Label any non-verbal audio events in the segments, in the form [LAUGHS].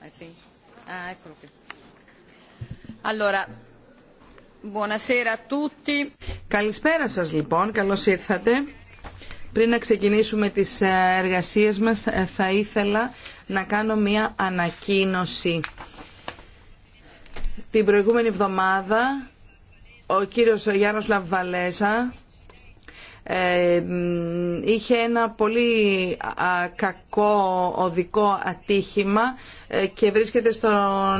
Ah, Καλησπέρα σας λοιπόν, καλώς ήρθατε. Πριν να ξεκινήσουμε τις ε, εργασίες μας, ε, θα ήθελα να κάνω μία ανακοίνωση. Την προηγούμενη εβδομάδα, ο κύριος Γιάννος Λαββαλέζα, ε, είχε ένα πολύ κακό οδικό ατύχημα ε, και βρίσκεται στο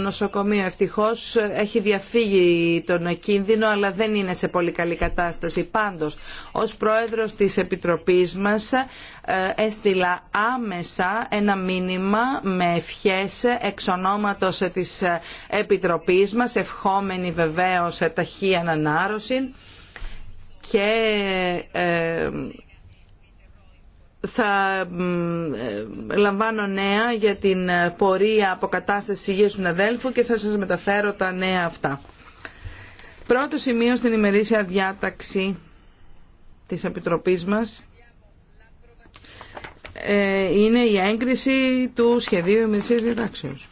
νοσοκομείο. Ευτυχώς έχει διαφύγει τον κίνδυνο αλλά δεν είναι σε πολύ καλή κατάσταση. Πάντως, ως πρόεδρος της Επιτροπής μας ε, έστειλα άμεσα ένα μήνυμα με ευχές εξ ονόματος της Επιτροπής μας, ευχόμενη βεβαίως ταχύ ανανάρρωση και ε, θα ε, λαμβάνω νέα για την πορεία αποκατάσταση υγείας του Αδέλφου και θα σας μεταφέρω τα νέα αυτά. Πρώτο σημείο στην ημερήσια διάταξη της Επιτροπής μας ε, είναι η έγκριση του σχεδίου ημερησίας διατάξεως.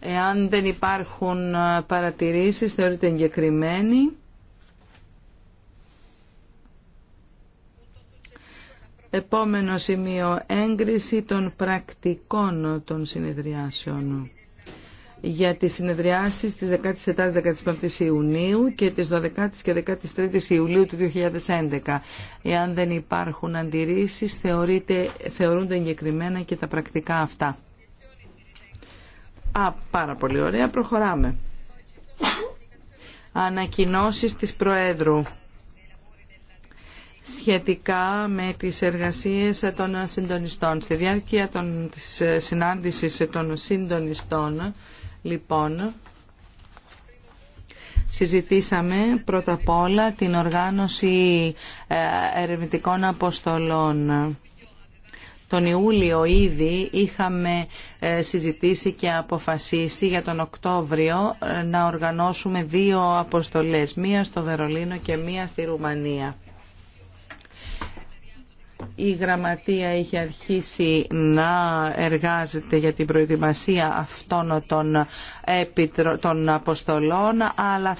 Εάν δεν υπάρχουν παρατηρήσεις, θεωρείται εγκεκριμένη. Επόμενο σημείο, έγκριση των πρακτικών των συνεδριάσεων για τις συνεδριάσεις της 14ης-15ης Ιουνίου και της 12ης και 13ης Ιουλίου του 2011. Εάν δεν υπάρχουν αντιρρήσεις, θεωρούνται εγκεκριμένα και τα πρακτικά αυτά. Α, πάρα πολύ ωραία. Προχωράμε. Ανακοινώσεις της Προέδρου σχετικά με τις εργασίες των συντονιστών. Στη διάρκεια των, της συνάντησης των συντονιστών, λοιπόν, συζητήσαμε πρώτα απ' όλα την οργάνωση ε, ερευνητικών αποστολών. Τον Ιούλιο ήδη είχαμε ε, συζητήσει και αποφασίσει για τον Οκτώβριο ε, να οργανώσουμε δύο αποστολές, μία στο Βερολίνο και μία στη Ρουμανία η Γραμματεία είχε αρχίσει να εργάζεται για την προετοιμασία αυτών των, των αποστολών, αλλά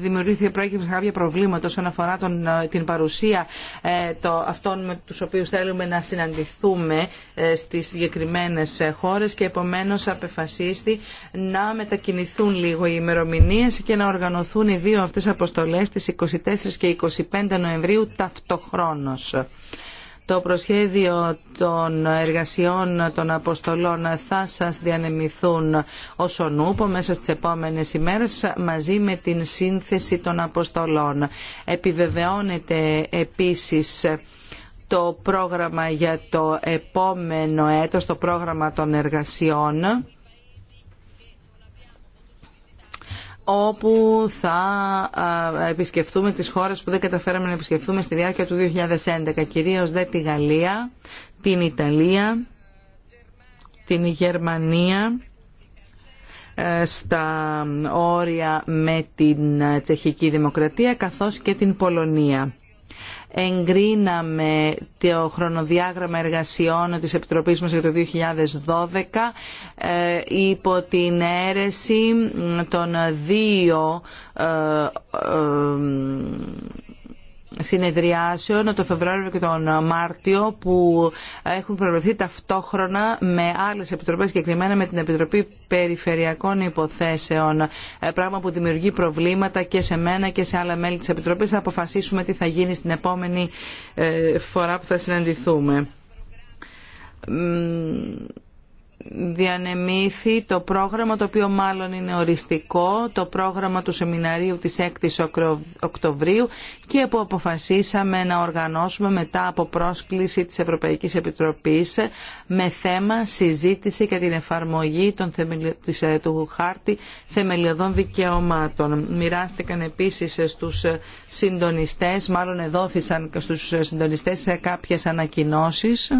δημιουργήθηκε κάποια προβλήματα όσον αφορά τον... την παρουσία ε, το... αυτών με τους οποίους θέλουμε να συναντηθούμε ε, στις συγκεκριμένες χώρες και επομένως απεφασίστη να μετακινηθούν λίγο οι ημερομηνίε και να οργανωθούν οι δύο αυτές αποστολές στις 24 και 25 Νοεμβρίου ταυτοχρόνως το προσχέδιο των εργασιών των αποστολών θα σας διανεμηθούν ως ο νούπο μέσα στις επόμενες ημέρες μαζί με την σύνθεση των αποστολών. Επιβεβαιώνεται επίσης το πρόγραμμα για το επόμενο έτος, το πρόγραμμα των εργασιών όπου θα επισκεφθούμε τις χώρες που δεν καταφέραμε να επισκεφθούμε στη διάρκεια του 2011, κυρίως δε τη Γαλλία, την Ιταλία, την Γερμανία, ε, στα όρια με την ε, Τσεχική Δημοκρατία καθώς και την Πολωνία εγκρίναμε το χρονοδιάγραμμα εργασιών της Επιτροπής μας για το 2012 ε, υπό την αίρεση των δύο ε, ε, συνεδριάσεων το Φεβρουάριο και τον Μάρτιο που έχουν προβληθεί ταυτόχρονα με άλλες επιτροπές συγκεκριμένα με την Επιτροπή Περιφερειακών Υποθέσεων ε, πράγμα που δημιουργεί προβλήματα και σε μένα και σε άλλα μέλη της Επιτροπής θα αποφασίσουμε τι θα γίνει στην επόμενη ε, φορά που θα συναντηθούμε διανεμήθη το πρόγραμμα το οποίο μάλλον είναι οριστικό, το πρόγραμμα του σεμιναρίου της 6ης Οκτωβρίου και που αποφασίσαμε να οργανώσουμε μετά από πρόσκληση της Ευρωπαϊκής Επιτροπής με θέμα συζήτηση για την εφαρμογή των ε, του χάρτη θεμελιωδών δικαιωμάτων. Μοιράστηκαν επίσης στους συντονιστές, μάλλον εδόθησαν στους συντονιστές κάποιες ανακοινώσεις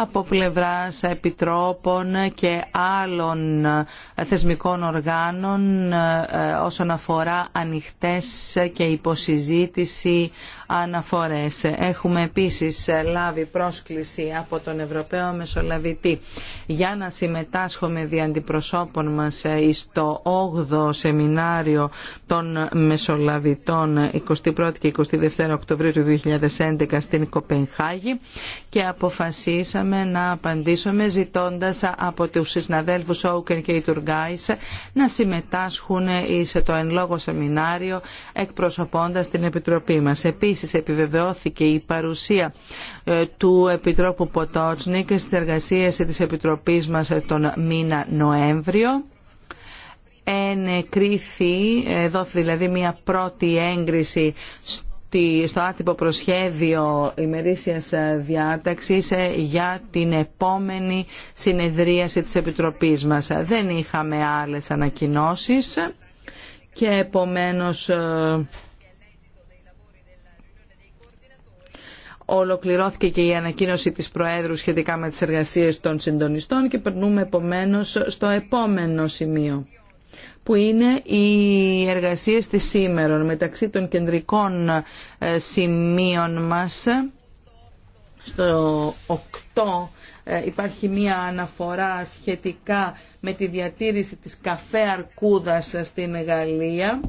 από πλευράς επιτρόπων και άλλων θεσμικών οργάνων ε, όσον αφορά ανοιχτές και υποσυζήτηση αναφορές. Έχουμε επίσης λάβει πρόσκληση από τον Ευρωπαίο Μεσολαβητή για να συμμετάσχουμε δι' αντιπροσώπων μας ε, στο 8ο σεμινάριο των Μεσολαβητών 21 και 22 Οκτωβρίου του 2011 στην Κοπενχάγη και αποφασίσαμε να απαντήσουμε ζητώντας από τους συναδέλφους Όκεν και Ιτουργκάης να συμμετάσχουν σε το εν λόγω σεμινάριο εκπροσωπώντας την Επιτροπή μας. Επίσης, Επίσης επιβεβαιώθηκε η παρουσία ε, του Επιτρόπου Ποτότσνικ στις εργασίες της Επιτροπής μας ε, τον μήνα Νοέμβριο ενεκρίθη, ε, δόθη δηλαδή μια πρώτη έγκριση στο άτυπο προσχέδιο ημερήσιας διάταξης για την επόμενη συνεδρίαση της Επιτροπής μας. Δεν είχαμε άλλες ανακοινώσεις και επομένως Ολοκληρώθηκε και η ανακοίνωση της Προέδρου σχετικά με τις εργασίες των συντονιστών και περνούμε επομένως στο επόμενο σημείο που είναι οι εργασίες της σήμερα μεταξύ των κεντρικών ε, σημείων μας στο 8 ε, υπάρχει μία αναφορά σχετικά με τη διατήρηση της καφέ αρκούδας στην Γαλλία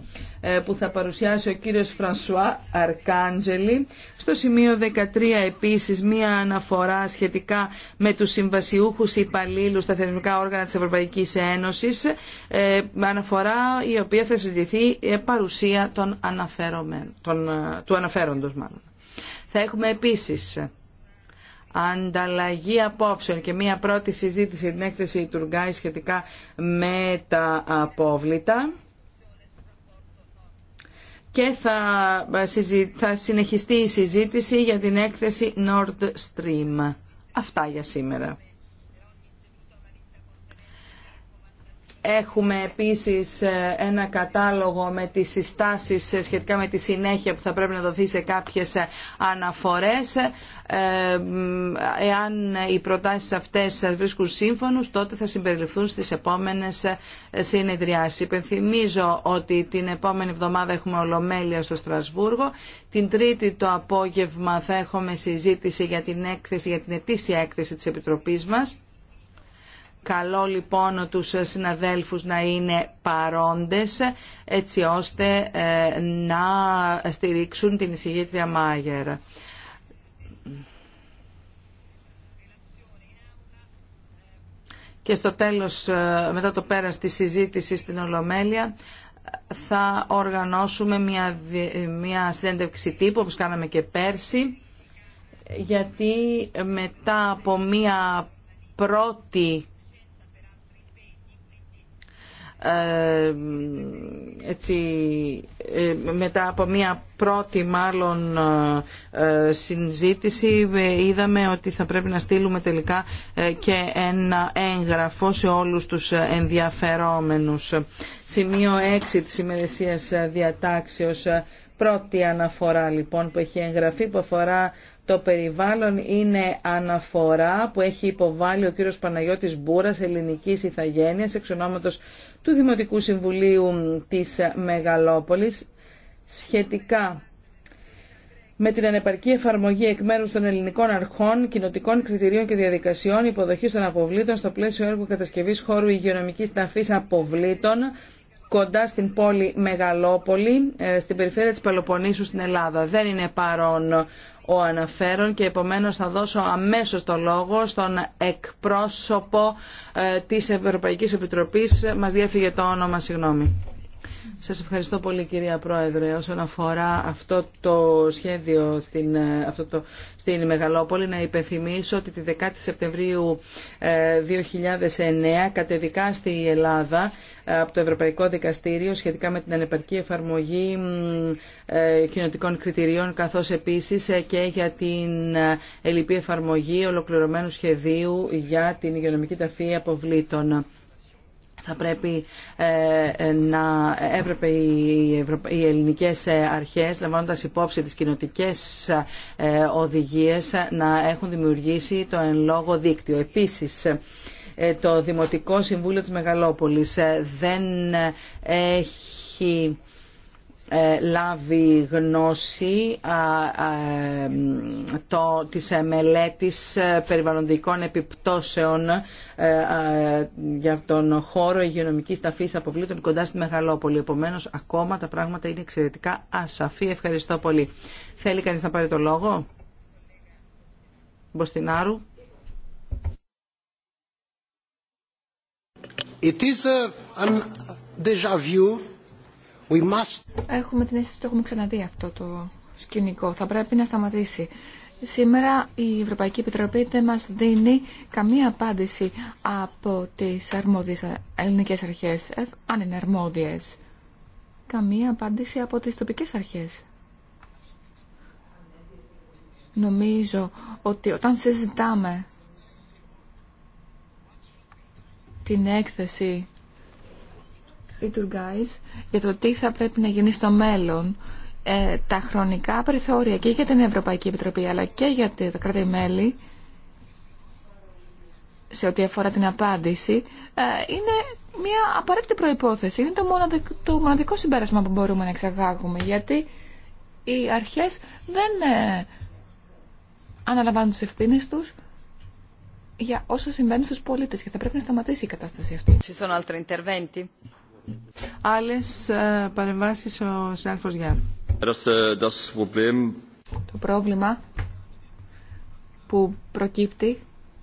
ε, που θα παρουσιάσει ο κύριος Φρανσουά Αρκάντζελη. Στο σημείο 13 επίσης μία αναφορά σχετικά με τους συμβασιούχους υπαλλήλους στα θεσμικά όργανα της Ευρωπαϊκής Ένωσης ε, αναφορά η οποία θα συζητηθεί παρουσία των αναφέρομεν, των, του αναφέροντος μάλλον. Θα έχουμε επίσης ανταλλαγή απόψεων και μία πρώτη συζήτηση στην την έκθεση Ρουγκάη σχετικά με τα απόβλητα και θα συνεχιστεί η συζήτηση για την έκθεση Nord Stream. Αυτά για σήμερα. Έχουμε επίσης ε, ένα κατάλογο με τις συστάσεις ε, σχετικά με τη συνέχεια που θα πρέπει να δοθεί σε κάποιες ε, αναφορές. Εάν οι προτάσεις αυτές σας βρίσκουν σύμφωνους, τότε θα συμπεριληφθούν στις επόμενες συνεδριάσεις. Υπενθυμίζω ότι την επόμενη εβδομάδα έχουμε ολομέλεια στο Στρασβούργο. Την Τρίτη το απόγευμα θα έχουμε συζήτηση για την, έκθεση, για την ετήσια έκθεση της Επιτροπής μας. Καλό λοιπόν τους συναδέλφους να είναι παρόντες έτσι ώστε ε, να στηρίξουν την εισηγήτρια Μάγερ. Και στο τέλος, ε, μετά το πέρας της συζήτησης στην Ολομέλεια, θα οργανώσουμε μια, μια συνέντευξη τύπου, όπως κάναμε και πέρσι, γιατί μετά από μια πρώτη ε, έτσι, ε, μετά από μια πρώτη μάλλον ε, συζήτηση είδαμε ότι θα πρέπει να στείλουμε τελικά και ένα έγγραφο σε όλους τους ενδιαφερόμενους. Σημείο 6 της ημερησίας διατάξεως. Πρώτη αναφορά λοιπόν που έχει εγγραφεί που αφορά το περιβάλλον είναι αναφορά που έχει υποβάλει ο κύριος Παναγιώτης Μπούρας, ελληνικής ηθαγένειας, εξ του Δημοτικού Συμβουλίου της Μεγαλόπολης σχετικά με την ανεπαρκή εφαρμογή εκ μέρου των ελληνικών αρχών, κοινοτικών κριτηρίων και διαδικασιών υποδοχή των αποβλήτων στο πλαίσιο έργου κατασκευή χώρου υγειονομική ταφής αποβλήτων κοντά στην πόλη Μεγαλόπολη, ε, στην περιφέρεια της Πελοποννήσου στην Ελλάδα. Δεν είναι παρόν ο αναφέρον και επομένως θα δώσω αμέσως το λόγο στον εκπρόσωπο ε, της Ευρωπαϊκής Επιτροπής. Μας διέφυγε το όνομα, συγγνώμη. Σας ευχαριστώ πολύ κυρία Πρόεδρε. Όσον αφορά αυτό το σχέδιο στην, ε, αυτό το, στην Μεγαλόπολη, να υπενθυμίσω ότι τη 10η Σεπτεμβρίου 2009 κατεδικάστη η Ελλάδα ε, από το Ευρωπαϊκό Δικαστήριο σχετικά με την ανεπαρκή εφαρμογή ε, κοινοτικών κριτηρίων καθώς επίσης και για την ελληπή εφαρμογή ολοκληρωμένου σχεδίου για την υγειονομική ταφή αποβλήτων θα πρέπει ε, να έπρεπε οι, ελληνικές ε, αρχές λαμβάνοντας υπόψη τις κοινοτικές ε, οδηγίες να έχουν δημιουργήσει το εν λόγω δίκτυο. Επίσης το Δημοτικό Συμβούλιο της Μεγαλόπολης δεν έχει ε, λάβει γνώση το, της ε, μελέτης ε, περιβαλλοντικών επιπτώσεων για τον χώρο υγειονομικής ταφής αποβλήτων κοντά στη Μεγαλόπολη. Επομένως, ακόμα τα πράγματα είναι εξαιρετικά ασαφή. Ευχαριστώ πολύ. Θέλει κανείς να πάρει το λόγο? Μποστινάρου. It is an déjà vu We must... Έχουμε την αίσθηση ότι το έχουμε ξαναδεί αυτό το σκηνικό. Θα πρέπει να σταματήσει. Σήμερα η Ευρωπαϊκή Επιτροπή δεν μας δίνει καμία απάντηση από τις αρμόδιες ελληνικές αρχές, ε, αν είναι αρμόδιες. Καμία απάντηση από τις τοπικές αρχές. Νομίζω ότι όταν συζητάμε την έκθεση για το τι θα πρέπει να γίνει στο μέλλον. Ε, τα χρονικά περιθώρια και για την Ευρωπαϊκή Επιτροπή αλλά και για τα κράτη-μέλη σε ό,τι αφορά την απάντηση ε, είναι μια απαραίτητη προϋπόθεση. Είναι το μοναδικό, το μοναδικό συμπέρασμα που μπορούμε να εξαγάγουμε γιατί οι αρχές δεν ε, αναλαμβάνουν τις ευθύνες τους για όσα συμβαίνουν στους πολίτες και θα πρέπει να σταματήσει η κατάσταση αυτή. Άλλες ε, παρεμβάσεις ο Γιάννη. Ε, Το πρόβλημα που προκύπτει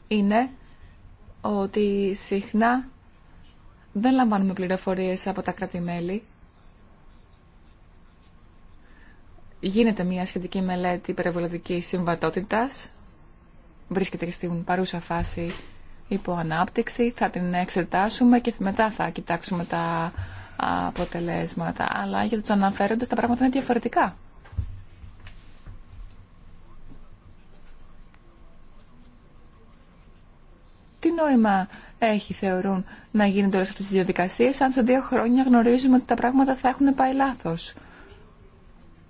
είναι ότι συχνά δεν λαμβάνουμε πληροφορίες από τα κράτη-μέλη. Γίνεται μια σχετική μελέτη περιβαλλοντική συμβατότητας. Βρίσκεται και στην παρούσα φάση υποανάπτυξη, θα την εξετάσουμε και μετά θα κοιτάξουμε τα αποτελέσματα. Αλλά για τους αναφέροντες τα πράγματα είναι διαφορετικά. Τι νόημα έχει, θεωρούν, να γίνονται όλες αυτές τις διαδικασίες, αν σε δύο χρόνια γνωρίζουμε ότι τα πράγματα θα έχουν πάει λάθος.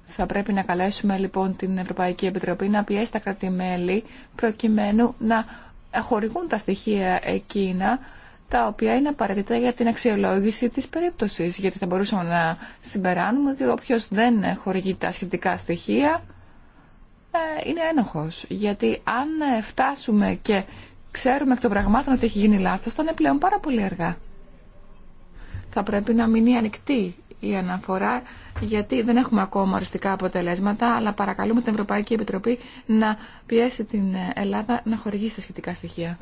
Θα πρέπει να καλέσουμε λοιπόν την Ευρωπαϊκή Επιτροπή να πιέσει τα κρατημέλη προκειμένου να χορηγούν τα στοιχεία εκείνα τα οποία είναι απαραίτητα για την αξιολόγηση της περίπτωσης. Γιατί θα μπορούσαμε να συμπεράνουμε ότι όποιο δεν χορηγεί τα σχετικά στοιχεία ε, είναι ένοχος. Γιατί αν φτάσουμε και ξέρουμε εκ των πραγμάτων ότι έχει γίνει λάθος, θα είναι πλέον πάρα πολύ αργά. Θα πρέπει να μείνει ανοιχτή η αναφορά γιατί δεν έχουμε ακόμα οριστικά αποτελέσματα αλλά παρακαλούμε την Ευρωπαϊκή Επιτροπή να πιέσει την Ελλάδα να χορηγήσει τα σχετικά στοιχεία.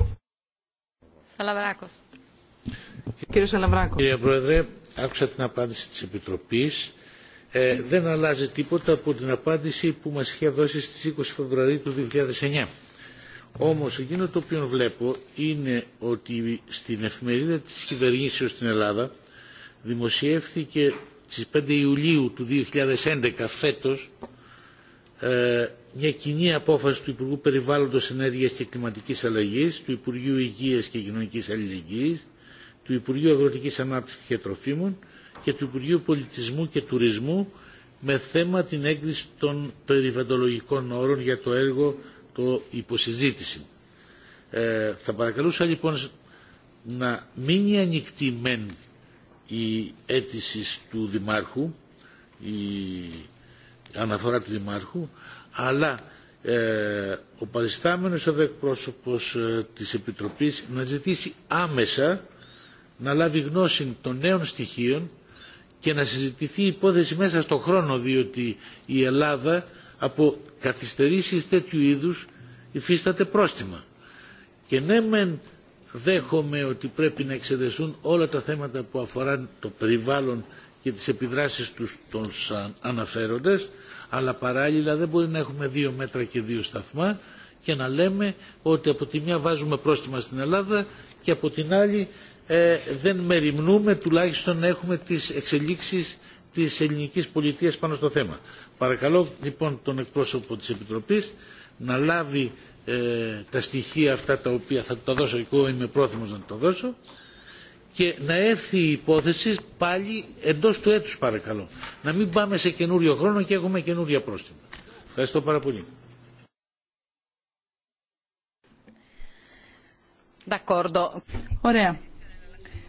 Σαλαβράκος. Κύριε Σαλαβράκο. Κύριε Πρόεδρε, άκουσα την απάντηση της Επιτροπής. Ε, δεν αλλάζει τίποτα από την απάντηση που μας είχε δώσει στις 20 Φεβρουαρίου του 2009. Όμως εκείνο το οποίο βλέπω είναι ότι στην εφημερίδα της κυβερνήσεως στην Ελλάδα δημοσιεύθηκε στις 5 Ιουλίου του 2011 φέτος ε, μια κοινή απόφαση του Υπουργού Περιβάλλοντος Ενέργειας και Κλιματικής Αλλαγής, του Υπουργείου Υγείας και Κοινωνικής Αλληλεγγύης, του Υπουργείου Αγροτικής Ανάπτυξης και Τροφίμων και του Υπουργείου Πολιτισμού και Τουρισμού με θέμα την έγκριση των περιβαλλοντολογικών όρων για το έργο το υποσυζήτηση. Ε, θα παρακαλούσα λοιπόν να μείνει ανοιχτή μεν η αίτηση του Δημάρχου, η αναφορά του Δημάρχου, αλλά ε, ο παριστάμενος ο πρόσωπος ε, της Επιτροπής να ζητήσει άμεσα να λάβει γνώση των νέων στοιχείων και να συζητηθεί η υπόθεση μέσα στον χρόνο διότι η Ελλάδα από καθυστερήσεις τέτοιου είδους υφίσταται πρόστιμα. Και ναι μεν δέχομαι ότι πρέπει να εξετεστούν όλα τα θέματα που αφορούν το περιβάλλον και τις επιδράσεις τους των αναφέροντες, αλλά παράλληλα δεν μπορεί να έχουμε δύο μέτρα και δύο σταθμά και να λέμε ότι από τη μια βάζουμε πρόστιμα στην Ελλάδα και από την άλλη ε, δεν μεριμνούμε τουλάχιστον να έχουμε τις εξελίξεις της ελληνικής πολιτείας πάνω στο θέμα. Παρακαλώ λοιπόν τον εκπρόσωπο της Επιτροπής να λάβει ε, τα στοιχεία αυτά τα οποία θα τα δώσω εγώ είμαι πρόθυμος να το δώσω και να έρθει η υπόθεση πάλι εντός του έτους παρακαλώ. Να μην πάμε σε καινούριο χρόνο και έχουμε καινούρια πρόστιμα. Ευχαριστώ πάρα πολύ. Ωραία.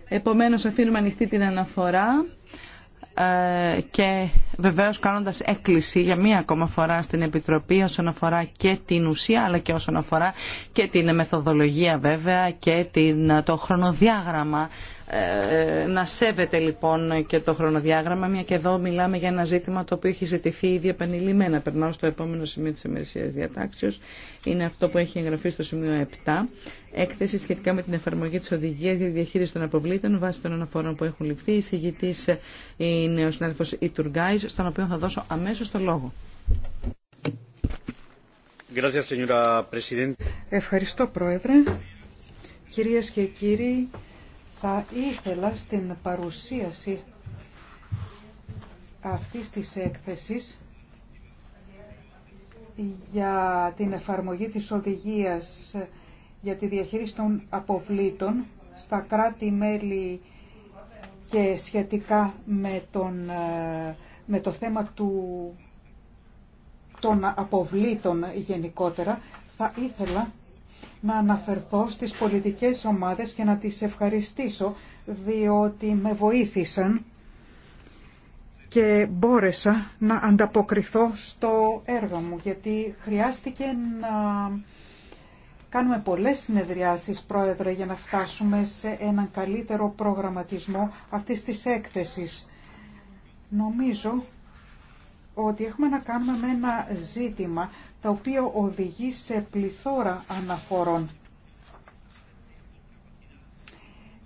Επομένως αφήνουμε ανοιχτή την αναφορά. Ε, και βεβαίως κάνοντας έκκληση για μία ακόμα φορά στην Επιτροπή όσον αφορά και την ουσία αλλά και όσον αφορά και την μεθοδολογία βέβαια και την το χρονοδιάγραμμα ε, ε, να σέβεται λοιπόν και το χρονοδιάγραμμα, μια και εδώ μιλάμε για ένα ζήτημα το οποίο έχει ζητηθεί ήδη επανειλημμένα. Περνάω στο επόμενο σημείο της ημερησίας διατάξεως. Είναι αυτό που έχει εγγραφεί στο σημείο 7. Έκθεση σχετικά με την εφαρμογή τη οδηγία για διαχείριση των αποβλήτων βάσει των αναφορών που έχουν ληφθεί. Η συγητής ε, είναι ο συνάδελφος στον οποίο θα δώσω αμέσω το λόγο. Ευχαριστώ Πρόεδρε. Κυρίες και κύριοι, θα ήθελα στην παρουσίαση αυτής της έκθεσης για την εφαρμογή της οδηγίας για τη διαχείριση των αποβλήτων στα κράτη-μέλη και σχετικά με, ε, το θέμα του, των αποβλήτων γενικότερα, θα ήθελα να αναφερθώ στις πολιτικές ομάδες και να τις ευχαριστήσω διότι με βοήθησαν και μπόρεσα να ανταποκριθώ στο έργο μου γιατί χρειάστηκε να κάνουμε πολλές συνεδριάσεις πρόεδρε για να φτάσουμε σε έναν καλύτερο προγραμματισμό αυτής της έκθεσης. Νομίζω ότι έχουμε να κάνουμε με ένα ζήτημα τα οποία οδηγεί σε πληθώρα αναφορών.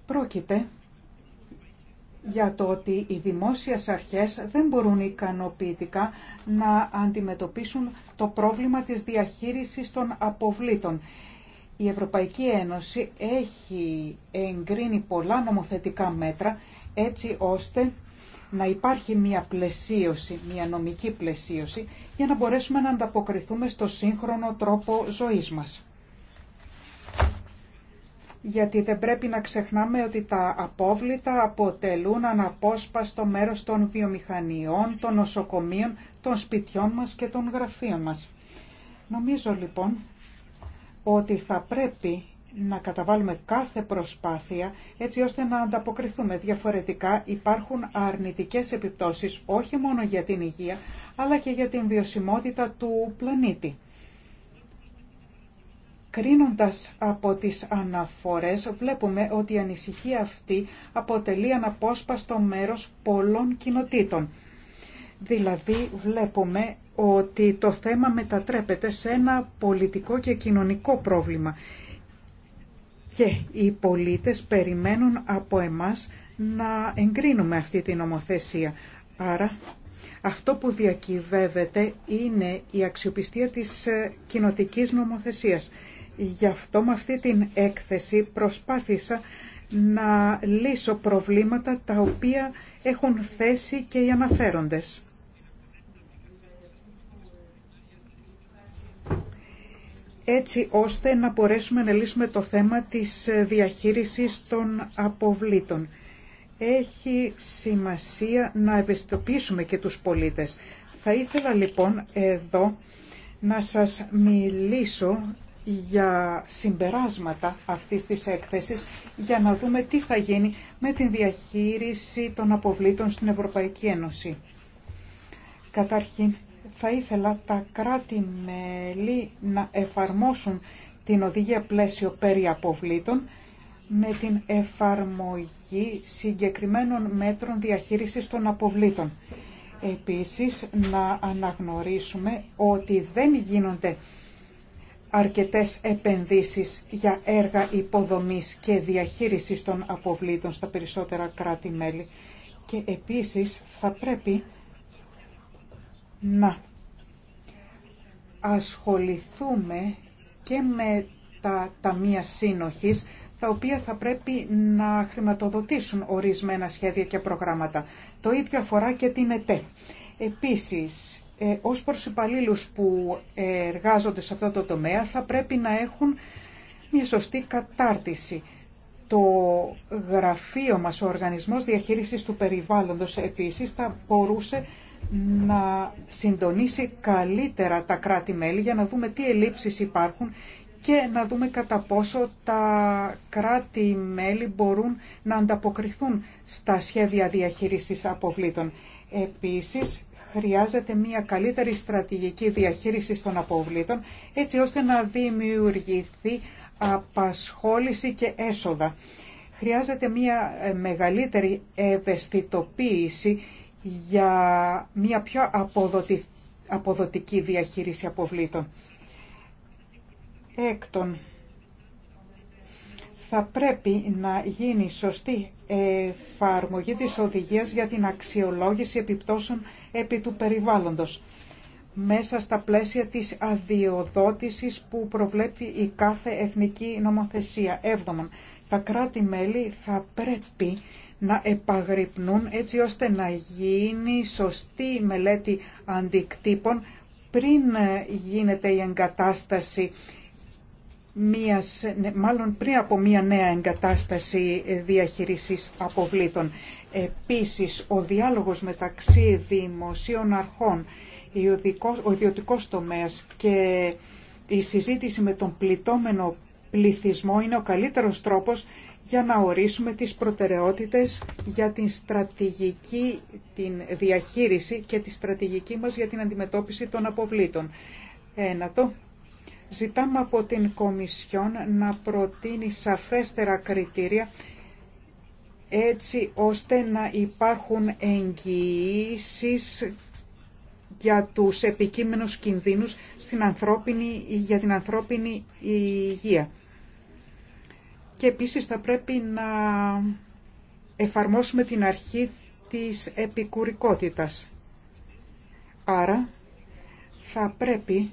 Πρόκειται για το ότι οι δημόσιες αρχές δεν μπορούν ικανοποιητικά να αντιμετωπίσουν το πρόβλημα της διαχείρισης των αποβλήτων. Η Ευρωπαϊκή Ένωση έχει εγκρίνει πολλά νομοθετικά μέτρα έτσι ώστε να υπάρχει μια πλαισίωση, μια νομική πλαισίωση, για να μπορέσουμε να ανταποκριθούμε στο σύγχρονο τρόπο ζωής μας. Γιατί δεν πρέπει να ξεχνάμε ότι τα απόβλητα αποτελούν αναπόσπαστο μέρος των βιομηχανιών, των νοσοκομείων, των σπιτιών μας και των γραφείων μας. Νομίζω λοιπόν ότι θα πρέπει να καταβάλουμε κάθε προσπάθεια έτσι ώστε να ανταποκριθούμε. Διαφορετικά υπάρχουν αρνητικές επιπτώσεις όχι μόνο για την υγεία αλλά και για την βιωσιμότητα του πλανήτη. Κρίνοντας από τις αναφορές βλέπουμε ότι η ανησυχία αυτή αποτελεί αναπόσπαστο μέρος πολλών κοινοτήτων. Δηλαδή βλέπουμε ότι το θέμα μετατρέπεται σε ένα πολιτικό και κοινωνικό πρόβλημα και οι πολίτες περιμένουν από εμάς να εγκρίνουμε αυτή την νομοθεσία. Άρα αυτό που διακυβεύεται είναι η αξιοπιστία της ε, κοινοτικής νομοθεσίας. Γι' αυτό με αυτή την έκθεση προσπάθησα να λύσω προβλήματα τα οποία έχουν θέσει και οι αναφέροντες. έτσι ώστε να μπορέσουμε να λύσουμε το θέμα της ε, διαχείρισης των αποβλήτων. Έχει σημασία να ευαισθητοποιήσουμε και τους πολίτες. Θα ήθελα λοιπόν εδώ να σας μιλήσω για συμπεράσματα αυτής της έκθεσης για να δούμε τι θα γίνει με την διαχείριση των αποβλήτων στην Ευρωπαϊκή Ένωση. Καταρχήν, θα ήθελα τα κράτη-μέλη να εφαρμόσουν την οδηγία πλαίσιο περί αποβλήτων με την εφαρμογή συγκεκριμένων μέτρων διαχείρισης των αποβλήτων. Επίσης, να αναγνωρίσουμε ότι δεν γίνονται αρκετές επενδύσεις για έργα υποδομής και διαχείρισης των αποβλήτων στα περισσότερα κράτη-μέλη και επίσης θα πρέπει να ασχοληθούμε και με τα ταμεία σύνοχης, τα οποία θα πρέπει να χρηματοδοτήσουν ορισμένα σχέδια και προγράμματα. Το ίδιο αφορά και την ΕΤΕ. Επίσης, ε, ως προς υπαλλήλους που εργάζονται σε αυτό το τομέα, θα πρέπει να έχουν μια σωστή κατάρτιση. Το γραφείο μας, ο Οργανισμός Διαχείρισης του Περιβάλλοντος, επίσης, θα μπορούσε να συντονίσει καλύτερα τα κράτη-μέλη για να δούμε τι ελλείψεις υπάρχουν και να δούμε κατά πόσο τα κράτη-μέλη μπορούν να ανταποκριθούν στα σχέδια διαχείρισης αποβλήτων. Επίσης, χρειάζεται μια καλύτερη στρατηγική διαχείριση των αποβλήτων, έτσι ώστε να δημιουργηθεί απασχόληση και έσοδα. Χρειάζεται μια μεγαλύτερη ευαισθητοποίηση για μια πιο αποδοτική διαχείριση αποβλήτων. Έκτον, θα πρέπει να γίνει σωστή εφαρμογή της οδηγίας για την αξιολόγηση επιπτώσεων επί του περιβάλλοντος μέσα στα πλαίσια της αδειοδότησης που προβλέπει η κάθε εθνική νομοθεσία. Έβδομον, τα κράτη-μέλη θα πρέπει να επαγρυπνούν έτσι ώστε να γίνει σωστή μελέτη αντικτύπων πριν ε, γίνεται η εγκατάσταση μίας, ναι, μάλλον πριν από μία νέα εγκατάσταση ε, διαχείρισης αποβλήτων. Επίσης, ο διάλογος μεταξύ δημοσίων αρχών, ο ιδιωτικός τομέας και η συζήτηση με τον πληττόμενο πληθυσμό είναι ο καλύτερος τρόπος για να ορίσουμε τις προτεραιότητες για την στρατηγική, την διαχείριση και τη στρατηγική μας για την αντιμετώπιση των αποβλήτων. Ένατο, ζητάμε από την Κομισιόν να προτείνει σαφέστερα κριτήρια έτσι ώστε να υπάρχουν εγγυήσεις για τους επικείμενους κινδύνους στην ανθρώπινη, για την ανθρώπινη υγεία. Και επίσης θα πρέπει να εφαρμόσουμε την αρχή της επικουρικότητας. Άρα θα πρέπει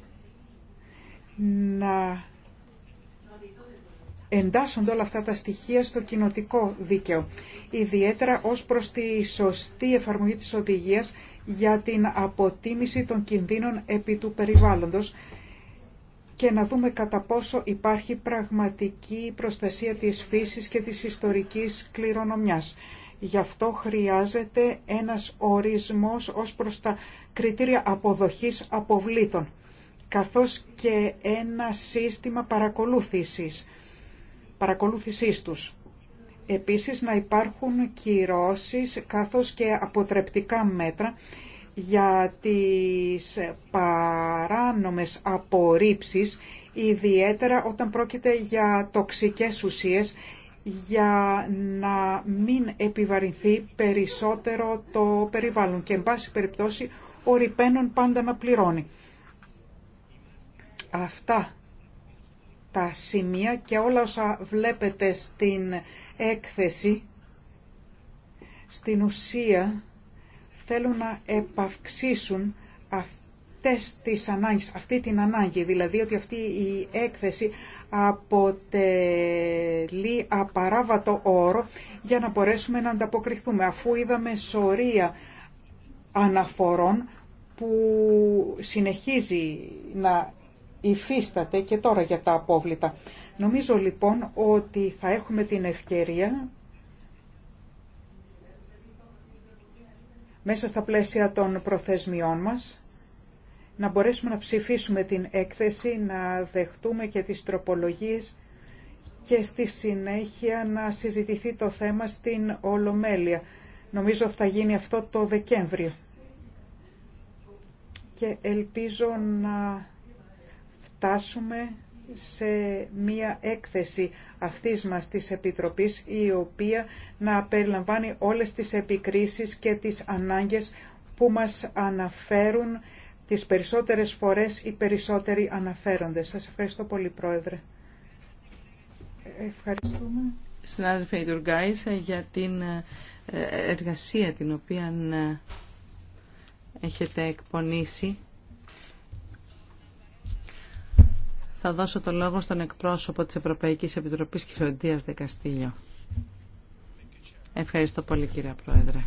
να εντάσσονται όλα αυτά τα στοιχεία στο κοινοτικό δίκαιο, ιδιαίτερα ως προς τη σωστή εφαρμογή της οδηγίας για την αποτίμηση των κινδύνων επί του περιβάλλοντος και να δούμε κατά πόσο υπάρχει πραγματική προστασία της φύσης και της ιστορικής κληρονομιάς. Γι' αυτό χρειάζεται ένας ορισμός ως προς τα κριτήρια αποδοχής αποβλήτων, καθώς και ένα σύστημα παρακολούθησης, παρακολούθησής τους. Επίσης να υπάρχουν κυρώσεις καθώς και αποτρεπτικά μέτρα για τις παράνομες απορρίψεις, ιδιαίτερα όταν πρόκειται για τοξικές ουσίες, για να μην επιβαρυνθεί περισσότερο το περιβάλλον και, εν πάση περιπτώσει, ο πάντα να πληρώνει. Αυτά τα σημεία και όλα όσα βλέπετε στην έκθεση, στην ουσία θέλουν να επαυξήσουν αυτές τις ανάγκες, αυτή την ανάγκη, δηλαδή ότι αυτή η έκθεση αποτελεί απαράβατο όρο για να μπορέσουμε να ανταποκριθούμε, αφού είδαμε σωρία αναφορών που συνεχίζει να υφίσταται και τώρα για τα απόβλητα. Νομίζω λοιπόν ότι θα έχουμε την ευκαιρία μέσα στα πλαίσια των προθεσμιών μας, να μπορέσουμε να ψηφίσουμε την έκθεση, να δεχτούμε και τις τροπολογίες και στη συνέχεια να συζητηθεί το θέμα στην Ολομέλεια. Νομίζω θα γίνει αυτό το Δεκέμβριο. Και ελπίζω να φτάσουμε σε μία έκθεση αυτής μας της Επιτροπής η οποία να περιλαμβάνει όλες τις επικρίσεις και τις ανάγκες που μας αναφέρουν τις περισσότερες φορές οι περισσότεροι αναφέρονται Σας ευχαριστώ πολύ Πρόεδρε. Ευχαριστούμε. Συνάδελφε Ιντουργκάης για την ε, εργασία την οποία ε, έχετε εκπονήσει θα δώσω το λόγο στον εκπρόσωπο της Ευρωπαϊκής Επιτροπής Χειροντίας Δεκαστήλιο. Ευχαριστώ πολύ κύριε Πρόεδρε.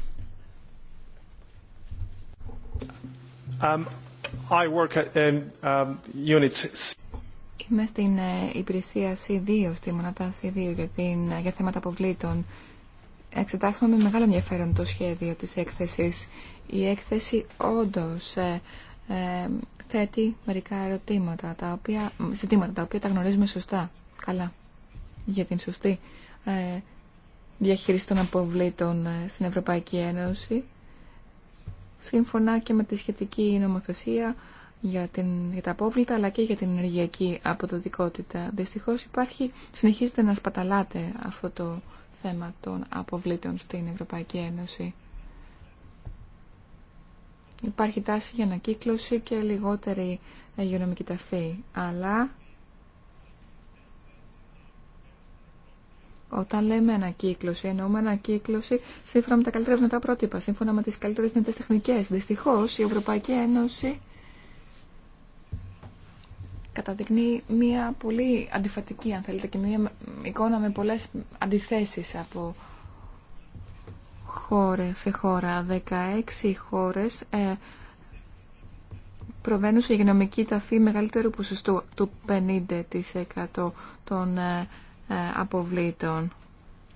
Um, I work at, um, unit. Είμαι στην ε, υπηρεσία C2, στη μονάδα C2 για, την, ε, για θέματα αποβλήτων. Εξετάσαμε με μεγάλο ενδιαφέρον το σχέδιο της έκθεσης. Η έκθεση όντως ε, ε, θέτει μερικά ερωτήματα, τα οποία, ζητήματα τα οποία τα γνωρίζουμε σωστά, καλά, για την σωστή ε, διαχείριση των αποβλήτων ε, στην Ευρωπαϊκή Ένωση, σύμφωνα και με τη σχετική νομοθεσία για, την, για τα απόβλητα αλλά και για την ενεργειακή αποδοτικότητα. Δυστυχώς υπάρχει, συνεχίζεται να σπαταλάτε αυτό το θέμα των αποβλήτων στην Ευρωπαϊκή Ένωση. Υπάρχει τάση για ανακύκλωση και λιγότερη υγειονομική ταφή. Αλλά Όταν λέμε ανακύκλωση, εννοούμε ανακύκλωση σύμφωνα με τα καλύτερα δυνατά πρότυπα, σύμφωνα με τις καλύτερες δυνατές τεχνικές. Δυστυχώς, η Ευρωπαϊκή Ένωση καταδεικνύει μια πολύ αντιφατική, αν θέλετε, και μια εικόνα με πολλές αντιθέσεις από Χώρε σε χώρα. 16 χώρες ε, προβαίνουν σε υγειονομική ταφή μεγαλύτερου ποσοστού του 50% των ε, ε, αποβλήτων.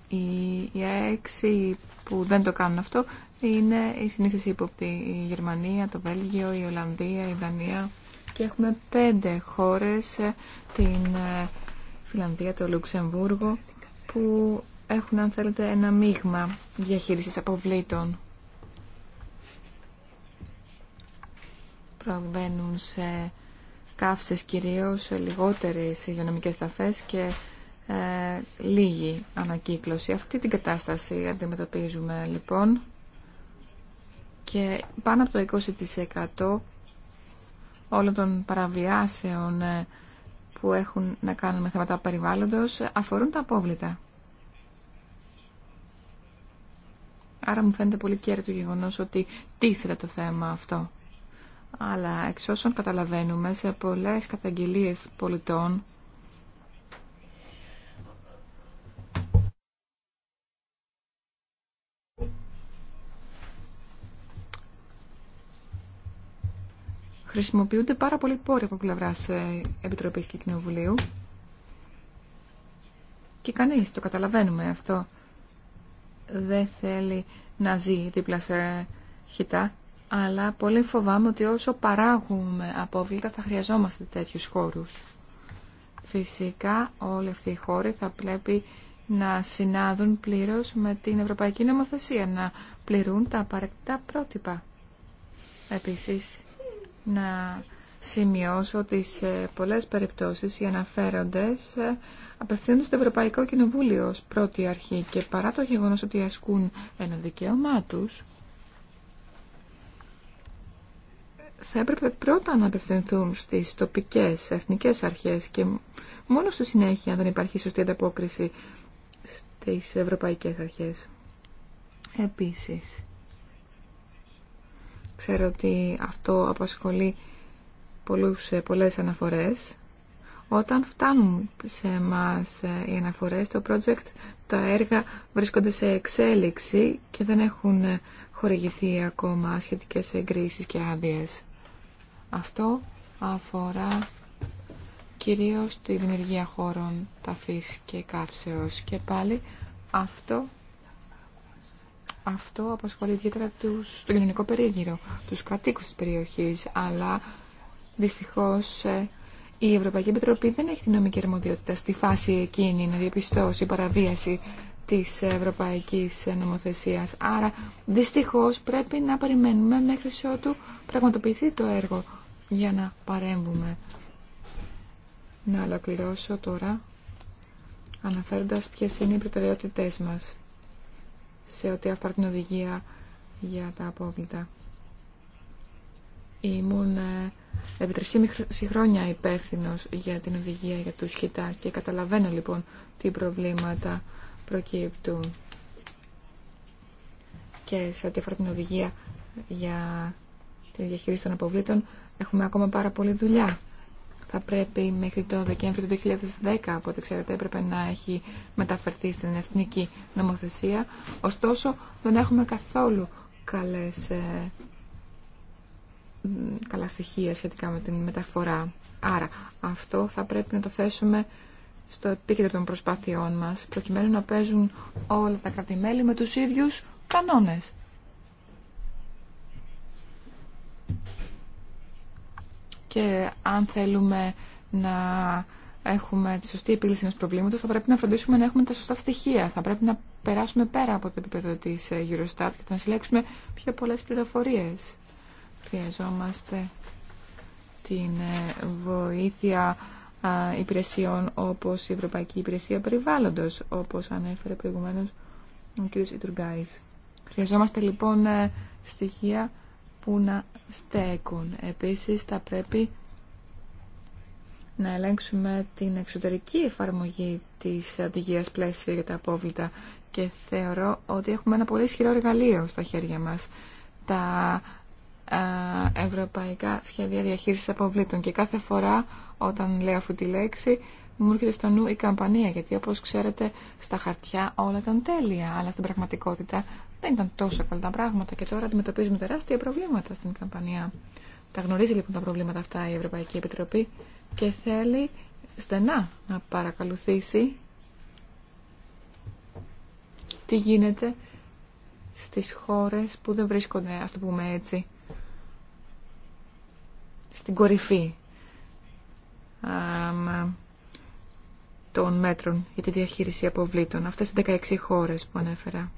Οι, οι έξι που δεν το κάνουν αυτό είναι οι συνήθεις υποπτή. Η Γερμανία, το Βέλγιο, η Ολλανδία, η Δανία και έχουμε πέντε χώρες, ε, την Φιλανδία, το Λουξεμβούργο, που έχουν, αν θέλετε, ένα μείγμα διαχείρισης αποβλήτων. Προβαίνουν σε κάυσες κυρίως, σε λιγότερες υγειονομικές ταφές και ε, λίγη ανακύκλωση. Αυτή την κατάσταση αντιμετωπίζουμε λοιπόν και πάνω από το 20% όλων των παραβιάσεων ε, που έχουν να κάνουν με θέματα περιβάλλοντος αφορούν τα απόβλητα. Άρα μου φαίνεται πολύ κέρδο το γεγονός ότι τίθεται το θέμα αυτό. Αλλά εξ όσων καταλαβαίνουμε σε πολλές καταγγελίε πολιτών χρησιμοποιούνται πάρα πολλοί πόροι από πλευρά ε, επιτροπή και Κοινοβουλίου και κανείς το καταλαβαίνουμε αυτό δεν θέλει να ζει δίπλα σε χιτά, αλλά πολύ φοβάμαι ότι όσο παράγουμε απόβλητα θα χρειαζόμαστε τέτοιους χώρους. Φυσικά όλοι αυτοί οι χώροι θα πρέπει να συνάδουν πλήρως με την Ευρωπαϊκή Νομοθεσία, να πληρούν τα απαραίτητα πρότυπα. Επίσης, να σημειώσω ότι σε πολλές περιπτώσεις οι αναφέροντες απευθύνονται στο Ευρωπαϊκό Κοινοβούλιο ως πρώτη αρχή και παρά το γεγονός ότι ασκούν ένα δικαίωμά τους, θα έπρεπε πρώτα να απευθυνθούν στις τοπικές, εθνικές αρχές και μόνο στη συνέχεια δεν υπάρχει σωστή ανταπόκριση στις ευρωπαϊκές αρχές. Επίσης, ξέρω ότι αυτό απασχολεί πολλούς, ε, πολλές αναφορές. Όταν φτάνουν σε μας ε, οι αναφορές, το project, τα έργα βρίσκονται σε εξέλιξη και δεν έχουν ε, χορηγηθεί ακόμα σχετικές εγκρίσεις και άδειε. Αυτό αφορά κυρίως τη δημιουργία χώρων ταφής και καύσεως. Και πάλι αυτό, αυτό απασχολεί ιδιαίτερα τους, το κοινωνικό περίγυρο, τους κατοίκους της περιοχής, αλλά Δυστυχώς ε, η Ευρωπαϊκή Επιτροπή δεν έχει την νομική αρμοδιότητα στη φάση εκείνη να διαπιστώσει παραβίαση της ευρωπαϊκής νομοθεσίας. Άρα δυστυχώς πρέπει να περιμένουμε μέχρι ότου πραγματοποιηθεί το έργο για να παρέμβουμε. Να ολοκληρώσω τώρα αναφέροντας ποιες είναι οι προτεραιότητές μας σε ό,τι αφορά την οδηγία για τα απόβλητα. Ήμουν ε, επί 3,5 χρόνια υπεύθυνο για την οδηγία για του ΧΙΤΑ και καταλαβαίνω λοιπόν τι προβλήματα προκύπτουν και σε ό,τι αφορά την οδηγία για τη διαχείριση των αποβλήτων έχουμε ακόμα πάρα πολλή δουλειά. Θα πρέπει μέχρι το Δεκέμβριο του 2010, από ό,τι ξέρετε, έπρεπε να έχει μεταφερθεί στην εθνική νομοθεσία. Ωστόσο, δεν έχουμε καθόλου καλές ε, καλά στοιχεία σχετικά με την μεταφορά. Άρα αυτό θα πρέπει να το θέσουμε στο επίκεντρο των προσπάθειών μας, προκειμένου να παίζουν όλα τα κρατημέλη με τους ίδιους κανόνες. Και αν θέλουμε να έχουμε τη σωστή επίλυση ενός προβλήματος, θα πρέπει να φροντίσουμε να έχουμε τα σωστά στοιχεία. Θα πρέπει να περάσουμε πέρα από το επίπεδο της ε, Eurostat και να συλλέξουμε πιο πολλές πληροφορίες. Χρειαζόμαστε την ε, βοήθεια υπηρεσιών όπως η Ευρωπαϊκή Υπηρεσία Περιβάλλοντος, όπως ανέφερε προηγουμένως ο κ. Ιτουργκάης. Χρειαζόμαστε λοιπόν ε, στοιχεία που να στέκουν. Επίσης θα πρέπει να ελέγξουμε την εξωτερική εφαρμογή της οδηγίας πλαίσια για τα απόβλητα και θεωρώ ότι έχουμε ένα πολύ ισχυρό εργαλείο στα χέρια μας. Τα ευρωπαϊκά σχέδια διαχείρισης αποβλήτων και κάθε φορά όταν λέω αυτή τη λέξη μου έρχεται στο νου η καμπανία γιατί όπως ξέρετε στα χαρτιά όλα ήταν τέλεια αλλά στην πραγματικότητα δεν ήταν τόσο καλά τα πράγματα και τώρα αντιμετωπίζουμε τεράστια προβλήματα στην καμπανία. Τα γνωρίζει λοιπόν τα προβλήματα αυτά η Ευρωπαϊκή Επιτροπή και θέλει στενά να παρακαλουθήσει τι γίνεται στις χώρες που δεν βρίσκονται, ας το πούμε έτσι, στην κορυφή των μέτρων για τη διαχείριση αποβλήτων. Αυτές οι 16 χώρες που ανέφερα.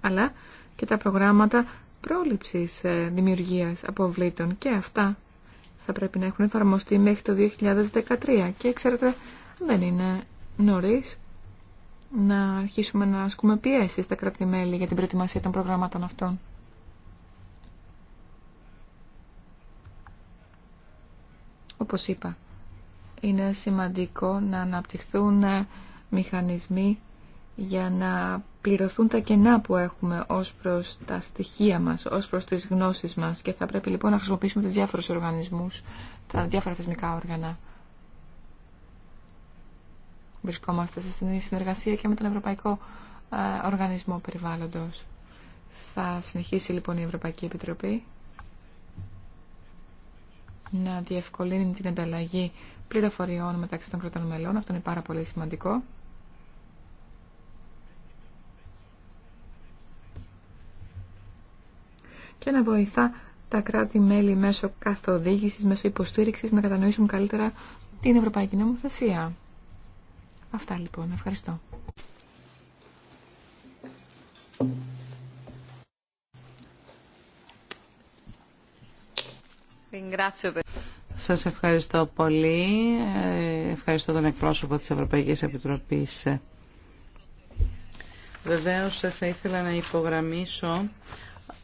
Αλλά και τα προγράμματα πρόληψης ε, δημιουργίας αποβλήτων και αυτά θα πρέπει να έχουν εφαρμοστεί μέχρι το 2013 και ξέρετε δεν είναι νωρίς να αρχίσουμε να ασκούμε πιέσεις στα κρατημέλη για την προετοιμασία των προγραμμάτων αυτών. Όπως είπα, είναι σημαντικό να αναπτυχθούν μηχανισμοί για να πληρωθούν τα κενά που έχουμε ως προς τα στοιχεία μας, ως προς τις γνώσεις μας και θα πρέπει λοιπόν να χρησιμοποιήσουμε τους διάφορους οργανισμούς, τα διάφορα θεσμικά όργανα. Βρισκόμαστε σε συνεργασία και με τον Ευρωπαϊκό ε, Οργανισμό Περιβάλλοντος. Θα συνεχίσει λοιπόν η Ευρωπαϊκή Επιτροπή να διευκολύνει την ανταλλαγή πληροφοριών μεταξύ των κρατών μελών. Αυτό είναι πάρα πολύ σημαντικό. Και να βοηθά τα κράτη-μέλη μέσω καθοδήγησης, μέσω υποστήριξης να κατανοήσουν καλύτερα την Ευρωπαϊκή Νομοθεσία. Αυτά λοιπόν. Ευχαριστώ. Σας ευχαριστώ πολύ. Ε, ευχαριστώ τον εκπρόσωπο της Ευρωπαϊκής Επιτροπής. Βεβαίως θα ήθελα να υπογραμμίσω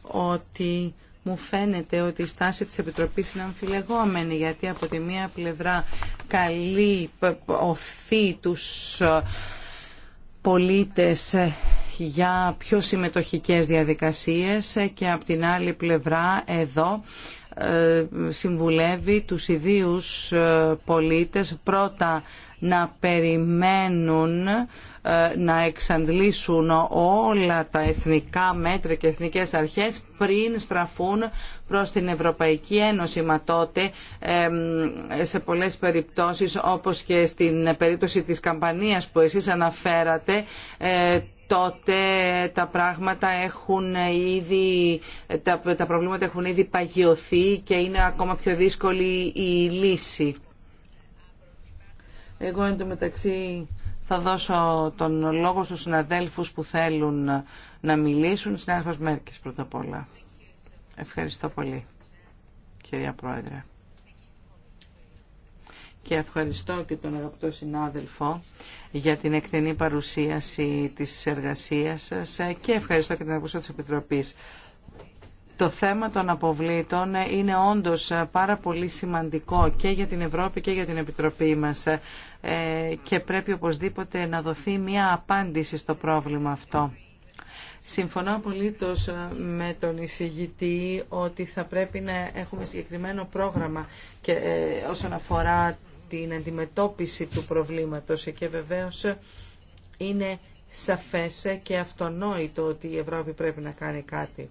ότι μου φαίνεται ότι η στάση της Επιτροπής είναι αμφιλεγόμενη γιατί από τη μία πλευρά καλεί, οθεί τους ε, πολίτες ε, για πιο συμμετοχικές διαδικασίες και από την άλλη πλευρά εδώ ε, συμβουλεύει τους ιδίους ε, πολίτες πρώτα να περιμένουν ε, να εξαντλήσουν όλα τα εθνικά μέτρα και εθνικές αρχές πριν στραφούν προς την Ευρωπαϊκή Ένωση. Μα τότε σε πολλές περιπτώσεις όπως και στην περίπτωση της καμπανίας που εσείς αναφέρατε τότε τα πράγματα έχουν ήδη, τα, προβλήματα έχουν ήδη παγιωθεί και είναι ακόμα πιο δύσκολη η λύση. Εγώ εν τω μεταξύ θα δώσω τον λόγο στους συναδέλφους που θέλουν να μιλήσουν. Συνάδελφος Μέρκης πρώτα απ' όλα. Ευχαριστώ πολύ, κυρία Πρόεδρε και ευχαριστώ και τον αγαπητό συνάδελφο για την εκτενή παρουσίαση της εργασίας σας και ευχαριστώ και την αγαπητή της Επιτροπής. Το θέμα των αποβλήτων είναι όντως πάρα πολύ σημαντικό και για την Ευρώπη και για την Επιτροπή μας ε, και πρέπει οπωσδήποτε να δοθεί μια απάντηση στο πρόβλημα αυτό. Συμφωνώ απολύτως με τον εισηγητή ότι θα πρέπει να έχουμε συγκεκριμένο πρόγραμμα και, ε, όσον την αντιμετώπιση του προβλήματος και βεβαίως είναι σαφές και αυτονόητο ότι η Ευρώπη πρέπει να κάνει κάτι.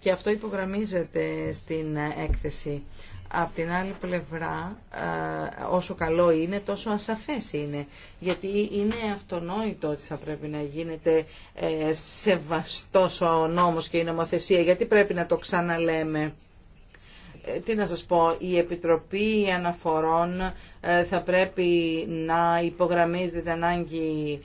Και αυτό υπογραμμίζεται στην έκθεση. Απ' την άλλη πλευρά, όσο καλό είναι, τόσο ασαφές είναι. Γιατί είναι αυτονόητο ότι θα πρέπει να γίνεται ε, σεβαστός ο νόμος και η νομοθεσία. Γιατί πρέπει να το ξαναλέμε τι να σας πω, η Επιτροπή Αναφορών ε, θα πρέπει να υπογραμμίζει την ανάγκη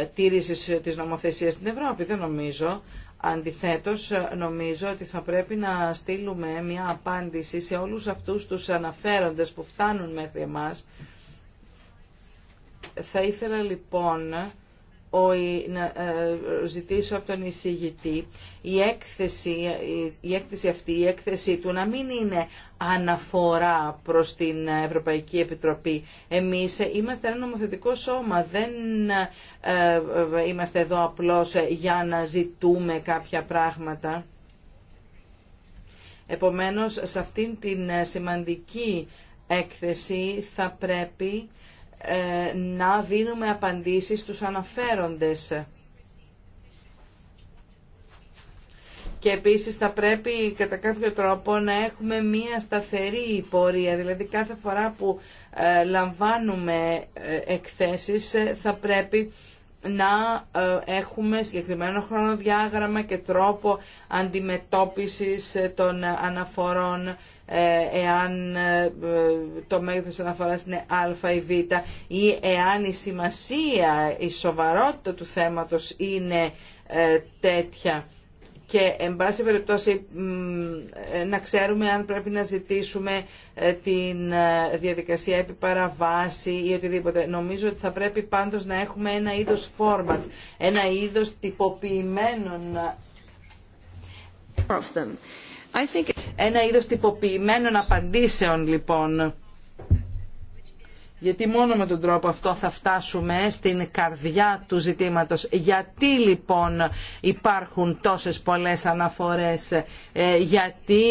ε, τήρησης της νομοθεσίας στην Ευρώπη, δεν νομίζω. Αντιθέτως, νομίζω ότι θα πρέπει να στείλουμε μια απάντηση σε όλους αυτούς τους αναφέροντες που φτάνουν μέχρι εμάς. Θα ήθελα λοιπόν να ε, ζητήσω από τον εισηγητή η έκθεση, η αυτή, η έκθεση του να μην είναι αναφορά προς την Ευρωπαϊκή Επιτροπή. Εμείς είμαστε ένα νομοθετικό σώμα, δεν ε, ε, είμαστε εδώ απλώς για να ζητούμε κάποια πράγματα. Επομένως, σε αυτήν την σημαντική έκθεση θα πρέπει ε, να δίνουμε απαντήσεις στους αναφέροντες. Και επίσης θα πρέπει κατά κάποιο τρόπο να έχουμε μία σταθερή πορεία. Δηλαδή κάθε φορά που ε, λαμβάνουμε ε, εκθέσεις θα πρέπει να έχουμε συγκεκριμένο χρονοδιάγραμμα και τρόπο αντιμετώπισης των αναφορών ε, εάν ε, το μέγεθος αναφοράς είναι α ή β ή εάν η σημασία, η σοβαρότητα του θέματος είναι ε, τέτοια και εν πάση περιπτώσει να ξέρουμε αν πρέπει να ζητήσουμε την διαδικασία επί παραβάση ή οτιδήποτε. Νομίζω ότι θα πρέπει πάντως να έχουμε ένα είδος format, ένα είδος τυποποιημένων I think... Ένα είδος τυποποιημένων απαντήσεων λοιπόν. Γιατί μόνο με τον τρόπο αυτό θα φτάσουμε στην καρδιά του ζητήματος. Γιατί λοιπόν υπάρχουν τόσες πολλές αναφορές, ε, γιατί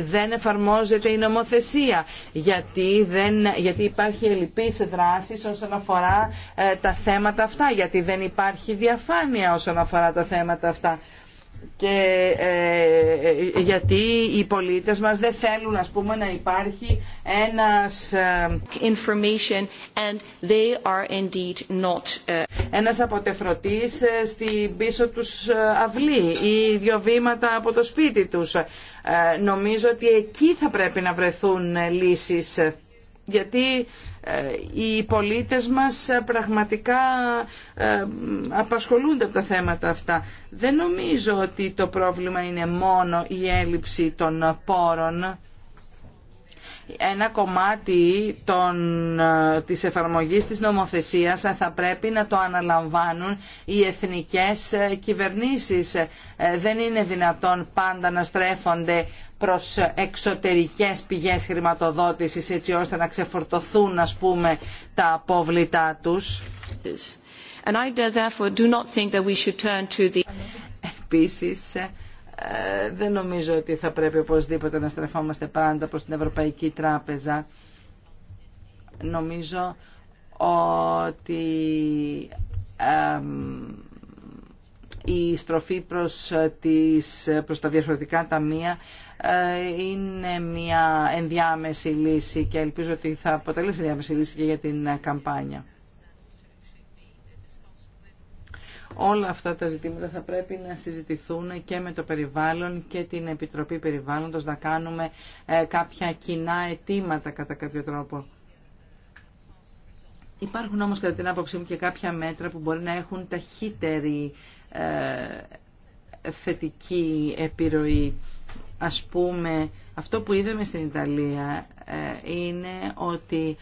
δεν εφαρμόζεται η νομοθεσία, γιατί, δεν, γιατί υπάρχει ελλειπής δράσης όσον αφορά ε, τα θέματα αυτά, γιατί δεν υπάρχει διαφάνεια όσον αφορά τα θέματα αυτά και ε, ε, γιατί οι πολίτες μας δεν θέλουν ας πούμε να υπάρχει ένας ε, information and they are indeed not ε, ένας αποτεφρωτής στην πίσω τους αυλή ή δύο βήματα από το σπίτι τους νομίζω ότι εκεί θα πρέπει να βρεθούν λύσεις γιατί ε, οι πολίτες μας ε, πραγματικά ε, απασχολούνται από τα θέματα αυτά. Δεν νομίζω ότι το πρόβλημα είναι μόνο η έλλειψη των πόρων ένα κομμάτι των, ε, της εφαρμογής της νομοθεσίας θα πρέπει να το αναλαμβάνουν οι εθνικές ε, κυβερνήσεις. Ε, δεν είναι δυνατόν πάντα να στρέφονται προς εξωτερικές πηγές χρηματοδότησης έτσι ώστε να ξεφορτωθούν ας πούμε τα απόβλητά τους. I, therefore, do not think that we should turn Επίσης, ε, δεν νομίζω ότι θα πρέπει οπωσδήποτε να στρεφόμαστε πάντα προς την Ευρωπαϊκή Τράπεζα. Νομίζω ότι η στροφή προς, τις, προς τα διαφορετικά ταμεία ε, είναι μια ενδιάμεση λύση και ελπίζω ότι θα αποτελέσει ενδιάμεση λύση και για την ε, καμπάνια. όλα αυτά τα ζητήματα θα πρέπει να συζητηθούν και με το περιβάλλον και την Επιτροπή Περιβάλλοντος, να κάνουμε ε, κάποια κοινά αιτήματα κατά κάποιο τρόπο. Υπάρχουν όμως κατά την άποψή μου και κάποια μέτρα που μπορεί να έχουν ταχύτερη ε, θετική επιρροή. Ας πούμε, αυτό που είδαμε στην Ιταλία ε, είναι ότι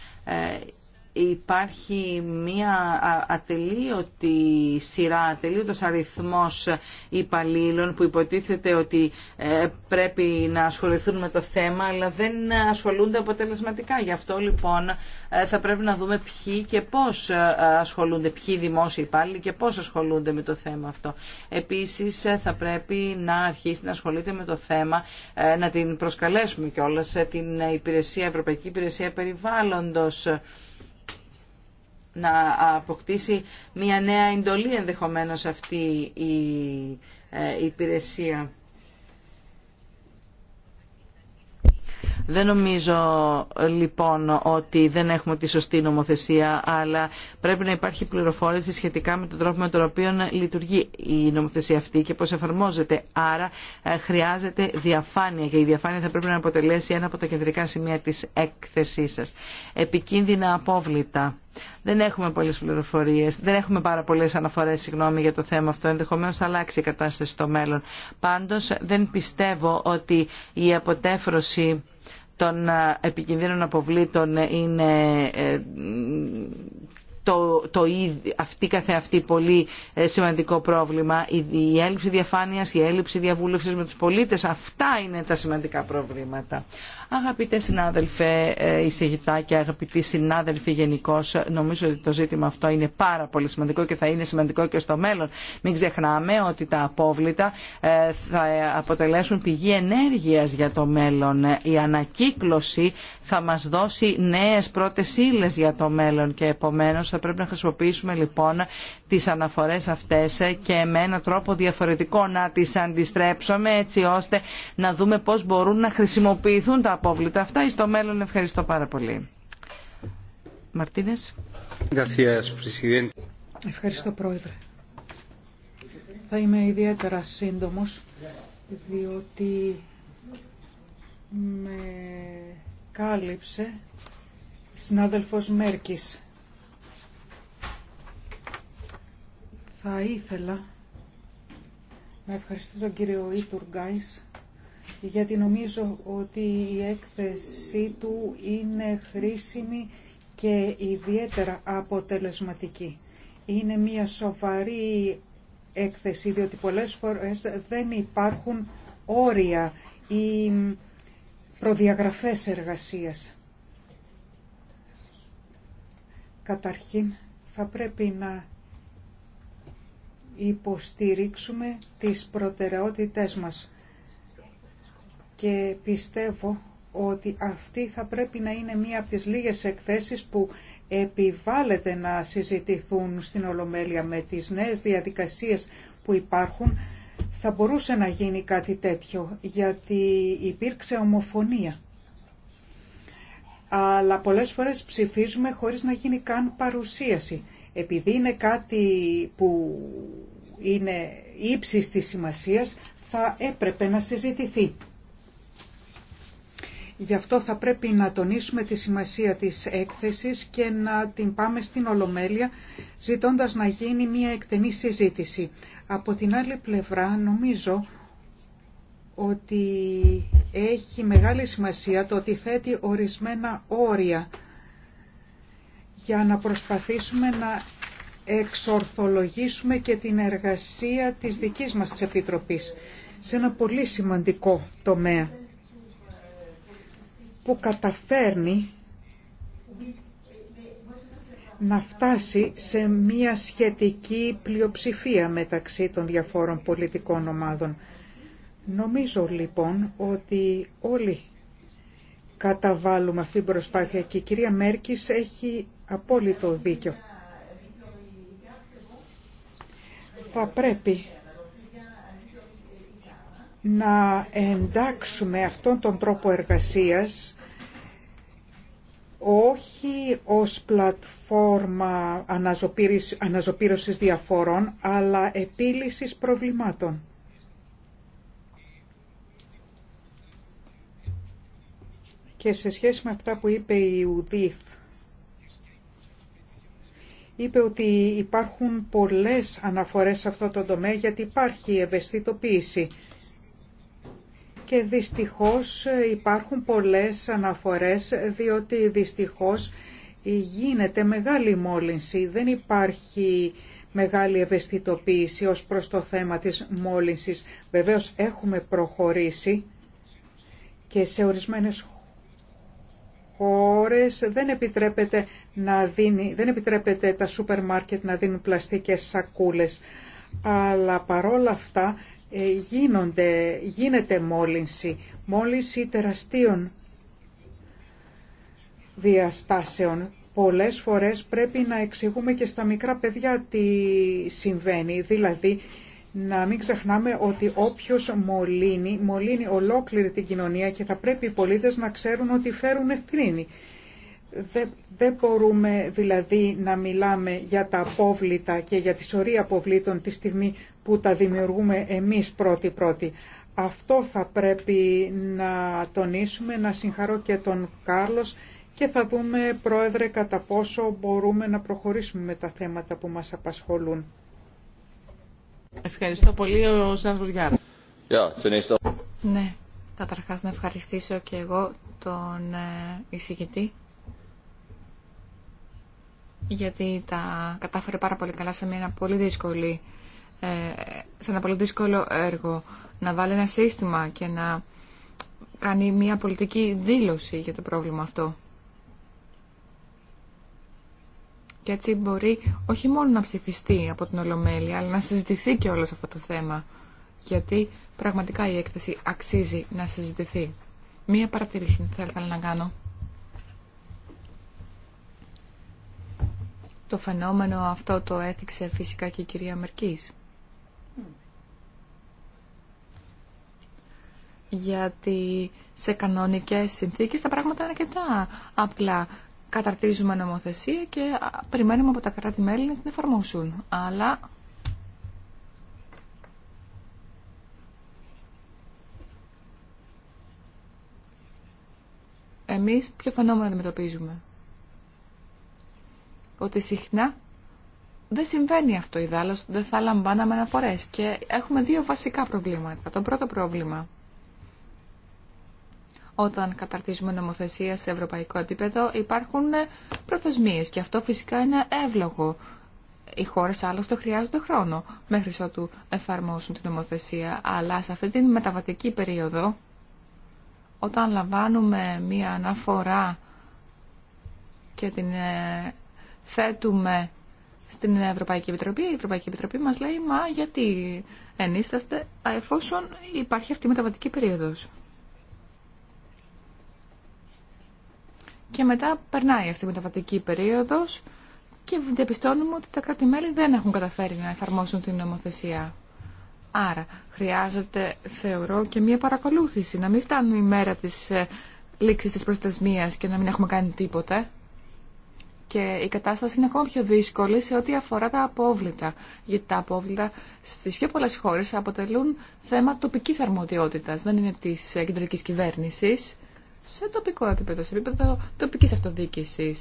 υπάρχει μια ατελείωτη σειρά, ατελείωτος αριθμός υπαλλήλων που υποτίθεται ότι ε, πρέπει να ασχοληθούν με το θέμα αλλά δεν ασχολούνται αποτελεσματικά. Γι' αυτό λοιπόν ε, θα πρέπει να δούμε ποιοι και πώς ε, ασχολούνται, ποιοι δημόσιοι υπάλληλοι και πώς ασχολούνται με το θέμα αυτό. Επίσης θα πρέπει να αρχίσει να ασχολείται με το θέμα, να την προσκαλέσουμε κιόλας την υπηρεσία, Ευρωπαϊκή Υπηρεσία Περιβάλλοντος να αποκτήσει μια νέα εντολή ενδεχομένως αυτή ε, η υπηρεσία. Δεν νομίζω λοιπόν ότι δεν έχουμε τη σωστή νομοθεσία, αλλά πρέπει να υπάρχει πληροφόρηση σχετικά με τον τρόπο με τον οποίο λειτουργεί η νομοθεσία αυτή και πώς εφαρμόζεται. Άρα ε, χρειάζεται διαφάνεια και η διαφάνεια θα πρέπει να αποτελέσει ένα από τα κεντρικά σημεία της έκθεσής σας. Επικίνδυνα απόβλητα. Δεν έχουμε πολλές πληροφορίε. δεν έχουμε πάρα πολλές αναφορές συγγνώμη, για το θέμα αυτό. Ενδεχομένως θα αλλάξει η κατάσταση στο μέλλον. Πάντως δεν πιστεύω ότι η αποτέφρωση των ε, επικινδύνων αποβλήτων είναι ε, το, το αυτή καθεαυτή πολύ ε, σημαντικό πρόβλημα. Η, έλλειψη διαφάνειας, η έλλειψη διαβούλευσης με τους πολίτες, αυτά είναι τα σημαντικά προβλήματα. Αγαπητέ συνάδελφε ε, και αγαπητοί συνάδελφοι γενικώ, νομίζω ότι το ζήτημα αυτό είναι πάρα πολύ σημαντικό και θα είναι σημαντικό και στο μέλλον. Μην ξεχνάμε ότι τα απόβλητα ε, θα αποτελέσουν πηγή ενέργειας για το μέλλον. Η ανακύκλωση θα μας δώσει νέες πρώτες ύλες για το μέλλον και επομένως θα πρέπει να χρησιμοποιήσουμε λοιπόν τις αναφορές αυτές και με έναν τρόπο διαφορετικό να τις αντιστρέψουμε έτσι ώστε να δούμε πώς μπορούν να χρησιμοποιηθούν τα απόβλητα αυτά στο μέλλον. Ευχαριστώ πάρα πολύ. Μαρτίνες. Ευχαριστώ Πρόεδρε. Θα είμαι ιδιαίτερα σύντομος διότι με κάλυψε συνάδελφος Μέρκης. Θα ήθελα να ευχαριστώ τον κύριο Ιτουργκάης γιατί νομίζω ότι η έκθεσή του είναι χρήσιμη και ιδιαίτερα αποτελεσματική. Είναι μια σοβαρή έκθεση, διότι πολλές φορές δεν υπάρχουν όρια ή προδιαγραφές εργασίας. Καταρχήν, θα πρέπει να υποστηρίξουμε τις προτεραιότητές μας. Και πιστεύω ότι αυτή θα πρέπει να είναι μία από τις λίγες εκθέσεις που επιβάλλεται να συζητηθούν στην Ολομέλεια με τις νέες διαδικασίες που υπάρχουν. Θα μπορούσε να γίνει κάτι τέτοιο, γιατί υπήρξε ομοφωνία. Αλλά πολλές φορές ψηφίζουμε χωρίς να γίνει καν παρουσίαση. Επειδή είναι κάτι που είναι ύψης της σημασίας, θα έπρεπε να συζητηθεί. Γι' αυτό θα πρέπει να τονίσουμε τη σημασία της έκθεσης και να την πάμε στην Ολομέλεια, ζητώντας να γίνει μια εκτενή συζήτηση. Από την άλλη πλευρά, νομίζω ότι έχει μεγάλη σημασία το ότι θέτει ορισμένα όρια για να προσπαθήσουμε να εξορθολογήσουμε και την εργασία της δικής μας της Επιτροπής σε ένα πολύ σημαντικό τομέα που καταφέρνει να φτάσει σε μία σχετική πλειοψηφία μεταξύ των διαφόρων πολιτικών ομάδων. Νομίζω λοιπόν ότι όλοι καταβάλουμε αυτή την προσπάθεια και η κυρία Μέρκης έχει απόλυτο δίκιο. Θα πρέπει να εντάξουμε αυτόν τον τρόπο εργασίας όχι ως πλατφόρμα αναζωπήρωσης διαφόρων, αλλά επίλυσης προβλημάτων. Και σε σχέση με αυτά που είπε η Ουδίφ, είπε ότι υπάρχουν πολλές αναφορές σε αυτό το τομέα γιατί υπάρχει ευαισθητοποίηση. Και δυστυχώς υπάρχουν πολλές αναφορές διότι δυστυχώς γίνεται μεγάλη μόλυνση. Δεν υπάρχει μεγάλη ευαισθητοποίηση ως προς το θέμα της μόλυνσης. Βεβαίως έχουμε προχωρήσει και σε ορισμένες χώρες δεν επιτρέπεται να δίνει, δεν επιτρέπεται τα σούπερ μάρκετ να δίνουν πλαστικές σακούλες, αλλά παρόλα αυτά ε, γίνονται, γίνεται μόλυνση, μόλυνση τεραστίων διαστάσεων. Πολλές φορές πρέπει να εξηγούμε και στα μικρά παιδιά τι συμβαίνει, δηλαδή να μην ξεχνάμε ότι όποιος μολύνει, μολύνει ολόκληρη την κοινωνία και θα πρέπει οι πολίτες να ξέρουν ότι φέρουν ευκρινή δεν, μπορούμε δηλαδή να μιλάμε για τα απόβλητα και για τη σωρία αποβλήτων τη στιγμή που τα δημιουργούμε εμείς πρώτοι-πρώτοι. Αυτό θα πρέπει να τονίσουμε, να συγχαρώ και τον Κάρλος και θα δούμε, Πρόεδρε, κατά πόσο μπορούμε να προχωρήσουμε με τα θέματα που μας απασχολούν. Ευχαριστώ πολύ, ο Σάνσβος Ναι, καταρχάς να ευχαριστήσω και εγώ τον ε, εισηγητή γιατί τα κατάφερε πάρα πολύ καλά σε μια πολύ δύσκολη ε, σε ένα πολύ δύσκολο έργο να βάλει ένα σύστημα και να κάνει μια πολιτική δήλωση για το πρόβλημα αυτό. Και έτσι μπορεί όχι μόνο να ψηφιστεί από την Ολομέλεια, αλλά να συζητηθεί και όλο αυτό το θέμα. Γιατί πραγματικά η έκθεση αξίζει να συζητηθεί. Μία παρατήρηση θα ήθελα να κάνω. Το φαινόμενο αυτό το έθιξε φυσικά και η κυρία Μερκής. Γιατί σε κανονικές συνθήκες τα πράγματα είναι αρκετά απλά. Καταρτίζουμε νομοθεσία και περιμένουμε από τα κράτη-μέλη να την εφαρμόσουν. Αλλά εμείς ποιο φαινόμενο αντιμετωπίζουμε ότι συχνά δεν συμβαίνει αυτό η δάλος, δεν θα λαμβάναμε αναφορές και έχουμε δύο βασικά προβλήματα. Το πρώτο πρόβλημα, όταν καταρτίζουμε νομοθεσία σε ευρωπαϊκό επίπεδο υπάρχουν προθεσμίες και αυτό φυσικά είναι εύλογο. Οι χώρες άλλωστε χρειάζονται χρόνο μέχρι ότου εφαρμόσουν την νομοθεσία, αλλά σε αυτή την μεταβατική περίοδο, όταν λαμβάνουμε μία αναφορά και την ε, θέτουμε στην Ευρωπαϊκή Επιτροπή, η Ευρωπαϊκή Επιτροπή μας λέει «Μα γιατί ενίσταστε» εφόσον υπάρχει αυτή η μεταβατική περίοδος. Και μετά περνάει αυτή η μεταβατική περίοδος και διαπιστώνουμε ότι τα κράτη-μέλη δεν έχουν καταφέρει να εφαρμόσουν την νομοθεσία. Άρα χρειάζεται, θεωρώ, και μία παρακολούθηση, να μην φτάνουν η μέρα της ε, λήξης της προστασμίας και να μην έχουμε κάνει τίποτε. Και η κατάσταση είναι ακόμα πιο δύσκολη σε ό,τι αφορά τα απόβλητα. Γιατί τα απόβλητα στις πιο πολλές χώρες αποτελούν θέμα τοπικής αρμοδιότητας. Δεν είναι της ε, κεντρική κυβέρνησης. Σε τοπικό επίπεδο, σε επίπεδο τοπική αυτοδιοίκηση.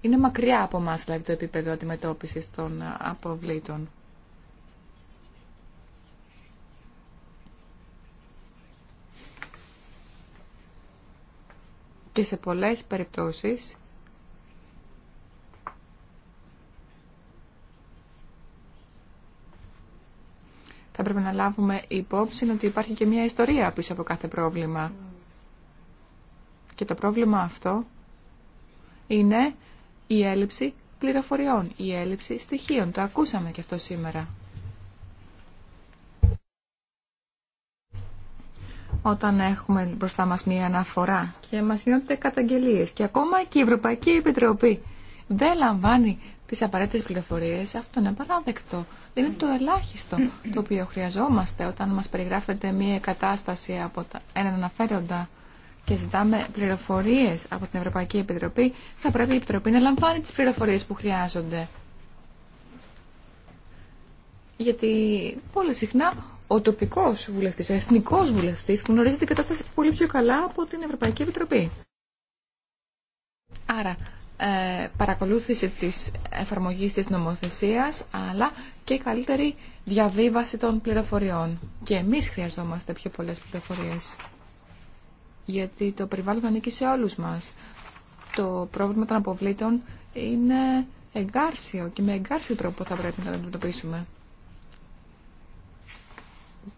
Είναι μακριά από εμά δηλαδή, το επίπεδο αντιμετώπιση των ε, αποβλήτων. Και σε πολλές περιπτώσεις θα πρέπει να λάβουμε υπόψη ότι υπάρχει και μια ιστορία πίσω από κάθε πρόβλημα. Και το πρόβλημα αυτό είναι η έλλειψη πληροφοριών, η έλλειψη στοιχείων. Το ακούσαμε και αυτό σήμερα. όταν έχουμε μπροστά μας μία αναφορά και μας γίνονται καταγγελίες και ακόμα και η Ευρωπαϊκή Επιτροπή δεν λαμβάνει τι απαραίτητε πληροφορίε, αυτό είναι παράδεκτο. Δεν είναι το ελάχιστο το οποίο χρειαζόμαστε όταν μα περιγράφεται μια κατάσταση από τα... έναν αναφέροντα και ζητάμε πληροφορίε από την Ευρωπαϊκή Επιτροπή, θα πρέπει η Επιτροπή να λαμβάνει τι πληροφορίε που χρειάζονται. Γιατί πολύ συχνά ο τοπικό βουλευτή, ο εθνικό βουλευτή γνωρίζει την κατάσταση πολύ πιο καλά από την Ευρωπαϊκή Επιτροπή. Άρα, ε, παρακολούθηση της εφαρμογής της νομοθεσίας αλλά και καλύτερη διαβίβαση των πληροφοριών. Και εμείς χρειαζόμαστε πιο πολλές πληροφορίες γιατί το περιβάλλον ανήκει σε όλους μας. Το πρόβλημα των αποβλήτων είναι εγκάρσιο και με εγκάρσιο τρόπο θα πρέπει να το αντιμετωπίσουμε.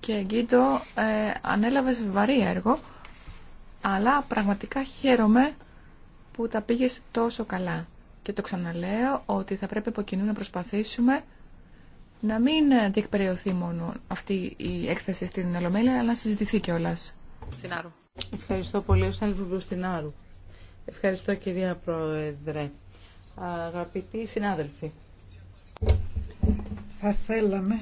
Και Γκίτο, ε, ανέλαβες βαρύ έργο, αλλά πραγματικά χαίρομαι που τα πήγε τόσο καλά. Και το ξαναλέω ότι θα πρέπει από κοινού να προσπαθήσουμε να μην διεκπαιρεωθεί μόνο αυτή η έκθεση στην Ελλομέλεια αλλά να συζητηθεί κιόλα. Ευχαριστώ πολύ, ο την Άρου. Ευχαριστώ, κυρία Πρόεδρε. Αγαπητοί συνάδελφοι. Θα θέλαμε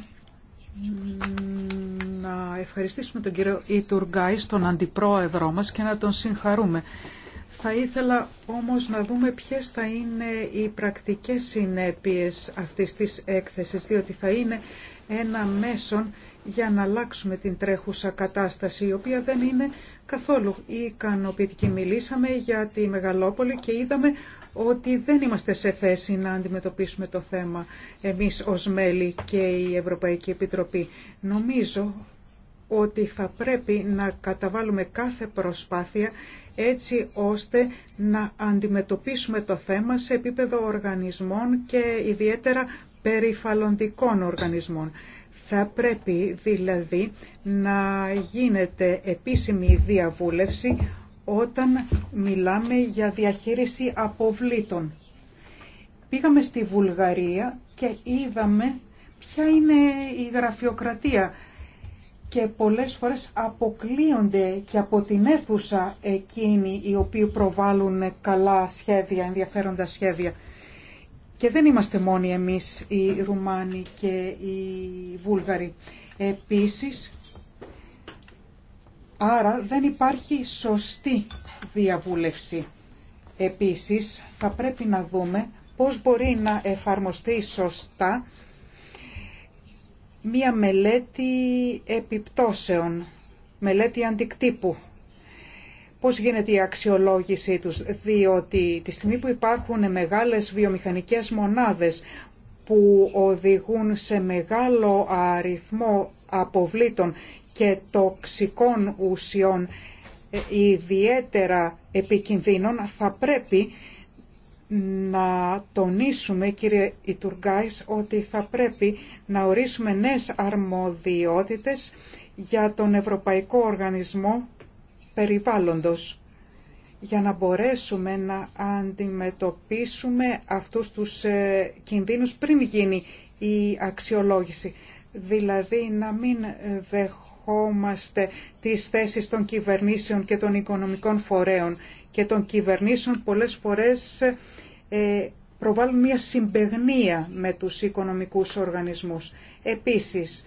να ευχαριστήσουμε τον κύριο Ιτουργκάη, τον αντιπρόεδρό μας και να τον συγχαρούμε θα ήθελα όμως να δούμε ποιες θα είναι οι πρακτικές συνέπειες αυτής της έκθεσης, διότι θα είναι ένα μέσον για να αλλάξουμε την τρέχουσα κατάσταση, η οποία δεν είναι καθόλου ικανοποιητική. Μιλήσαμε για τη Μεγαλόπολη και είδαμε ότι δεν είμαστε σε θέση να αντιμετωπίσουμε το θέμα εμείς ως μέλη και η Ευρωπαϊκή Επιτροπή. Νομίζω ότι θα πρέπει να καταβάλουμε κάθε προσπάθεια έτσι ώστε να αντιμετωπίσουμε το θέμα σε επίπεδο οργανισμών και ιδιαίτερα περιφαλλοντικών οργανισμών. Θα πρέπει δηλαδή να γίνεται επίσημη διαβούλευση όταν μιλάμε για διαχείριση αποβλήτων. Πήγαμε στη Βουλγαρία και είδαμε ποια είναι η γραφειοκρατία και πολλές φορές αποκλείονται και από την αίθουσα εκείνοι οι οποίοι προβάλλουν καλά σχέδια, ενδιαφέροντα σχέδια. Και δεν είμαστε μόνοι εμείς οι Ρουμάνοι και οι Βούλγαροι. Επίσης, άρα δεν υπάρχει σωστή διαβούλευση. Επίσης, θα πρέπει να δούμε πώς μπορεί να εφαρμοστεί σωστά μία μελέτη επιπτώσεων, μελέτη αντικτύπου. Πώς γίνεται η αξιολόγησή τους, διότι τη στιγμή που υπάρχουν μεγάλες βιομηχανικές μονάδες που οδηγούν σε μεγάλο αριθμό αποβλήτων και τοξικών ουσιών ε, ιδιαίτερα επικινδύνων, θα πρέπει να τονίσουμε, κύριε Ιτουργκάης, ότι θα πρέπει να ορίσουμε νέες αρμοδιότητες για τον Ευρωπαϊκό Οργανισμό Περιβάλλοντος, για να μπορέσουμε να αντιμετωπίσουμε αυτούς τους ε, κινδύνους πριν γίνει η αξιολόγηση. Δηλαδή να μην δεχόμαστε τις θέσεις των κυβερνήσεων και των οικονομικών φορέων και των κυβερνήσεων πολλές φορές ε, προβάλλουν μια συμπεγνία με τους οικονομικούς οργανισμούς. Επίσης,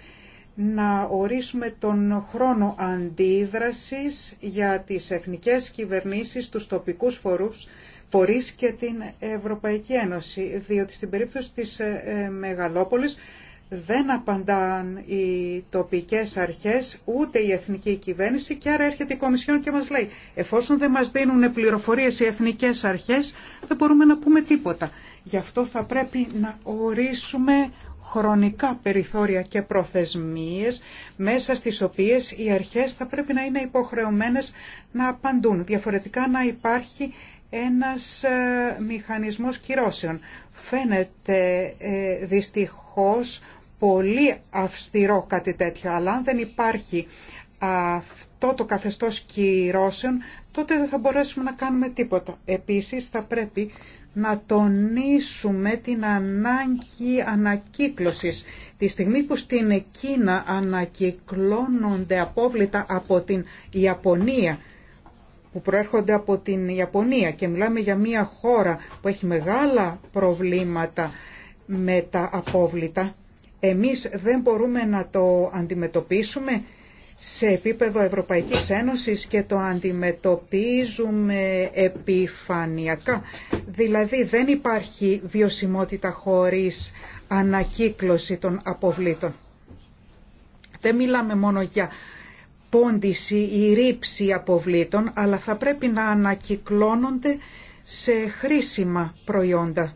να ορίσουμε τον χρόνο αντίδρασης για τις εθνικές κυβερνήσεις, τους τοπικούς φορούς, φορείς και την Ευρωπαϊκή Ένωση, διότι στην περίπτωση της ε, ε, Μεγαλόπολης δεν απαντάν οι τοπικές αρχές ούτε η εθνική κυβέρνηση και άρα έρχεται η Κομισιόν και μας λέει εφόσον δεν μας δίνουν πληροφορίες οι εθνικές αρχές δεν μπορούμε να πούμε τίποτα. Γι' αυτό θα πρέπει να ορίσουμε χρονικά περιθώρια και προθεσμίες μέσα στις οποίες οι αρχές θα πρέπει να είναι υποχρεωμένες να απαντούν. Διαφορετικά να υπάρχει ένας ε, μηχανισμός κυρώσεων. Φαίνεται ε, δυστυχώς πολύ αυστηρό κάτι τέτοιο, αλλά αν δεν υπάρχει αυτό το καθεστώς κυρώσεων, τότε δεν θα μπορέσουμε να κάνουμε τίποτα. Επίσης θα πρέπει να τονίσουμε την ανάγκη ανακύκλωσης. Τη στιγμή που στην Κίνα ανακυκλώνονται απόβλητα από την Ιαπωνία, που προέρχονται από την Ιαπωνία και μιλάμε για μια χώρα που έχει μεγάλα προβλήματα με τα απόβλητα, εμείς δεν μπορούμε να το αντιμετωπίσουμε σε επίπεδο Ευρωπαϊκής Ένωσης και το αντιμετωπίζουμε επιφανειακά. Δηλαδή δεν υπάρχει βιωσιμότητα χωρίς ανακύκλωση των αποβλήτων. Δεν μιλάμε μόνο για πόντιση ή ρήψη αποβλήτων, αλλά θα πρέπει να ανακυκλώνονται σε χρήσιμα προϊόντα.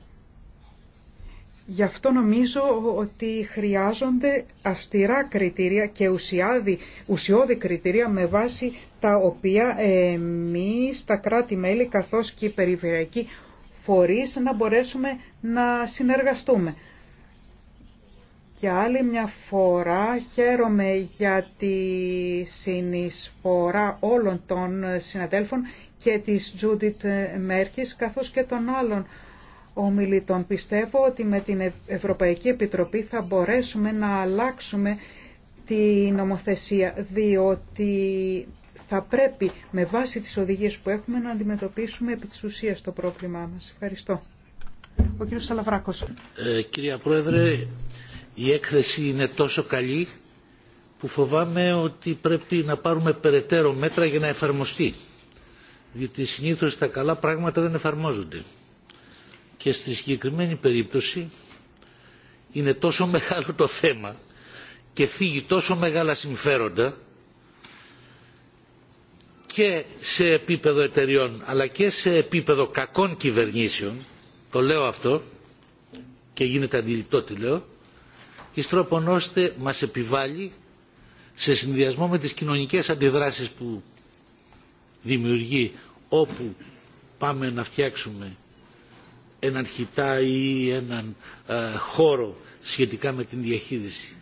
Γι' αυτό νομίζω ότι χρειάζονται αυστηρά κριτήρια και ουσιάδη, ουσιώδη κριτήρια με βάση τα οποία εμείς, τα κράτη-μέλη καθώς και οι περιφερειακοί φορείς να μπορέσουμε να συνεργαστούμε. Και άλλη μια φορά χαίρομαι για τη συνεισφορά όλων των συναδέλφων και της Τζούντιτ Μέρκης καθώς και των άλλων ομιλητών. Πιστεύω ότι με την Ευρωπαϊκή Επιτροπή θα μπορέσουμε να αλλάξουμε τη νομοθεσία, διότι θα πρέπει με βάση τις οδηγίες που έχουμε να αντιμετωπίσουμε επί της ουσίας το πρόβλημά μας. Ευχαριστώ. Ο κύριος Σαλαβράκος. Ε, κυρία Πρόεδρε, η έκθεση είναι τόσο καλή που φοβάμαι ότι πρέπει να πάρουμε περαιτέρω μέτρα για να εφαρμοστεί. Διότι συνήθως τα καλά πράγματα δεν εφαρμόζονται και στη συγκεκριμένη περίπτωση είναι τόσο [LAUGHS] μεγάλο το θέμα και φύγει τόσο μεγάλα συμφέροντα και σε επίπεδο εταιριών αλλά και σε επίπεδο κακών κυβερνήσεων το λέω αυτό και γίνεται αντιληπτό τι λέω εις τρόπον ώστε μας επιβάλλει σε συνδυασμό με τις κοινωνικές αντιδράσεις που δημιουργεί όπου πάμε να φτιάξουμε έναν χιτά ή έναν ε, χώρο σχετικά με την διαχείριση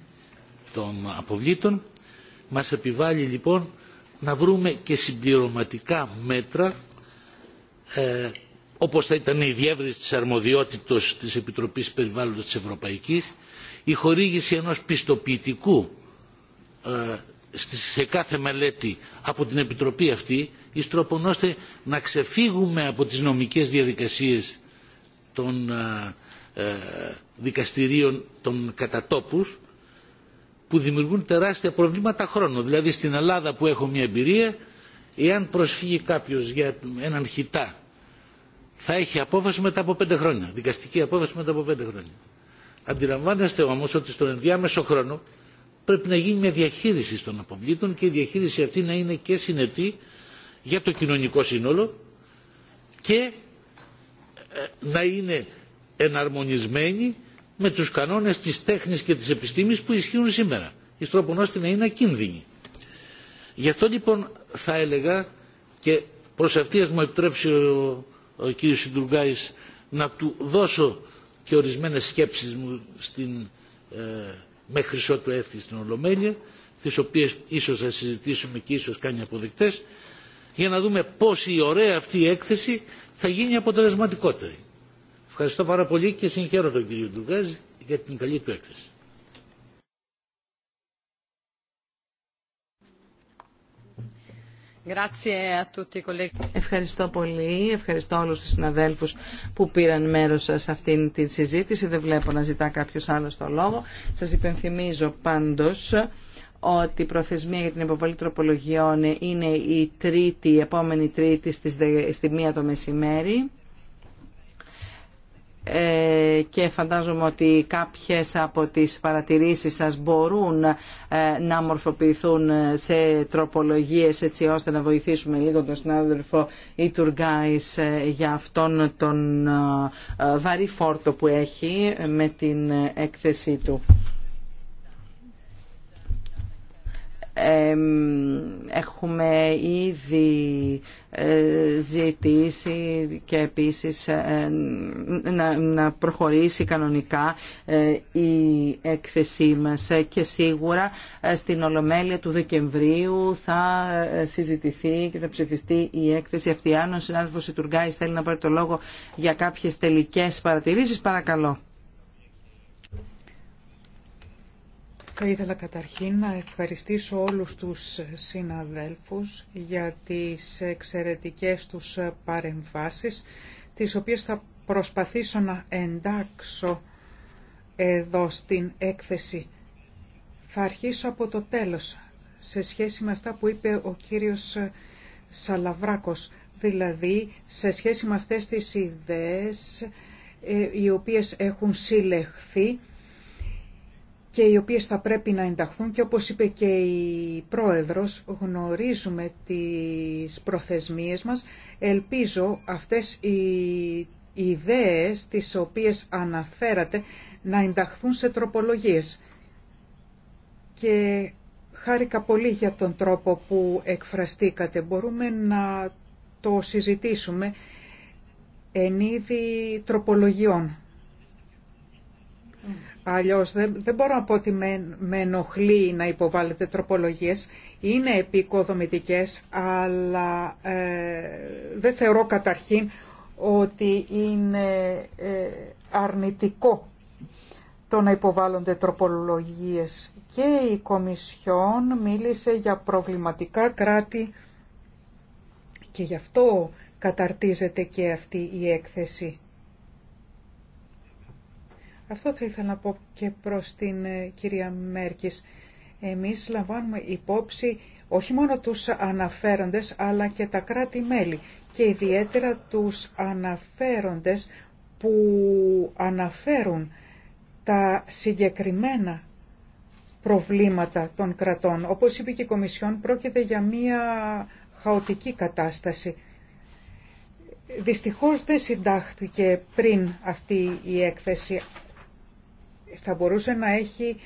των αποβλήτων. Μας επιβάλλει λοιπόν να βρούμε και συμπληρωματικά μέτρα ε, όπως θα ήταν η διεύρυνση της αρμοδιότητος της Επιτροπής Περιβάλλοντος της Ευρωπαϊκής, η χορήγηση ενός πιστοποιητικού ε, σε κάθε μελέτη από την Επιτροπή αυτή, εις τρόπον ώστε να ξεφύγουμε από τις νομικές διαδικασίες των ε, ε, δικαστηρίων των κατατόπους που δημιουργούν τεράστια προβλήματα χρόνου. Δηλαδή στην Ελλάδα που έχω μια εμπειρία, εάν προσφύγει κάποιος για έναν χιτά, θα έχει απόφαση μετά από πέντε χρόνια, δικαστική απόφαση μετά από πέντε χρόνια. Αντιλαμβάνεστε όμως ότι στον ενδιάμεσο χρόνο πρέπει να γίνει μια διαχείριση των αποβλήτων και η διαχείριση αυτή να είναι και συνετή για το κοινωνικό σύνολο και ε, να είναι εναρμονισμένη με τους κανόνες της τέχνης και της επιστήμης που ισχύουν σήμερα. Η ώστε να είναι ακίνδυνη. Γι' αυτό λοιπόν θα έλεγα και προς αυτίας μου επιτρέψει ο, ο κ. να του δώσω και ορισμένες σκέψεις μου στην, ε, μέχρι ότου έρθει στην Ολομέλεια τις οποίες ίσως θα συζητήσουμε και ίσως κάνει αποδεκτές για να δούμε πώς η ωραία αυτή η έκθεση θα γίνει αποτελεσματικότερη. Ευχαριστώ πάρα πολύ και συγχαίρω τον κύριο Ντουγκάζη για την καλή του έκθεση. Ευχαριστώ πολύ. Ευχαριστώ όλους τους συναδέλφους που πήραν μέρος σε αυτήν την συζήτηση. Δεν βλέπω να ζητά κάποιος άλλος το λόγο. Σας υπενθυμίζω πάντως ότι η προθεσμία για την υποβολή τροπολογιών είναι η τρίτη, η επόμενη τρίτη στις, στη μία το μεσημέρι ε, και φαντάζομαι ότι κάποιες από τις παρατηρήσεις σας μπορούν ε, να μορφοποιηθούν σε τροπολογίες έτσι ώστε να βοηθήσουμε λίγο τον συνάδελφο ε, για αυτόν τον ε, βαρύ φόρτο που έχει με την έκθεσή του. έχουμε ήδη ε, ζητήσει και επίσης ε, να προχωρήσει κανονικά ε, η έκθεσή μας και σίγουρα στην Ολομέλεια του Δεκεμβρίου θα συζητηθεί και θα ψηφιστεί η έκθεση αυτή. Αν ο συνάδελφος Τουργκάης θέλει να πάρει το λόγο για κάποιες τελικές παρατηρήσεις, παρακαλώ. Θα ήθελα καταρχήν να ευχαριστήσω όλους τους συναδέλφους για τις εξαιρετικές τους παρεμβάσεις, τις οποίες θα προσπαθήσω να εντάξω εδώ στην έκθεση. Θα αρχίσω από το τέλος, σε σχέση με αυτά που είπε ο κύριος Σαλαβράκος, δηλαδή σε σχέση με αυτές τις ιδέες ε, οι οποίες έχουν συλλεχθεί και οι οποίες θα πρέπει να ενταχθούν και όπως είπε και η Πρόεδρος γνωρίζουμε τις προθεσμίες μας. Ελπίζω αυτές οι ιδέες τις οποίες αναφέρατε να ενταχθούν σε τροπολογίες. Και χάρηκα πολύ για τον τρόπο που εκφραστήκατε. Μπορούμε να το συζητήσουμε εν είδη τροπολογιών Αλλιώς δεν, δεν μπορώ να πω ότι με, ενοχλεί να υποβάλλετε τροπολογίες. Είναι επικοδομητικές, αλλά ε, δεν θεωρώ καταρχήν ότι είναι ε, αρνητικό το να υποβάλλονται τροπολογίες. Και η Κομισιόν μίλησε για προβληματικά κράτη και γι' αυτό καταρτίζεται και αυτή η έκθεση. Αυτό θα ήθελα να πω και προς την ε, κυρία Μέρκης. Εμείς λαμβάνουμε υπόψη όχι μόνο τους αναφέροντες αλλά και τα κράτη-μέλη και ιδιαίτερα τους αναφέροντες που αναφέρουν τα συγκεκριμένα προβλήματα των κρατών. Όπως είπε και η Κομισιόν, πρόκειται για μία χαοτική κατάσταση. Δυστυχώς δεν συντάχθηκε πριν αυτή η έκθεση, θα μπορούσε να έχει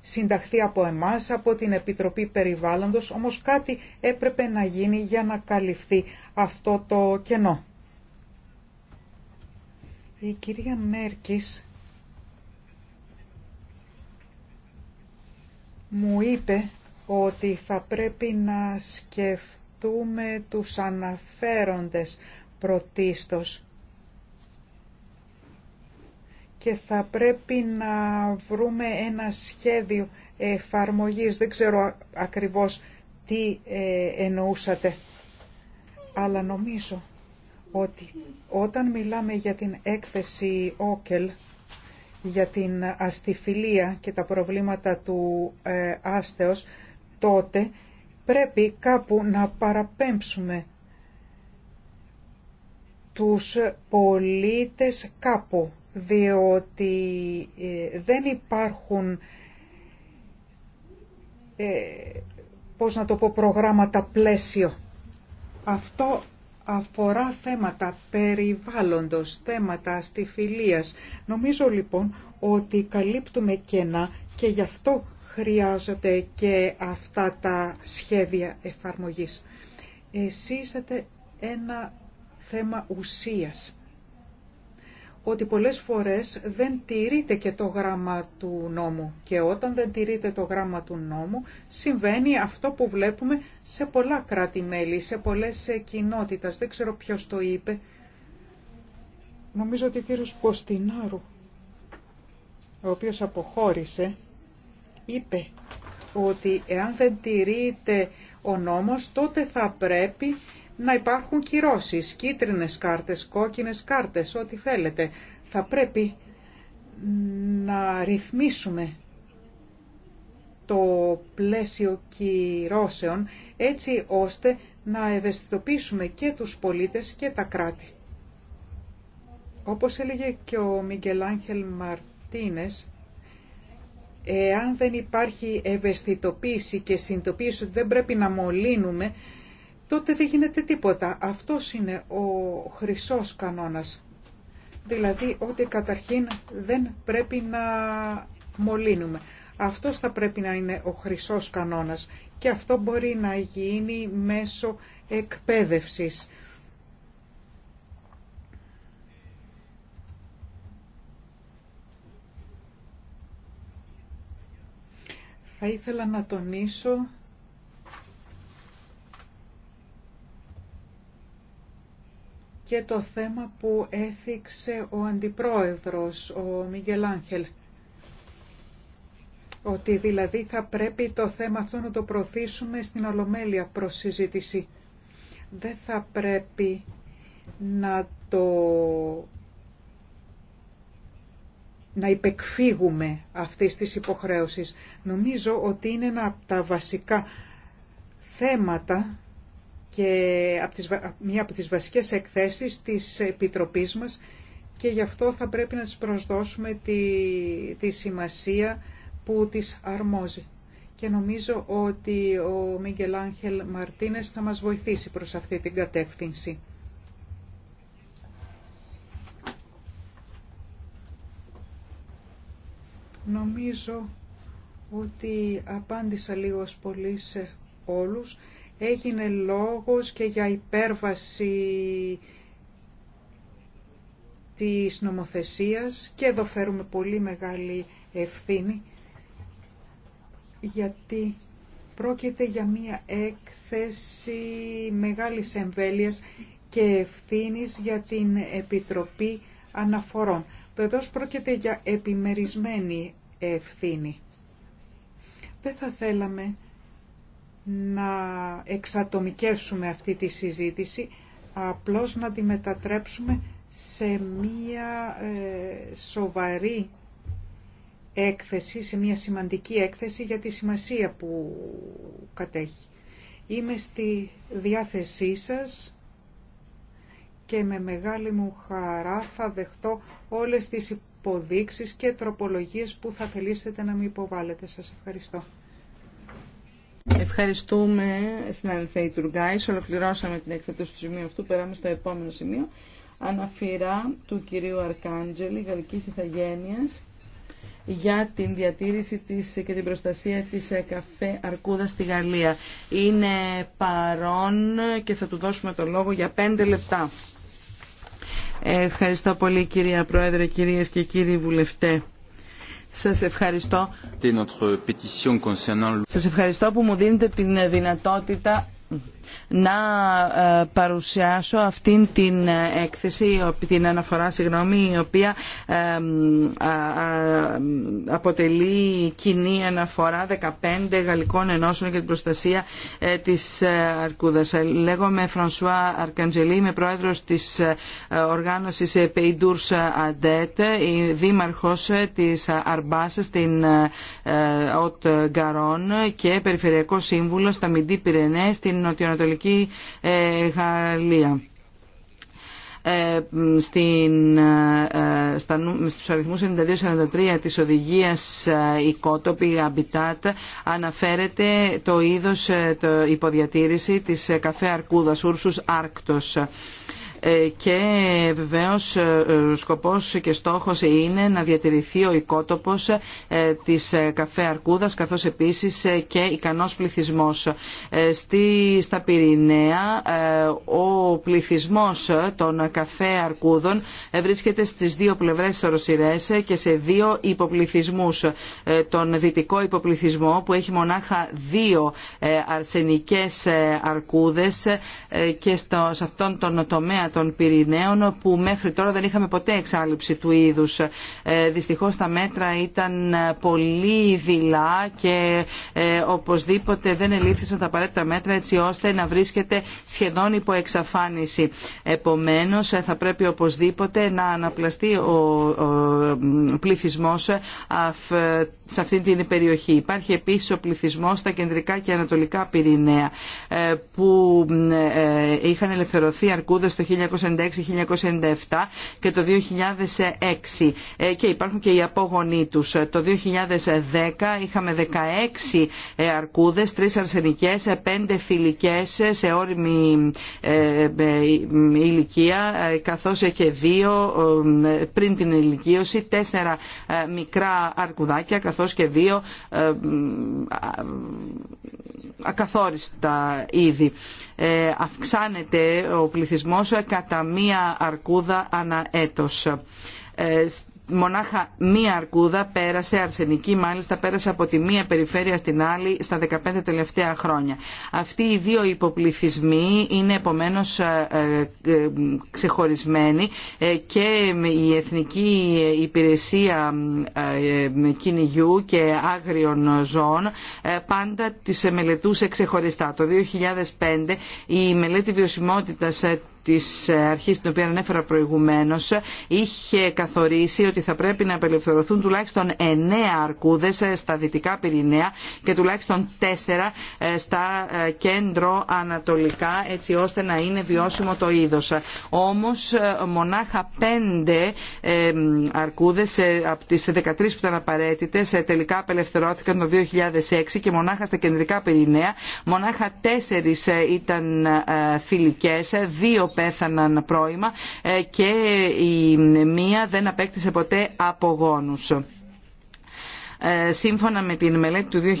συνταχθεί από εμάς, από την Επιτροπή Περιβάλλοντος, όμως κάτι έπρεπε να γίνει για να καλυφθεί αυτό το κενό. Η κυρία Μέρκης μου είπε ότι θα πρέπει να σκεφτούμε τους αναφέροντες πρωτίστως και θα πρέπει να βρούμε ένα σχέδιο εφαρμογής. Δεν ξέρω ακριβώς τι ε, εννοούσατε, αλλά νομίζω ότι όταν μιλάμε για την έκθεση «Όκελ», για την αστιφιλία και τα προβλήματα του ε, τότε πρέπει κάπου να παραπέμψουμε τους πολίτες κάπου διότι ε, δεν υπάρχουν ε, πώς να το πω, προγράμματα πλαίσιο. Αυτό αφορά θέματα περιβάλλοντος, θέματα αστιφιλίας. Νομίζω λοιπόν ότι καλύπτουμε κενά και γι' αυτό χρειάζονται και αυτά τα σχέδια εφαρμογής. Εσείς ένα θέμα ουσίας ότι πολλές φορές δεν τηρείται και το γράμμα του νόμου. Και όταν δεν τηρείται το γράμμα του νόμου, συμβαίνει αυτό που βλέπουμε σε πολλά κράτη-μέλη, σε πολλές ε, κοινότητες. Δεν ξέρω ποιος το είπε. Νομίζω ότι ο κύριος Κωστινάρου, ο οποίος αποχώρησε, είπε ότι εάν δεν τηρείται ο νόμος, τότε θα πρέπει να υπάρχουν κυρώσεις, κίτρινες κάρτες, κόκκινες κάρτες, ό,τι θέλετε. Θα πρέπει να ρυθμίσουμε το πλαίσιο κυρώσεων έτσι ώστε να ευαισθητοποιήσουμε και τους πολίτες και τα κράτη. Όπως έλεγε και ο Μιγκελάνχελ Μαρτίνες, εάν δεν υπάρχει ευαισθητοποίηση και συνειδητοποίηση ότι δεν πρέπει να μολύνουμε τότε δεν γίνεται τίποτα. Αυτό είναι ο χρυσός κανόνας. Δηλαδή ότι καταρχήν δεν πρέπει να μολύνουμε. Αυτό θα πρέπει να είναι ο χρυσός κανόνας και αυτό μπορεί να γίνει μέσω εκπαίδευσης. Θα ήθελα να τονίσω και το θέμα που έθιξε ο Αντιπρόεδρος, ο Μίγκελ Άγχελ. Ότι δηλαδή θα πρέπει το θέμα αυτό να το προωθήσουμε στην Ολομέλεια προς συζήτηση. Δεν θα πρέπει να το να υπεκφύγουμε αυτή της υποχρέωσης. Νομίζω ότι είναι ένα από τα βασικά θέματα και τις, μία από τις βασικές εκθέσεις της Επιτροπής μας και γι' αυτό θα πρέπει να τις προσδώσουμε τη, σημασία που της αρμόζει. Και νομίζω ότι ο Μίγκελ Άγχελ Μαρτίνες θα μας βοηθήσει προς αυτή την κατεύθυνση. Νομίζω ότι απάντησα λίγο πολύ σε όλους έγινε λόγος και για υπέρβαση της νομοθεσίας και εδώ φέρουμε πολύ μεγάλη ευθύνη γιατί πρόκειται για μία έκθεση μεγάλης εμβέλειας και ευθύνης για την Επιτροπή Αναφορών. Βεβαίω πρόκειται για επιμερισμένη ευθύνη. Δεν θα θέλαμε να εξατομικεύσουμε αυτή τη συζήτηση, απλώς να τη μετατρέψουμε σε μία ε, σοβαρή έκθεση, σε μία σημαντική έκθεση για τη σημασία που κατέχει. Είμαι στη διάθεσή σας και με μεγάλη μου χαρά θα δεχτώ όλες τις υποδείξεις και τροπολογίες που θα θελήσετε να μου υποβάλλετε. Σας ευχαριστώ. Ευχαριστούμε, συναδελφέ Τουργκάη. Ολοκληρώσαμε την εξέταση του σημείου αυτού. Περάμε στο επόμενο σημείο. Αναφυρά του κυρίου Αρκάντζελη, γαλλικής ηθαγένειας, για την διατήρηση της και την προστασία της ε, καφέ Αρκούδα στη Γαλλία. Είναι παρόν και θα του δώσουμε το λόγο για πέντε λεπτά. Ε, ευχαριστώ πολύ κυρία Πρόεδρε, κυρίες και κύριοι βουλευτέ. Σας ευχαριστώ. ευχαριστώ που μου δίνετε την δυνατότητα να ε, παρουσιάσω αυτήν την ε, έκθεση, την αναφορά, συγγνώμη, η οποία ε, αποτελεί κοινή αναφορά 15 γαλλικών ενώσεων για την προστασία της Αρκούδας. Λέγομαι Φρανσουά Αρκαντζελή, είμαι πρόεδρος της οργάνωσης Paydours η δήμαρχος της Αρμπάσα στην Οτ Γκαρόν και περιφερειακό σύμβουλο στα Μιντή Πυρενέ στην Νοτιοανατολική Ανατολική ε, Γαλλία ε, στην, ε, στα, στους αριθμούς 92-43 της οδηγίας οικότοπη Habitat αναφέρεται το είδος το υποδιατήρηση της καφέ αρκούδας Ούρσους Άρκτος. Ε, και βεβαίως ε, σκοπός και στόχος είναι να διατηρηθεί ο οικότοπος ε, της καφέ Αρκούδας καθώς επίσης και ικανός πληθυσμός. Στη, στα Πυρηναία ο πληθυσμός των καφέ Αρκούδων βρίσκεται στις δύο πλευρές του και σε δύο υποπληθυσμούς. Τον δυτικό υποπληθυσμό που έχει μονάχα δύο αρσενικές αρκούδες και στο, σε αυτόν τον τομέα των Πυρηναίων που μέχρι τώρα δεν είχαμε ποτέ εξάλληψη του είδους. Ε, δυστυχώς τα μέτρα ήταν πολύ δειλά και ε, οπωσδήποτε δεν ελήφθησαν τα απαραίτητα μέτρα έτσι ώστε να βρίσκεται σχεδόν υπό εξαφάνιση. Επομένως ε, θα πρέπει οπωσδήποτε να αναπλαστεί ο πληθυσμός σε αυτή την περιοχή. Υπάρχει επίσης ο πληθυσμός στα κεντρικά και ανατολικά Πυρηναία που είχαν ελευθερωθεί αρκούδες το 1996-1997 και το 2006 ε, και υπάρχουν και οι απόγονοί τους. Το 2010 είχαμε 16 ε, αρκούδες, 3 αρσενικές, 5 ε, θηλυκές σε όριμη ηλικία καθώς και 2 πριν την ηλικίωση, 4 μικρά αρκουδάκια καθώς και 2 ακαθόριστα ήδη. Ε, αυξάνεται ο πληθυσμός κατά μία αρκούδα ανά έτος. Ε, μονάχα μία αρκούδα πέρασε, αρσενική μάλιστα, πέρασε από τη μία περιφέρεια στην άλλη στα 15 τελευταία χρόνια. Αυτοί οι δύο υποπληθυσμοί είναι επομένως ε, ε, ε, ξεχωρισμένοι και η Εθνική Υπηρεσία Κυνηγιού και Άγριων Ζώων πάντα τις μελετούσε ξεχωριστά. Το 2005 η μελέτη βιωσιμότητας της αρχής την οποία ανέφερα προηγουμένως είχε καθορίσει ότι θα πρέπει να απελευθερωθούν τουλάχιστον 9 αρκούδες στα δυτικά Πυρηναία και τουλάχιστον 4 ε, στα ε, κέντρο ανατολικά έτσι ώστε να είναι βιώσιμο το είδος. Όμως ε, μονάχα 5 αρκούδες από τις 13 που ήταν απαραίτητες τελικά απελευθερώθηκαν το 2006 και μονάχα στα κεντρικά Πυρηναία μονάχα 4 ήταν φιλικές, 2 πέθαναν πρώιμα ε, και η μία δεν απέκτησε ποτέ απογόνους. Ε, σύμφωνα με την μελέτη του 2009,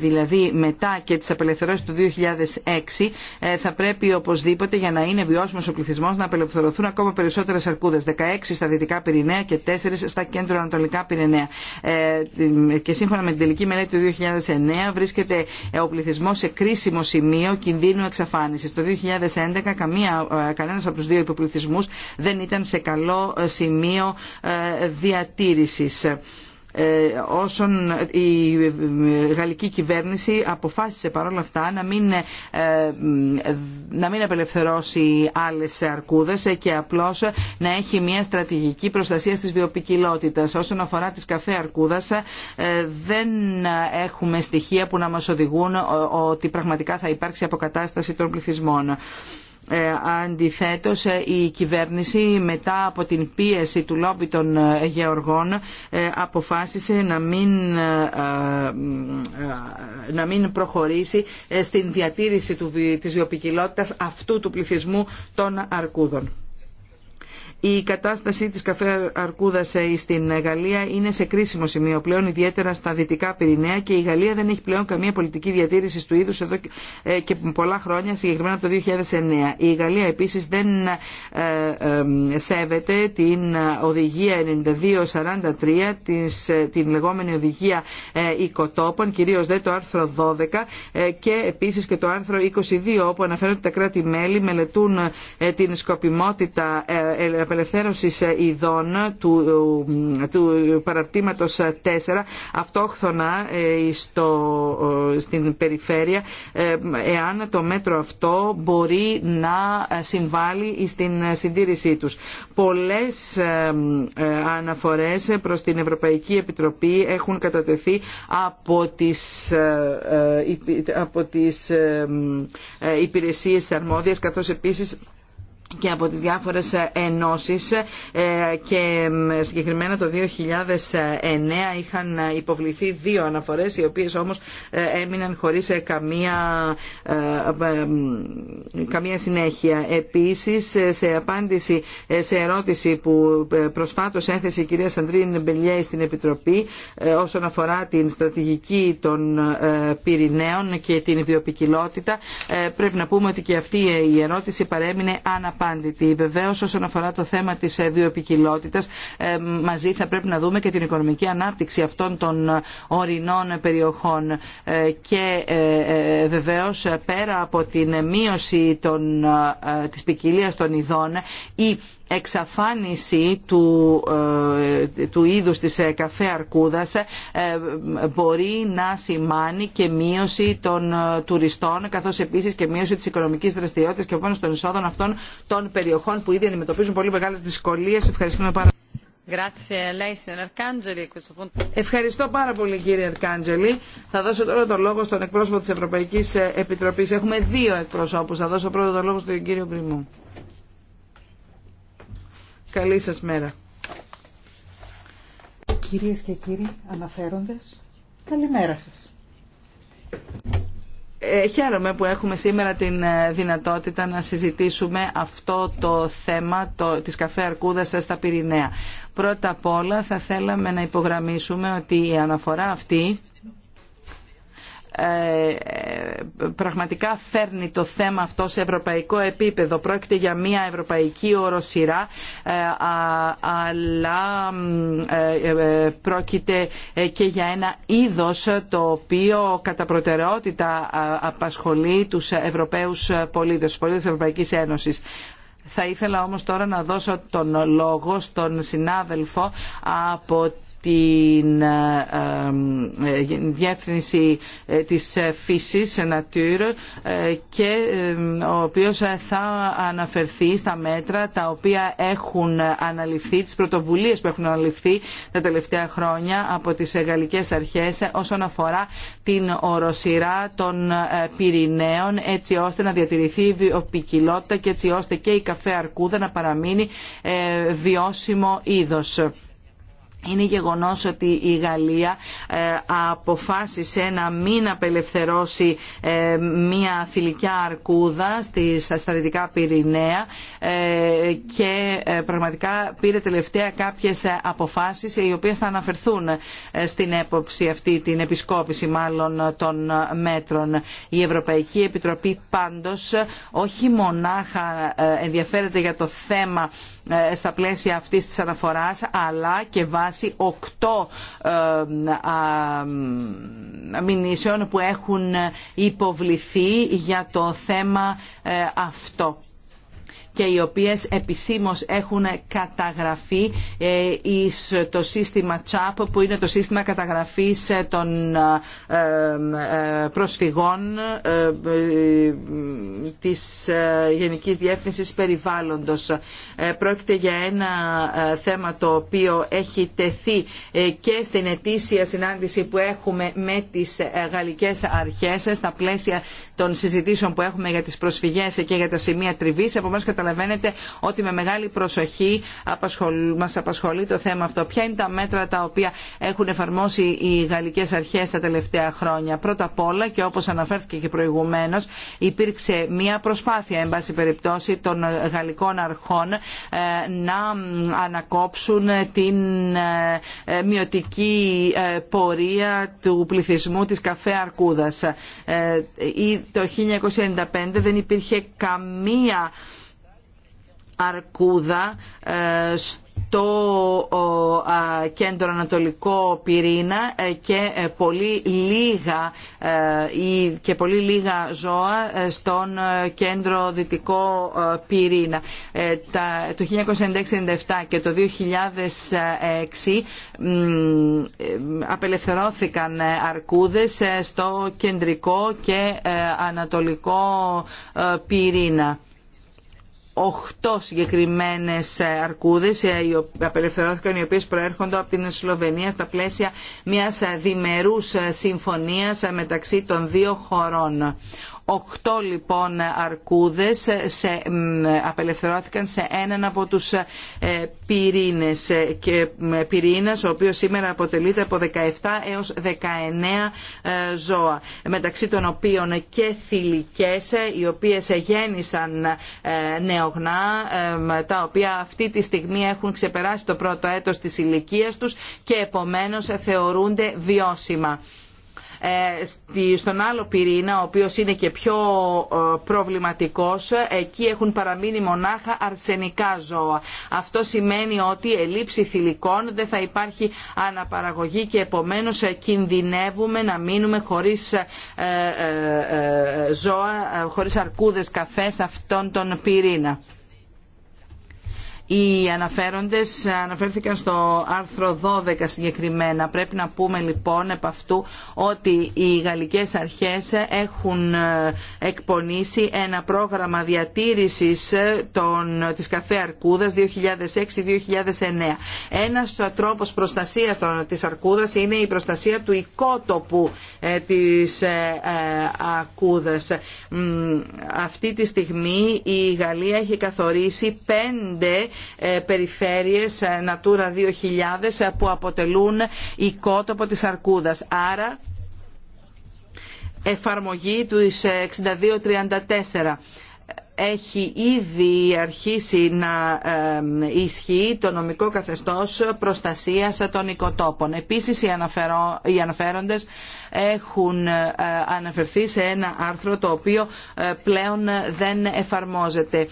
δηλαδή μετά και τις απελευθερώσεις του 2006, ε, θα πρέπει οπωσδήποτε για να είναι βιώσιμος ο πληθυσμός να απελευθερωθούν ακόμα περισσότερες αρκούδες, 16 στα δυτικά Πυρηναία και 4 στα κέντρο-ανατολικά Πυρηναία. Ε, και σύμφωνα με την τελική μελέτη του 2009 βρίσκεται ο πληθυσμός σε κρίσιμο σημείο κινδύνου εξαφάνισης. Το 2011 καμία, κανένας από τους δύο υποπληθυσμούς δεν ήταν σε καλό σημείο διατήρησης. Ε, όσον η ε, γαλλική κυβέρνηση αποφάσισε παρόλα αυτά να μην, ε, να μην απελευθερώσει άλλες αρκούδες και απλώς να έχει μια στρατηγική προστασία της βιοπικιλότητας. Όσον αφορά τις καφέ αρκούδας δεν έχουμε στοιχεία που να μας οδηγούν ότι πραγματικά θα υπάρξει αποκατάσταση των πληθυσμών. Ε, αντιθέτως ε, η κυβέρνηση μετά από την πίεση του λόμπι των ε, γεωργών αποφάσισε να μην, να μην προχωρήσει στην διατήρηση του, της αυτού του πληθυσμού των αρκούδων. Η κατάσταση της καφέ Αρκούδας ε, στην ε, Γαλλία είναι σε κρίσιμο σημείο πλέον, ιδιαίτερα στα δυτικά Πυρηναία και η Γαλλία δεν έχει πλέον καμία πολιτική διατήρηση του είδους εδώ και ε, πολλά χρόνια, συγκεκριμένα από το 2009. Η Γαλλία επίσης δεν σέβεται την οδηγία 92 92-43, την λεγόμενη οδηγία οικοτόπων, κυρίως δε το άρθρο 12 και επίσης και το άρθρο 22 όπου αναφέρονται τα κράτη-μέλη μελετούν την σκοπιμότητα Απελευθέρωση ειδών του, του παραρτήματος 4 αυτόχθονα ε, στο, στην περιφέρεια ε, εάν το μέτρο αυτό μπορεί να συμβάλλει στην συντήρησή τους. Πολλές ε, αναφορές προς την Ευρωπαϊκή Επιτροπή έχουν κατατεθεί από τις, από τις υπηρεσίες αρμόδιας καθώς επίσης και από τις διάφορες ε, ενώσεις ε, και συγκεκριμένα το 2009 είχαν ε, υποβληθεί δύο αναφορές οι οποίες όμως έμειναν χωρίς καμία, καμία συνέχεια. Επίσης σε απάντηση σε ερώτηση που προσφάτως έθεσε η κυρία Σαντρίν Μπελιέ στην Επιτροπή όσον αφορά την στρατηγική των πυρηναίων και την βιοπικιλότητα πρέπει να πούμε ότι και αυτή η ερώτηση παρέμεινε ανα απάντητη. Βεβαίω, όσον αφορά το θέμα τη ε, βιοπικιλότητα, ε, μαζί θα πρέπει να δούμε και την οικονομική ανάπτυξη αυτών των ορεινών περιοχών. Ε, και βεβαίω, πέρα από την μείωση τη της ποικιλία των ειδών, η εξαφάνιση του, ε, του είδους της ε, καφέ αρκούδας ε, μπορεί να σημάνει και μείωση των τουριστών καθώς επίσης και μείωση της οικονομικής δραστηριότητας και οπότε των εισόδων αυτών των περιοχών που ήδη αντιμετωπίζουν πολύ μεγάλες δυσκολίες. Ευχαριστούμε πάρα Ευχαριστώ πάρα πολύ κύριε Αρκάντζελη. Θα δώσω τώρα το λόγο στον εκπρόσωπο της Ευρωπαϊκής Επιτροπής. Έχουμε δύο εκπροσώπους. Θα δώσω πρώτα το λόγο στον κύριο Γκριμού. Καλή σας μέρα. Κυρίες και κύριοι αναφέροντες, καλημέρα σας. Ε, χαίρομαι που έχουμε σήμερα την ε, δυνατότητα να συζητήσουμε αυτό το θέμα το, της καφέ Αρκούδας στα Πυρηναία. Πρώτα απ' όλα θα θέλαμε να υπογραμμίσουμε ότι η αναφορά αυτή ε, ε, πραγματικά φέρνει το θέμα αυτό σε ευρωπαϊκό επίπεδο. Πρόκειται για μια ευρωπαϊκή οροσυρά ε, αλλά πρόκειται και για ένα είδος το οποίο κατά προτεραιότητα απασχολεί τους Ευρωπαίους πολίτες, τους πολίτες της Ευρωπαϊκής Ένωσης. Θα ήθελα όμως τώρα να δώσω τον λόγο στον συνάδελφο από την ε, ε, ε, διεύθυνση της φύσης Nature και ο οποίος θα αναφερθεί στα μέτρα τα οποία έχουν αναλυφθεί, τις πρωτοβουλίες που έχουν αναλυφθεί τα τελευταία χρόνια από τις γαλλικές αρχές όσον αφορά την οροσυρά των πυρηναίων έτσι ώστε να διατηρηθεί η βιοπικιλότητα και έτσι ώστε και η καφέ αρκούδα να παραμείνει βιώσιμο είδος είναι γεγονός ότι η Γαλλία ε, αποφάσισε να μην απελευθερώσει ε, μία θηλυκιά αρκούδα στα δυτικά Πυρηναία ε, και πραγματικά πήρε τελευταία κάποιες αποφάσεις οι οποίες θα αναφερθούν στην έποψη αυτή, την επισκόπηση μάλλον των μέτρων. Η Ευρωπαϊκή Επιτροπή πάντως όχι μονάχα ενδιαφέρεται για το θέμα ε, στα πλαίσια αυτής της αναφοράς αλλά και βάσει οκτώ ε, μηνύσεων που έχουν υποβληθεί για το θέμα ε, αυτό και οι οποίες επισήμως έχουν καταγραφεί ε, εις το σύστημα CHAP που είναι το σύστημα καταγραφής ε, των ε, προσφυγών της Γενικής Διεύθυνσης Περιβάλλοντος. Πρόκειται για ένα θέμα το οποίο έχει τεθεί και στην ετήσια συνάντηση που έχουμε με τις γαλλικές αρχές στα πλαίσια των συζητήσεων που έχουμε για τις προσφυγές και για τα σημεία τριβής. Επομένως, καταλαβαίνετε ότι με μεγάλη προσοχή μας απασχολεί το θέμα αυτό. Ποια είναι τα μέτρα τα οποία έχουν εφαρμόσει οι γαλλικές αρχές τα τελευταία χρόνια. Πρώτα απ' όλα και όπως αναφέρθηκε και προηγουμένως υπήρξε μια προσπάθεια εν πάση περιπτώσει των γαλλικών αρχών ε, να ανακόψουν την ε, ε, μειωτική πορεία του πληθυσμού της καφέ Αρκούδας. Το 1995 δεν υπήρχε καμία αρκούδα ε, το κέντρο ανατολικό πυρήνα ε, και ε, πολύ λίγα και πολύ λίγα ζώα στον κέντρο δυτικό πυρήνα. Το 1996-97 και το 2006 απελευθερώθηκαν αρκούδες στο κεντρικό και ανατολικό πυρήνα Οχτώ συγκεκριμένε αρκούδες ε, απελευθερώθηκαν οι οποίε προέρχονται από την Σλοβενία στα πλαίσια μιας διμερούς ε, συμφωνίας ε, μεταξύ των δύο χωρών. Οκτώ λοιπόν αρκούδες απελευθερώθηκαν σε έναν από τους ε, πυρήνες ε, και ο οποίος σήμερα αποτελείται από 17 έως 19 ε, ζώα μεταξύ των οποίων και θηλυκές οι οποίες γέννησαν νεογνά τα οποία αυτή τη στιγμή έχουν ξεπεράσει το πρώτο έτος της ηλικίας τους και επομένως θεωρούνται βιώσιμα. Ε, στον άλλο πυρήνα, ο οποίος είναι και πιο ε, προβληματικός, εκεί έχουν παραμείνει μονάχα αρσενικά ζώα. Αυτό σημαίνει ότι ελήψη θηλυκών δεν θα υπάρχει αναπαραγωγή και επομένως ε, κινδυνεύουμε να μείνουμε χωρίς ζώα, χωρίς αρκούδες καφές αυτόν των πυρήνα. Οι αναφέροντες αναφέρθηκαν στο άρθρο 12 συγκεκριμένα. Πρέπει να πούμε λοιπόν επ' αυτού ότι οι γαλλικές αρχές έχουν ε, εκπονήσει ένα πρόγραμμα διατήρησης ε, των, της καφέ Αρκούδας 2006-2009. Ένας τρόπος προστασίας των, της Αρκούδας είναι η προστασία του οικότοπου ε, της Αρκούδας. αυτή τη στιγμή η Γαλλία έχει καθορίσει πέντε ε, περιφέρειες ε, Natura 2000 ε, που αποτελούν οικότοπο της Αρκούδας. Άρα εφαρμογή του 6234 έχει ήδη αρχίσει να ισχύει το νομικό καθεστώς προστασίας των οικοτόπων. Επίσης οι αναφέροντες έχουν ε, αναφερθεί σε ένα άρθρο το οποίο ε, πλέον δεν εφαρμόζεται.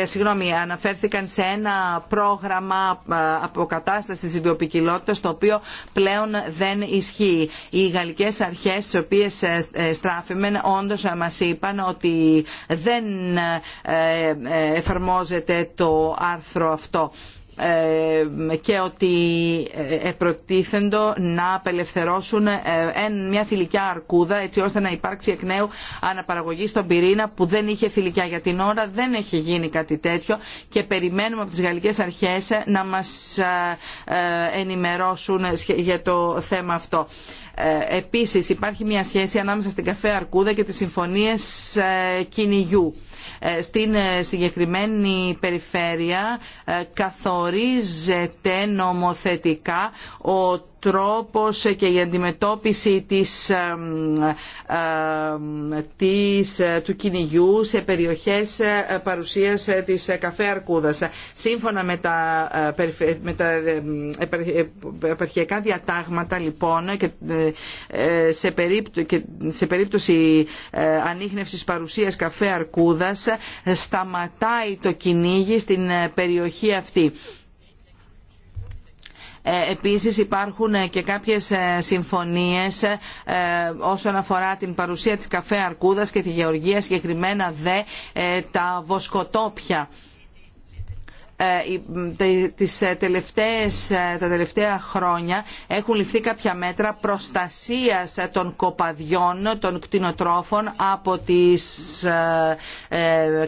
Ε, συγγνώμη, αναφέρθηκαν σε ένα πρόγραμμα αποκατάστασης της βιοπικιλότητας το οποίο πλέον δεν ισχύει. Οι γαλλικές αρχές τις οποίες στράφημεν όντως μας είπαν ότι δεν ε, ε, εφαρμόζεται το άρθρο αυτό ε, και ότι προτίθεντο να απελευθερώσουν μια θηλυκιά αρκούδα έτσι ώστε να υπάρξει εκ νέου αναπαραγωγή στον πυρήνα που δεν είχε θηλυκιά για την ώρα, δεν έχει γίνει κάτι τέτοιο και περιμένουμε από τις γαλλικές αρχές να μας ενημερώσουν για το θέμα αυτό. Ε, επίσης υπάρχει μια σχέση ανάμεσα στην καφέ Αρκούδα και τις συμφωνίες ε, κυνηγιού. Ε, στην συγκεκριμένη περιφέρεια καθορίζεται νομοθετικά ότι τρόπος και η αντιμετώπιση της, της, ε, του κυνηγιού σε περιοχές ε, παρουσίας ε, της καφέ αρκούδας. Σύμφωνα με τα, με επαρχιακά διατάγματα λοιπόν και σε, σε περίπτωση ανείχνευσης παρουσίας καφέ αρκούδας σταματάει το κυνήγι στην περιοχή αυτή. Ε, επίσης υπάρχουν ε, και κάποιες ε, συμφωνίες όσον αφορά την παρουσία της καφέ αρκούδας και τη γεωργία συγκεκριμένα δε τα βοσκοτόπια. Ε, τις ε, τελευταίες, ε, τα τελευταία χρόνια έχουν ληφθεί κάποια μέτρα προστασίας των κοπαδιών, των κτηνοτρόφων από τις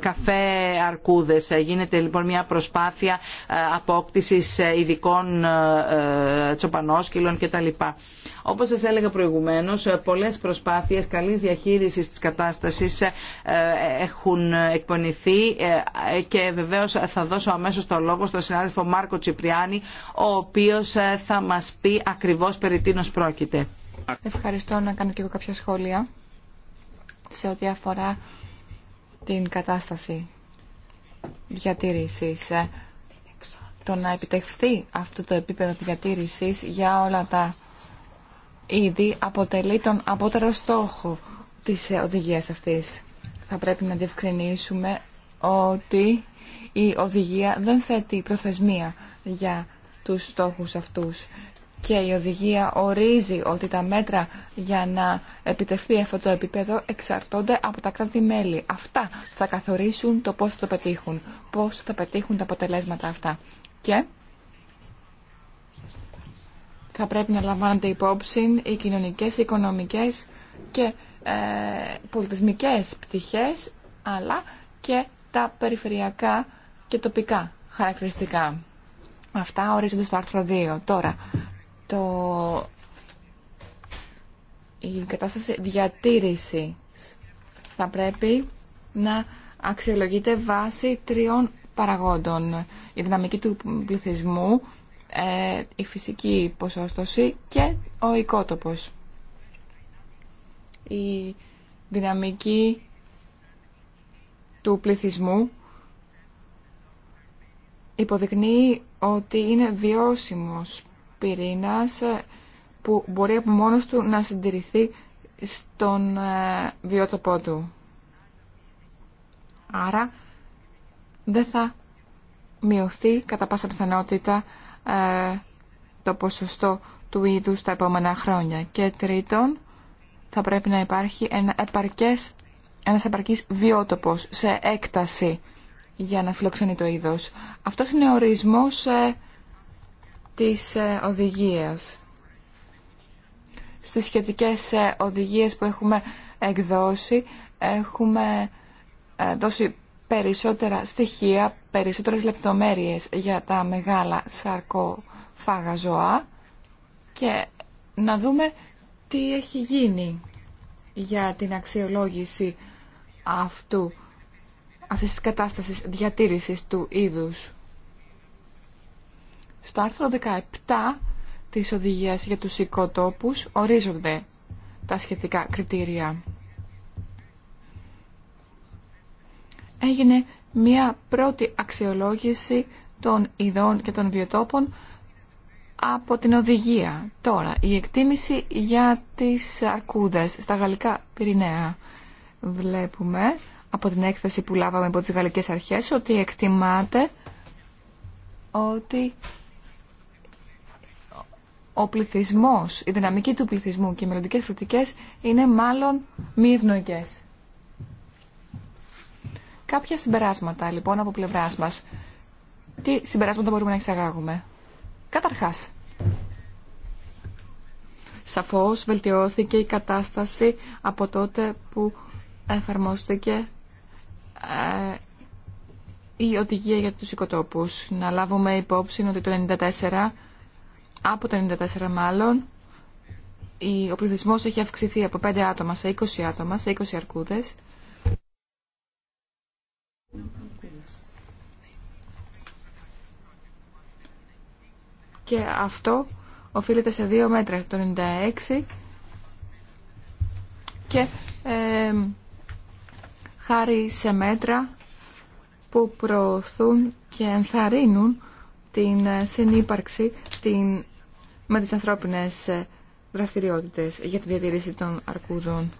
καφέ αρκούδες. Γίνεται λοιπόν μια προσπάθεια απόκτησης ειδικών τσοπανόσκυλων κτλ. Όπως σα έλεγα προηγουμένως, πολλές προσπάθειες καλής διαχείρισης της κατάστασης ε, έχουν εκπονηθεί ε, και βεβαίω θα δώσω αμέσως το λόγο στον συνάδελφο Μάρκο Τσιπριάνη, ο οποίος ε, θα μας πει ακριβώς περί τίνο πρόκειται. Ευχαριστώ να κάνω και εγώ κάποια σχόλια σε ό,τι αφορά την κατάσταση διατήρησης. Το να επιτευχθεί αυτό το επίπεδο διατήρησης για όλα τα ήδη αποτελεί τον απότερο στόχο της οδηγίας αυτής. Θα πρέπει να διευκρινίσουμε ότι η οδηγία δεν θέτει προθεσμία για τους στόχους αυτούς και η οδηγία ορίζει ότι τα μέτρα για να επιτευχθεί αυτό το επίπεδο εξαρτώνται από τα κράτη-μέλη. Αυτά θα καθορίσουν το πώς θα το πετύχουν, πώς θα πετύχουν τα αποτελέσματα αυτά. Και θα πρέπει να λαμβάνονται υπόψη οι κοινωνικές, οι οικονομικές και ε, πολιτισμικές πτυχές, αλλά και τα περιφερειακά και τοπικά χαρακτηριστικά. Αυτά ορίζονται στο άρθρο 2. Τώρα, το... η κατάσταση διατήρησης θα πρέπει να αξιολογείται βάσει τριών παραγόντων. Η δυναμική του πληθυσμού, ε, η φυσική ποσόστοση και ο οικότοπος. Η δυναμική του πληθυσμού υποδεικνύει ότι είναι βιώσιμος πυρήνας ε, που μπορεί από μόνος του να συντηρηθεί στον ε, βιότοπό του. Άρα δεν θα μειωθεί κατά πάσα πιθανότητα ε, το ποσοστό του είδους τα επόμενα χρόνια. Και τρίτον, θα πρέπει να υπάρχει ένα επαρκές, ένας επαρκής βιότοπος σε έκταση για να φιλοξενεί το είδος. Αυτό είναι ο ορισμός ε, της ε, οδηγίας. Στις σχετικές οδηγίες που έχουμε εκδώσει, έχουμε δώσει περισσότερα στοιχεία, περισσότερες λεπτομέρειες για τα μεγάλα σαρκοφάγα ζωά και να δούμε τι έχει γίνει για την αξιολόγηση αυτού, αυτής της κατάστασης διατήρησης του είδους. Στο άρθρο 17 της οδηγίας για τους οικοτόπους ορίζονται τα σχετικά κριτήρια. έγινε μια πρώτη αξιολόγηση των ειδών και των βιοτόπων από την οδηγία. Τώρα, η εκτίμηση για τις αρκούδες στα γαλλικά πυρηναία. Βλέπουμε από την έκθεση που λάβαμε από τις γαλλικές αρχές ότι εκτιμάται ότι ο πληθυσμός, η δυναμική του πληθυσμού και οι μελλοντικές φρουτικές είναι μάλλον μη ευνοϊκές. Κάποια συμπεράσματα λοιπόν από πλευρά μα. Τι συμπεράσματα μπορούμε να εξαγάγουμε. Καταρχά, σαφώ βελτιώθηκε η κατάσταση από τότε που εφαρμόστηκε ε, η οδηγία για τους οικοτόπους. Να λάβουμε υπόψη ότι το 94, από το 94 μάλλον, ο πληθυσμός έχει αυξηθεί από 5 άτομα σε 20 άτομα, σε 20 αρκούδες και αυτό οφείλεται σε δύο μέτρα, το 96 και χάρη σε μέτρα που προωθούν και ενθαρρύνουν την ε, συνύπαρξη την, με τις ανθρώπινες ε, δραστηριότητες για τη διατηρήση των αρκούδων.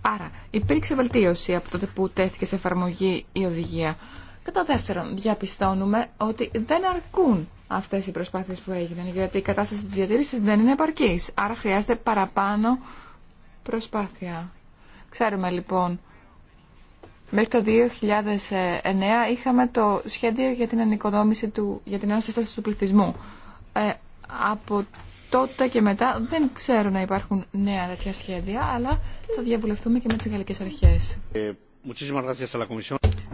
Άρα, υπήρξε βελτίωση από τότε που τέθηκε σε εφαρμογή η οδηγία. Κατά δεύτερον, διαπιστώνουμε ότι δεν αρκούν αυτές οι προσπάθειες που έγιναν, γιατί η κατάσταση της διατήρησης δεν είναι επαρκής. Άρα χρειάζεται παραπάνω προσπάθεια. Ξέρουμε λοιπόν, μέχρι το 2009 είχαμε το σχέδιο για την ανοικοδόμηση του, για την ανασύσταση του πληθυσμού. Ε, από τότε και μετά δεν ξέρω να υπάρχουν νέα τέτοια σχέδια, αλλά θα διαβουλευτούμε και με τι γαλλικέ αρχέ.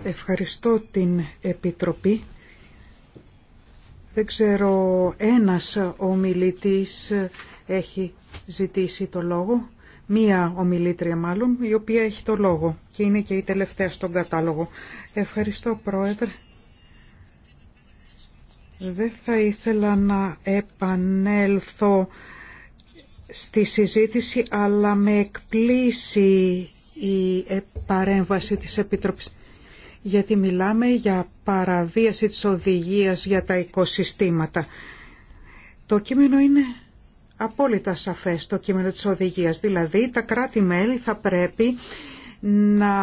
Ευχαριστώ την Επιτροπή. Δεν ξέρω, ένας ομιλητής έχει ζητήσει το λόγο. Μία ομιλήτρια μάλλον, η οποία έχει το λόγο και είναι και η τελευταία στον κατάλογο. Ευχαριστώ Πρόεδρε. Δεν θα ήθελα να επανέλθω στη συζήτηση, αλλά με εκπλήσει η παρέμβαση της Επιτροπής. Γιατί μιλάμε για παραβίαση της οδηγίας για τα οικοσυστήματα. Το κείμενο είναι απόλυτα σαφές, το κείμενο της οδηγίας. Δηλαδή, τα κράτη-μέλη θα πρέπει να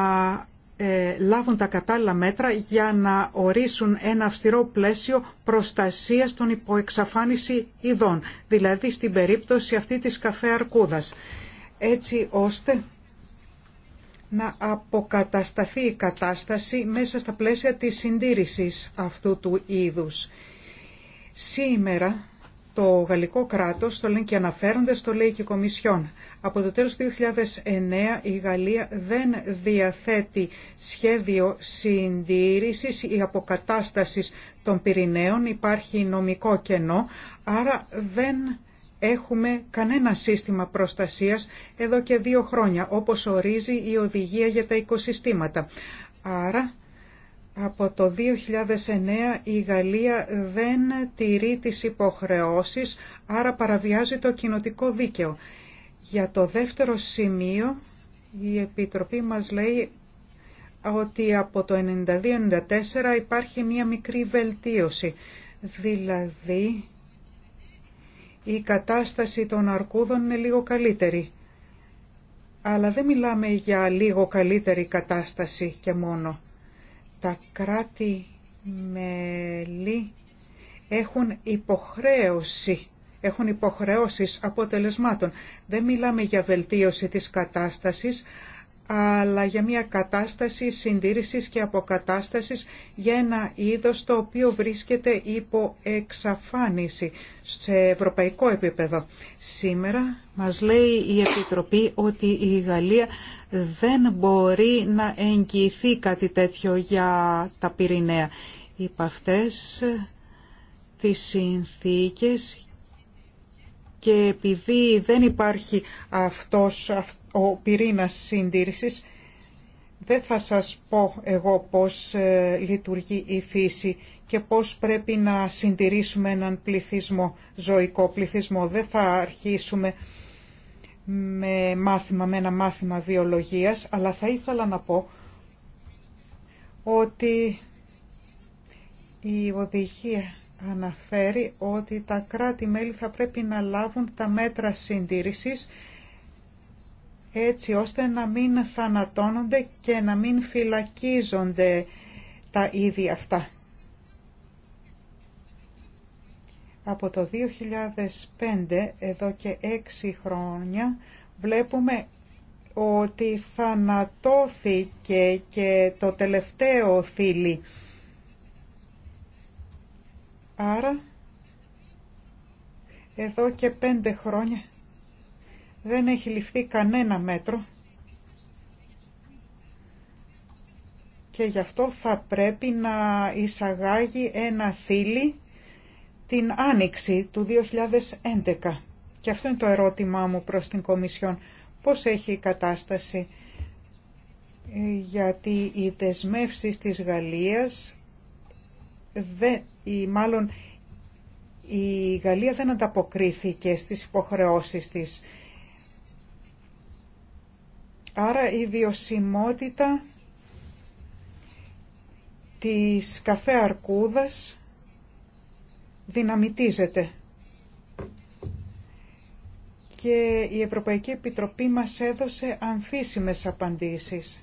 ε, λάβουν τα κατάλληλα μέτρα για να ορίσουν ένα αυστηρό πλαίσιο προστασίας των υποεξαφάνιση ειδών, δηλαδή στην περίπτωση αυτή της καφέ αρκούδας, έτσι ώστε να αποκατασταθεί η κατάσταση μέσα στα πλαίσια της συντήρησης αυτού του είδους. Σήμερα το γαλλικό κράτος, το λένε και αναφέρονται στο λέει και Κομισιόν. Από το τέλος του 2009 η Γαλλία δεν διαθέτει σχέδιο συντήρησης ή αποκατάστασης των πυρηναίων, υπάρχει νομικό κενό, άρα δεν έχουμε κανένα σύστημα προστασίας εδώ και δύο χρόνια, όπως ορίζει η οδηγία για τα οικοσυστήματα. Άρα από το 2009 η Γαλλία δεν τηρεί τις υποχρεώσεις, άρα παραβιάζει το κοινοτικό δίκαιο. Για το δεύτερο σημείο η Επιτροπή μας λέει ότι από το 1992-1994 υπάρχει μία μικρή βελτίωση. Δηλαδή η κατάσταση των αρκούδων είναι λίγο καλύτερη. Αλλά δεν μιλάμε για λίγο καλύτερη κατάσταση και μόνο τα κράτη-μέλη έχουν υποχρέωση, έχουν υποχρεώσεις αποτελεσμάτων. Δεν μιλάμε για βελτίωση της κατάστασης, αλλά για μια κατάσταση συντήρησης και αποκατάστασης για ένα είδος το οποίο βρίσκεται υπό εξαφάνιση σε ευρωπαϊκό επίπεδο. Σήμερα μας λέει η Επιτροπή ότι η Γαλλία δεν μπορεί να εγγυηθεί κάτι τέτοιο για τα Πυρηναία. Υπ' αυτές τις συνθήκες και επειδή δεν υπάρχει αυτός ο πυρήνας σύντηρησης, δεν θα σας πω εγώ πώς ε, λειτουργεί η φύση και πώς πρέπει να συντηρήσουμε έναν πληθυσμό, ζωικό πληθυσμό. Δεν θα αρχίσουμε με μάθημα, με ένα μάθημα βιολογίας, αλλά θα ήθελα να πω ότι η οδηγία αναφέρει ότι τα κράτη-μέλη θα πρέπει να λάβουν τα μέτρα συντήρησης έτσι ώστε να μην θανατώνονται και να μην φυλακίζονται τα ίδια αυτά. Από το 2005, εδώ και έξι χρόνια, βλέπουμε ότι θανατώθηκε και το τελευταίο θύλι Άρα, εδώ και πέντε χρόνια δεν έχει ληφθεί κανένα μέτρο και γι' αυτό θα πρέπει να εισαγάγει ένα θύλι την Άνοιξη του 2011. Και αυτό είναι το ερώτημά μου προς την Κομισιόν. Πώς έχει η κατάσταση ε, γιατί οι δεσμεύσει της Γαλλίας δεν ή μάλλον η Γαλλία δεν ανταποκρίθηκε στις υποχρεώσεις της. Άρα η βιωσιμότητα της καφέ αρκούδας δυναμητίζεται. Και η Ευρωπαϊκή Επιτροπή μας έδωσε αμφίσιμες απαντήσεις.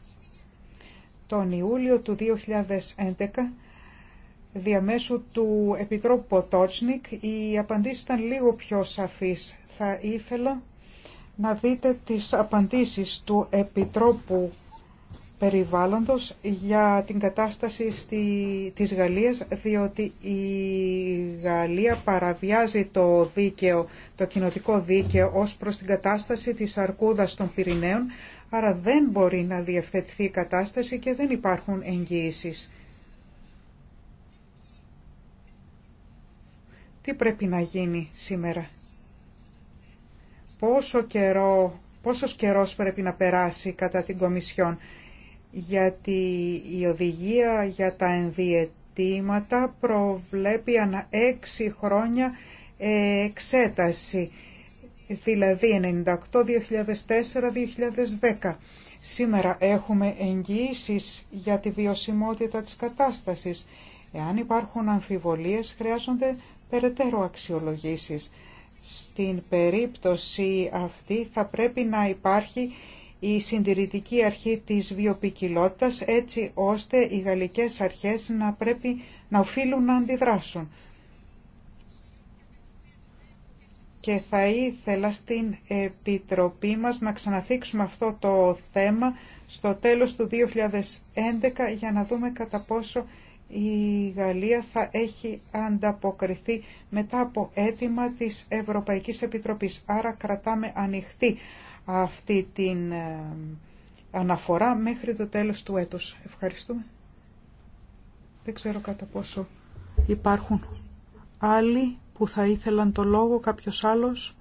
Τον Ιούλιο του 2011 διαμέσου του Επιτρόπου Ποτότσνικ οι απαντήσεις ήταν λίγο πιο σαφείς. Θα ήθελα να δείτε τις απαντήσεις του Επιτρόπου Περιβάλλοντος για την κατάσταση στη, της Γαλλίας, διότι η Γαλλία παραβιάζει το δίκαιο, το κοινοτικό δίκαιο ως προς την κατάσταση της αρκούδας των Πυρηναίων, άρα δεν μπορεί να διευθετηθεί η κατάσταση και δεν υπάρχουν εγγύησεις. Τι πρέπει να γίνει σήμερα. Πόσο καιρό, πόσος καιρός πρέπει να περάσει κατά την Κομισιόν. Γιατί η οδηγία για τα ενδιαιτήματα προβλέπει ανά έξι χρόνια ε, εξέταση. Δηλαδή 98, 2004, 2010. Σήμερα έχουμε εγγυήσεις για τη βιωσιμότητα της κατάστασης. Εάν υπάρχουν αμφιβολίες, χρειάζονται περαιτέρω αξιολογήσεις. Στην περίπτωση αυτή θα πρέπει να υπάρχει η συντηρητική αρχή της βιοπικιλότητας έτσι ώστε οι γαλλικές αρχές να πρέπει να οφείλουν να αντιδράσουν. Και θα ήθελα στην Επιτροπή μας να ξαναθίξουμε αυτό το θέμα στο τέλος του 2011 για να δούμε κατά πόσο η Γαλλία θα έχει ανταποκριθεί μετά από αίτημα της Ευρωπαϊκής Επιτροπής. Άρα κρατάμε ανοιχτή αυτή την ε, αναφορά μέχρι το τέλος του έτους. Ευχαριστούμε. Δεν ξέρω κατά πόσο υπάρχουν άλλοι που θα ήθελαν το λόγο, κάποιος άλλος.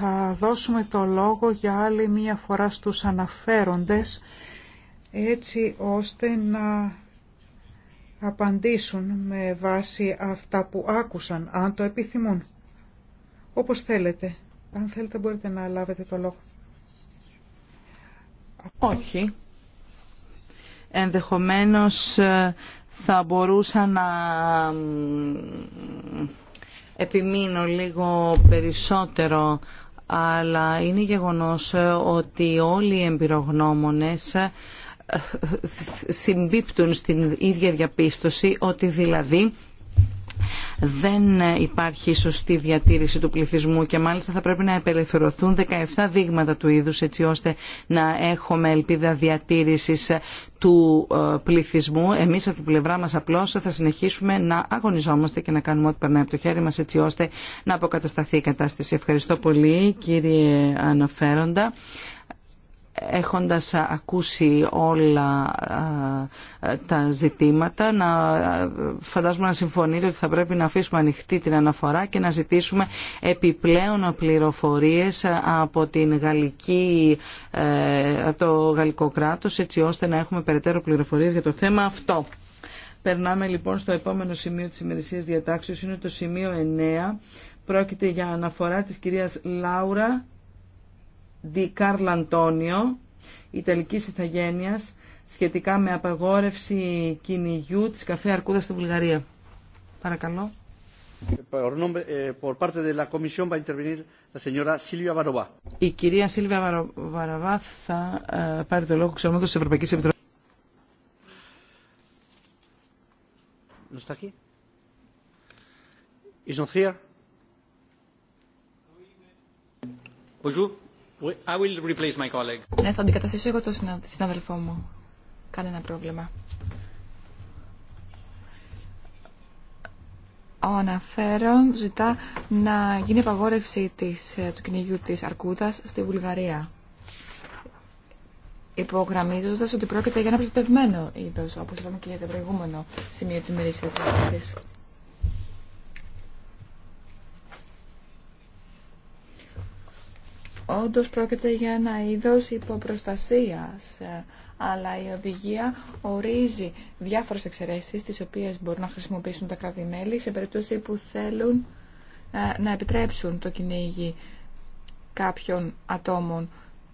θα δώσουμε το λόγο για άλλη μία φορά στους αναφέροντες έτσι ώστε να απαντήσουν με βάση αυτά που άκουσαν, αν το επιθυμούν. Όπως θέλετε. Αν θέλετε μπορείτε να λάβετε το λόγο. Όχι. Ενδεχομένως ε, θα μπορούσα να επιμείνω λίγο περισσότερο αλλά είναι γεγονός ε, ότι όλοι οι εμπειρογνώμονες ε, ε, συμπίπτουν στην ίδια διαπίστωση ότι δηλαδή δεν υπάρχει σωστή διατήρηση του πληθυσμού και μάλιστα θα πρέπει να απελευθερωθούν 17 δείγματα του είδους έτσι ώστε να έχουμε ελπίδα διατήρησης του ε, πληθυσμού. Εμείς από την πλευρά μας απλώς θα συνεχίσουμε να αγωνιζόμαστε και να κάνουμε ό,τι περνάει από το χέρι μας έτσι ώστε να αποκατασταθεί η κατάσταση. Ευχαριστώ πολύ κύριε Αναφέροντα έχοντας ακούσει όλα ε, τα ζητήματα να ε, φαντάζομαι να συμφωνείτε ότι θα πρέπει να αφήσουμε ανοιχτή την αναφορά και να ζητήσουμε επιπλέον πληροφορίες από την γαλλική ε, από το γαλλικό κράτος έτσι ώστε να έχουμε περαιτέρω πληροφορίες για το θέμα αυτό. Περνάμε λοιπόν στο επόμενο σημείο της ημερησίας διατάξεως είναι το σημείο 9 Πρόκειται για αναφορά της κυρίας Λάουρα Di Καρλ Αντώνιο, Ιταλικής Ιθαγένειας, σχετικά με απαγόρευση κυνηγιού της καφέ αρκούδας στη Βουλγαρία. Παρακαλώ. Η κυρία Σίλβια Βαραβά θα ε, πάρει το λόγο ξενόδο τη Ευρωπαϊκή Επιτροπή. Bonjour. Ναι, θα αντικαταστήσω εγώ τον συνάδελφό μου. Κανένα πρόβλημα. Ο αναφέρον ζητά να γίνει επαγόρευση της, ε, του κυνηγιού της Αρκούδας στη Βουλγαρία. Υπογραμμίζοντας ότι πρόκειται για ένα προστατευμένο είδος, όπως είπαμε και για το προηγούμενο σημείο της ημερήσιας Όντως πρόκειται για ένα είδος υποπροστασίας, ε, αλλά η οδηγία ορίζει διάφορες εξαιρέσεις τις οποίες μπορούν να χρησιμοποιήσουν τα κρατη σε περίπτωση που θέλουν ε, να επιτρέψουν το κυνήγι κάποιων ατόμων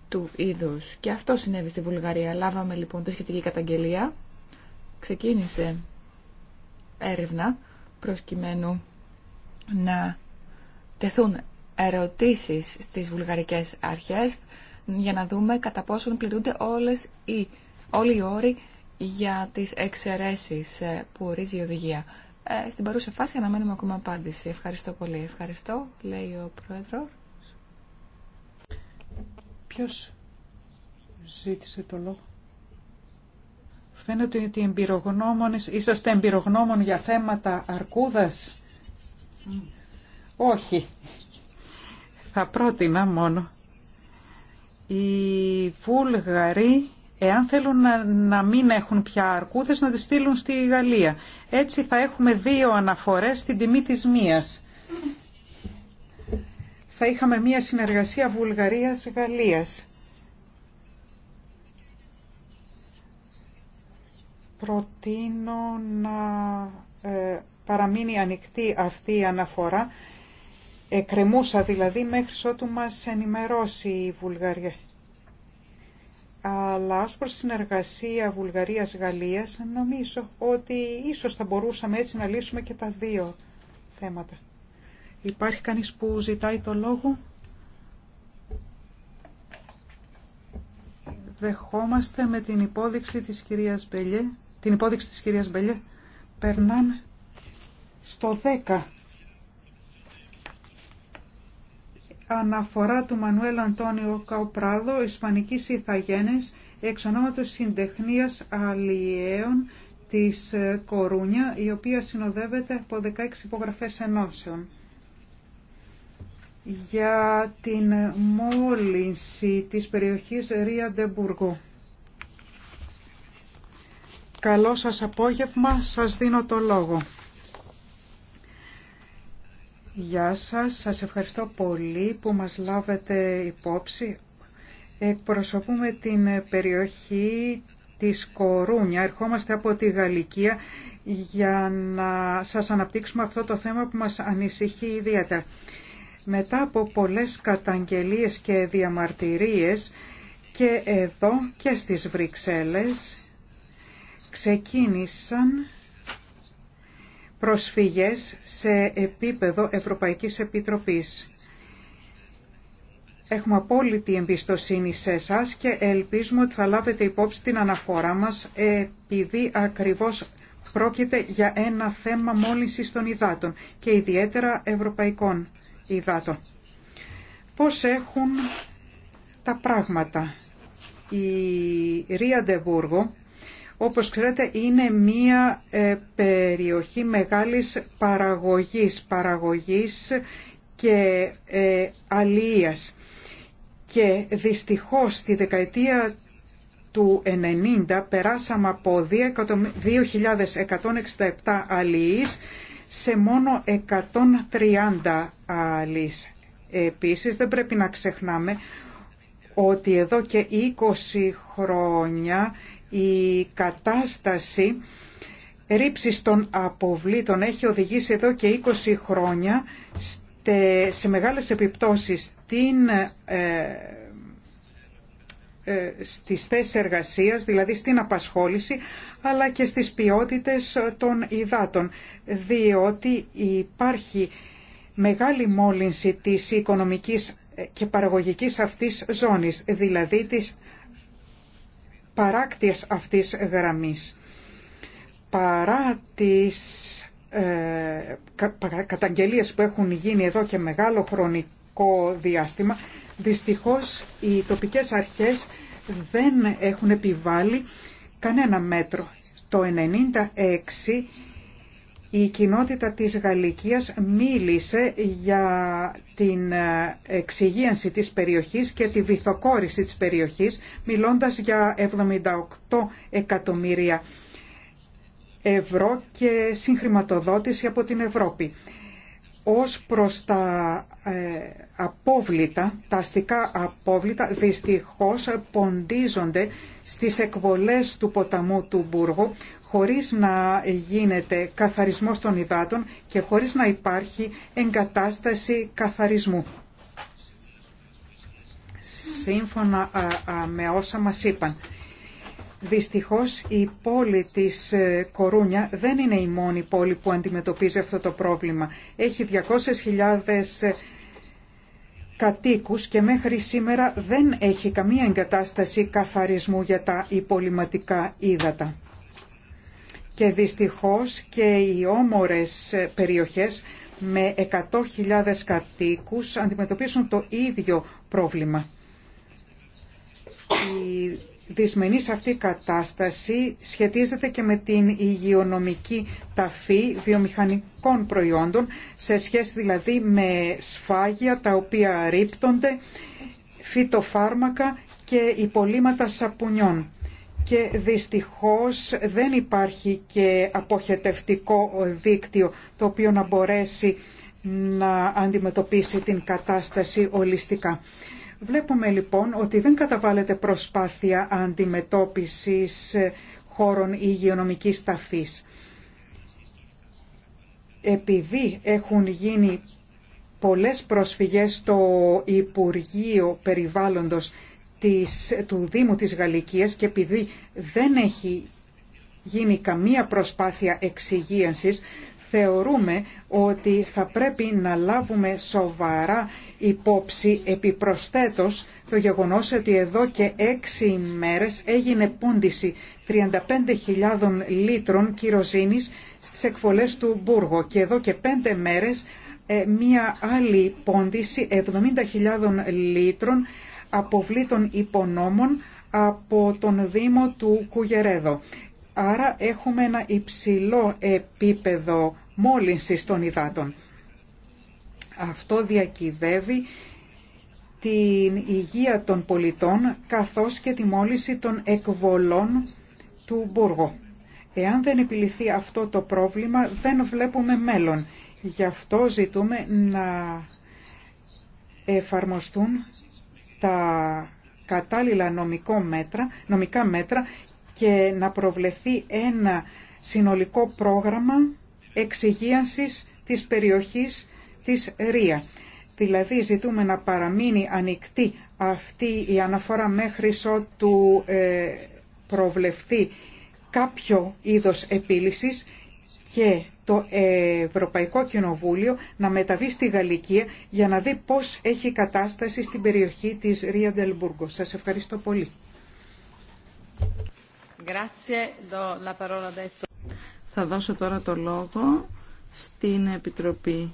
του είδους. Και αυτό συνέβη στη Βουλγαρία. Λάβαμε λοιπόν τη σχετική καταγγελία. Ξεκίνησε έρευνα προσκειμένου να τεθούν ερωτήσεις στις βουλγαρικές αρχές για να δούμε κατά πόσον πληρούνται όλες οι, όλοι οι όροι για τις εξαιρέσει ε, που ορίζει η οδηγία. Ε, στην παρούσα φάση αναμένουμε ακόμα απάντηση. Ευχαριστώ πολύ. Ευχαριστώ, λέει ο Πρόεδρος. Ποιος ζήτησε το λόγο. Φαίνεται ότι εμπειρογνώμονες, είσαστε εμπειρογνώμων για θέματα αρκούδας. Mm. Όχι. Θα πρότεινα μόνο οι Βούλγαροι εάν θέλουν να, μην έχουν πια αρκούδες να τις στείλουν στη Γαλλία. Έτσι θα έχουμε δύο αναφορές στην τιμή της μίας. Θα είχαμε μία συνεργασία Βουλγαρίας-Γαλλίας. Προτείνω να ε, παραμείνει ανοιχτή αυτή η αναφορά εκκρεμούσα δηλαδή μέχρι ότου μας ενημερώσει η Βουλγαρία. Αλλά ως προς συνεργασία Βουλγαρίας-Γαλλίας νομίζω ότι ίσως θα μπορούσαμε έτσι να λύσουμε και τα δύο θέματα. Υπάρχει κανείς που ζητάει το λόγο. Δεχόμαστε με την υπόδειξη της κυρίας Μπελιέ. Την υπόδειξη της κυρίας Μπελιέ περνάμε στο 10 αναφορά του Μανουέλ Αντώνιο Καουπράδο, Ισπανικής Ιθαγένης, εξ ονόματος συντεχνίας αλλιέων της ε, Κορούνια, η οποία συνοδεύεται από 16 υπογραφές ενώσεων. Για την μόλυνση της περιοχής Ρίαντεμπουργού. Καλό σας απόγευμα, σας δίνω το λόγο. Γεια σας, σας ευχαριστώ πολύ που μας λάβετε υπόψη. Εκπροσωπούμε την περιοχή της Κορούνια. Ερχόμαστε από τη Γαλλικία για να σας αναπτύξουμε αυτό το θέμα που μας ανησυχεί ιδιαίτερα. Μετά από πολλές καταγγελίες και διαμαρτυρίες και εδώ και στις Βρυξέλλες ξεκίνησαν προσφυγές σε επίπεδο Ευρωπαϊκής Επιτροπής. Έχουμε απόλυτη εμπιστοσύνη σε εσάς και ελπίζουμε ότι θα λάβετε υπόψη την αναφορά μας επειδή ακριβώς πρόκειται για ένα θέμα μόλυνσης των υδάτων και ιδιαίτερα ευρωπαϊκών υδάτων. Πώς έχουν τα πράγματα. Η Ντεβούργο, όπως ξέρετε είναι μία ε, περιοχή μεγάλης παραγωγής, παραγωγής και ε, αλίας. Και δυστυχώς στη δεκαετία του 90 περάσαμε από 2.167 αλίες σε μόνο 130 αλίες. Επίσης δεν πρέπει να ξεχνάμε ότι εδώ και 20 χρόνια η κατάσταση ρήψη των αποβλήτων έχει οδηγήσει εδώ και 20 χρόνια σε μεγάλες επιπτώσεις στην, ε, ε, στις θέσεις εργασίας, δηλαδή στην απασχόληση, αλλά και στις ποιότητες των υδάτων, διότι υπάρχει μεγάλη μόλυνση της οικονομικής και παραγωγικής αυτής ζώνης, δηλαδή της παράκτιας αυτής γραμμής. Παρά τις ε, καταγγελίες που έχουν γίνει εδώ και μεγάλο χρονικό διάστημα, δυστυχώς οι τοπικές αρχές δεν έχουν επιβάλει κανένα μέτρο. Το 1996 η κοινότητα της Γαλλικίας μίλησε για την εξυγίανση της περιοχής και τη βυθοκόρηση της περιοχής, μιλώντας για 78 εκατομμύρια ευρώ και συγχρηματοδότηση από την Ευρώπη. Ως προς τα ε, απόβλητα, τα αστικά απόβλητα, δυστυχώς ποντίζονται στις εκβολές του ποταμού του Μπούργου, χωρίς να γίνεται καθαρισμός των υδάτων και χωρίς να υπάρχει εγκατάσταση καθαρισμού. Σύμφωνα με όσα μας είπαν, δυστυχώς η πόλη της ε, Κορούνια δεν είναι η μόνη πόλη που αντιμετωπίζει αυτό το πρόβλημα. Έχει 200.000 ε, κατοίκους και μέχρι σήμερα δεν έχει καμία εγκατάσταση καθαρισμού για τα υπολοιματικά ύδατα και δυστυχώς και οι όμορες περιοχές με 100.000 κατοίκους αντιμετωπίσουν το ίδιο πρόβλημα. Η δυσμενής αυτή κατάσταση σχετίζεται και με την υγειονομική ταφή βιομηχανικών προϊόντων σε σχέση δηλαδή με σφάγια τα οποία ρίπτονται, φυτοφάρμακα και υπολείμματα σαπουνιών και δυστυχώς δεν υπάρχει και αποχετευτικό δίκτυο το οποίο να μπορέσει να αντιμετωπίσει την κατάσταση ολιστικά. Βλέπουμε λοιπόν ότι δεν καταβάλλεται προσπάθεια αντιμετώπισης χώρων υγειονομικής ταφής. Επειδή έχουν γίνει πολλές προσφυγές στο Υπουργείο Περιβάλλοντος του Δήμου της Γαλλικίας και επειδή δεν έχει γίνει καμία προσπάθεια εξυγίανσης, θεωρούμε ότι θα πρέπει να λάβουμε σοβαρά υπόψη επιπροσθέτως το γεγονός ότι εδώ και έξι μέρες έγινε πόντιση 35.000 λίτρων κυροζίνης στις εκβολές του Μπούργο και εδώ και πέντε μέρες ε, μία άλλη πόντιση 70.000 λίτρων αποβλήτων υπονόμων από τον Δήμο του Κουγερέδο. Άρα έχουμε ένα υψηλό επίπεδο μόλυνσης των υδάτων. Αυτό διακυβεύει την υγεία των πολιτών καθώς και τη μόλυνση των εκβολών του Μπούργο. Εάν δεν επιληθεί αυτό το πρόβλημα δεν βλέπουμε μέλλον. Γι' αυτό ζητούμε να εφαρμοστούν τα κατάλληλα νομικό μέτρα, νομικά μέτρα και να προβλεφθεί ένα συνολικό πρόγραμμα εξυγίανσης της περιοχής της Ρία. Δηλαδή ζητούμε να παραμείνει ανοιχτή αυτή η αναφορά μέχρι ότου ε, προβλεφθεί κάποιο είδος επίλυσης και το Ευρωπαϊκό Κοινοβούλιο να μεταβεί στη Γαλλικία για να δει πώς έχει κατάσταση στην περιοχή της Ρίαντελμπουργκο. Σας ευχαριστώ πολύ. Θα δώσω τώρα το λόγο στην Επιτροπή.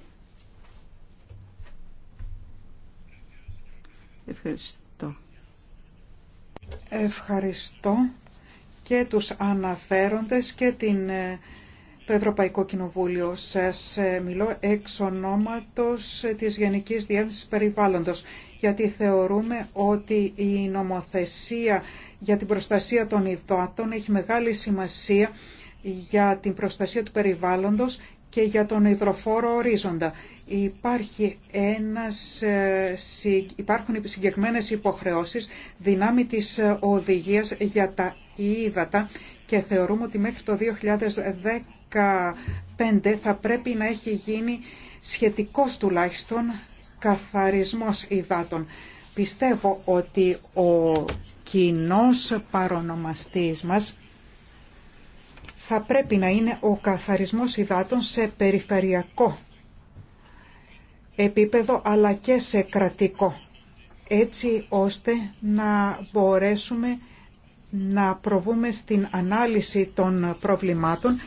Ευχαριστώ. Ευχαριστώ και τους αναφέροντες και την ε, το Ευρωπαϊκό Κοινοβούλιο. Σας ε, μιλώ εξ ονόματος της Γενικής Διεύθυνσης Περιβάλλοντος, γιατί θεωρούμε ότι η νομοθεσία για την προστασία των υδάτων έχει μεγάλη σημασία για την προστασία του περιβάλλοντος και για τον υδροφόρο ορίζοντα. Υπάρχει ένας, ε, υπάρχουν συγκεκριμένες υποχρεώσεις δυνάμει της οδηγίας για τα ύδατα και θεωρούμε ότι μέχρι το 2015 θα πρέπει να έχει γίνει σχετικός τουλάχιστον καθαρισμός υδάτων. Πιστεύω ότι ο κοινός παρονομαστής μας θα πρέπει να είναι ο καθαρισμός υδάτων σε περιφερειακό επίπεδο αλλά και σε κρατικό έτσι ώστε να μπορέσουμε να προβούμε στην ανάλυση των προβλημάτων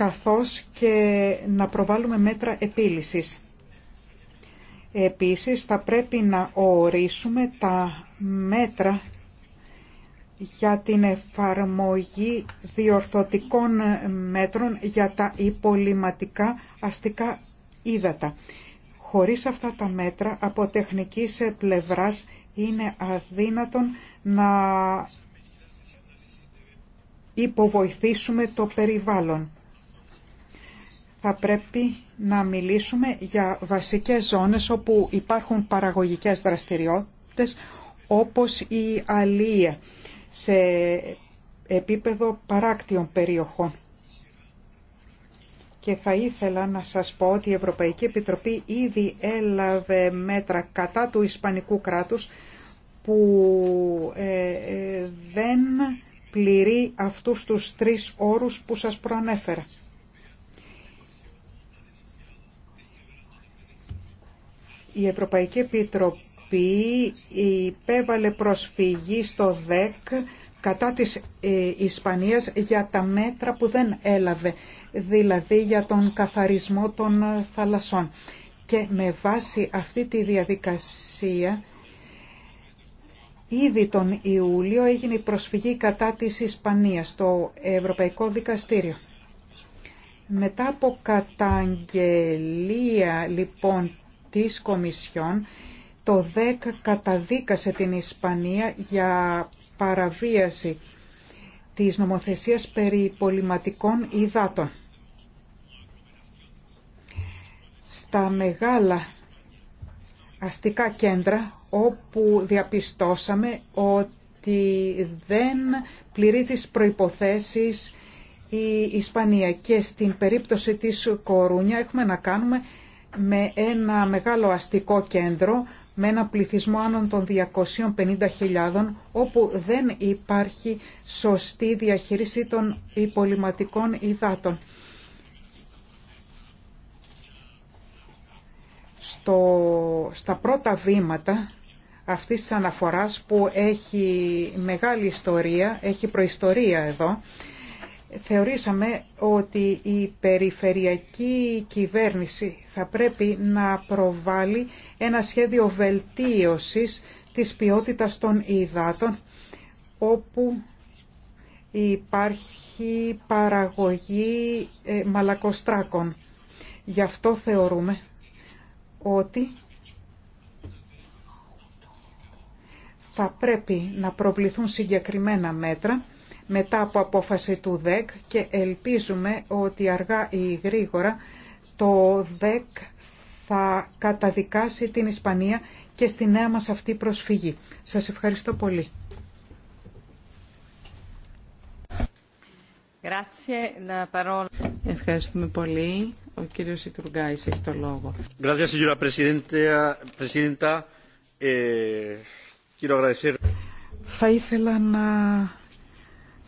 καθώς και να προβάλλουμε μέτρα επίλυσης. Επίσης, θα πρέπει να ορίσουμε τα μέτρα για την εφαρμογή διορθωτικών μέτρων για τα υπολοιματικά αστικά ύδατα. Χωρίς αυτά τα μέτρα, από τεχνικής πλευράς, είναι αδύνατον να υποβοηθήσουμε το περιβάλλον θα πρέπει να μιλήσουμε για βασικές ζώνες όπου υπάρχουν παραγωγικές δραστηριότητες όπως η αλία σε επίπεδο παράκτιων περιοχών. Και θα ήθελα να σας πω ότι η Ευρωπαϊκή Επιτροπή ήδη έλαβε μέτρα κατά του Ισπανικού κράτους που ε, ε, δεν πληρεί αυτούς τους τρεις όρους που σας προανέφερα. Η Ευρωπαϊκή Επιτροπή υπέβαλε προσφυγή στο ΔΕΚ κατά της ε, Ισπανίας για τα μέτρα που δεν έλαβε, δηλαδή για τον καθαρισμό των θαλασσών. Και με βάση αυτή τη διαδικασία, ήδη τον Ιούλιο έγινε η προσφυγή κατά της Ισπανίας στο Ευρωπαϊκό Δικαστήριο. Μετά από καταγγελία λοιπόν της Κομισιόν το 10 καταδίκασε την Ισπανία για παραβίαση της νομοθεσίας περί πολυματικών υδάτων. Στα μεγάλα αστικά κέντρα όπου διαπιστώσαμε ότι δεν πληρεί τις προϋποθέσεις η Ισπανία και στην περίπτωση της Κορούνια έχουμε να κάνουμε με ένα μεγάλο αστικό κέντρο με ένα πληθυσμό άνω των 250.000 όπου δεν υπάρχει σωστή διαχείριση των υπολοιματικών υδάτων. στα πρώτα βήματα αυτής της αναφοράς που έχει μεγάλη ιστορία, έχει προϊστορία εδώ, Θεωρήσαμε ότι η περιφερειακή κυβέρνηση θα πρέπει να προβάλλει ένα σχέδιο βελτίωσης της ποιότητας των υδάτων όπου υπάρχει παραγωγή ε, μαλακοστράκων. Γι' αυτό θεωρούμε ότι θα πρέπει να προβληθούν συγκεκριμένα μέτρα μετά από απόφαση του ΔΕΚ και ελπίζουμε ότι αργά ή γρήγορα το ΔΕΚ θα καταδικάσει την Ισπανία και στη νέα μας αυτή προσφυγή. Σας ευχαριστώ πολύ. Ευχαριστούμε πολύ. Ο κύριος Ιτουργκάης έχει το λόγο. Ε, θα ήθελα να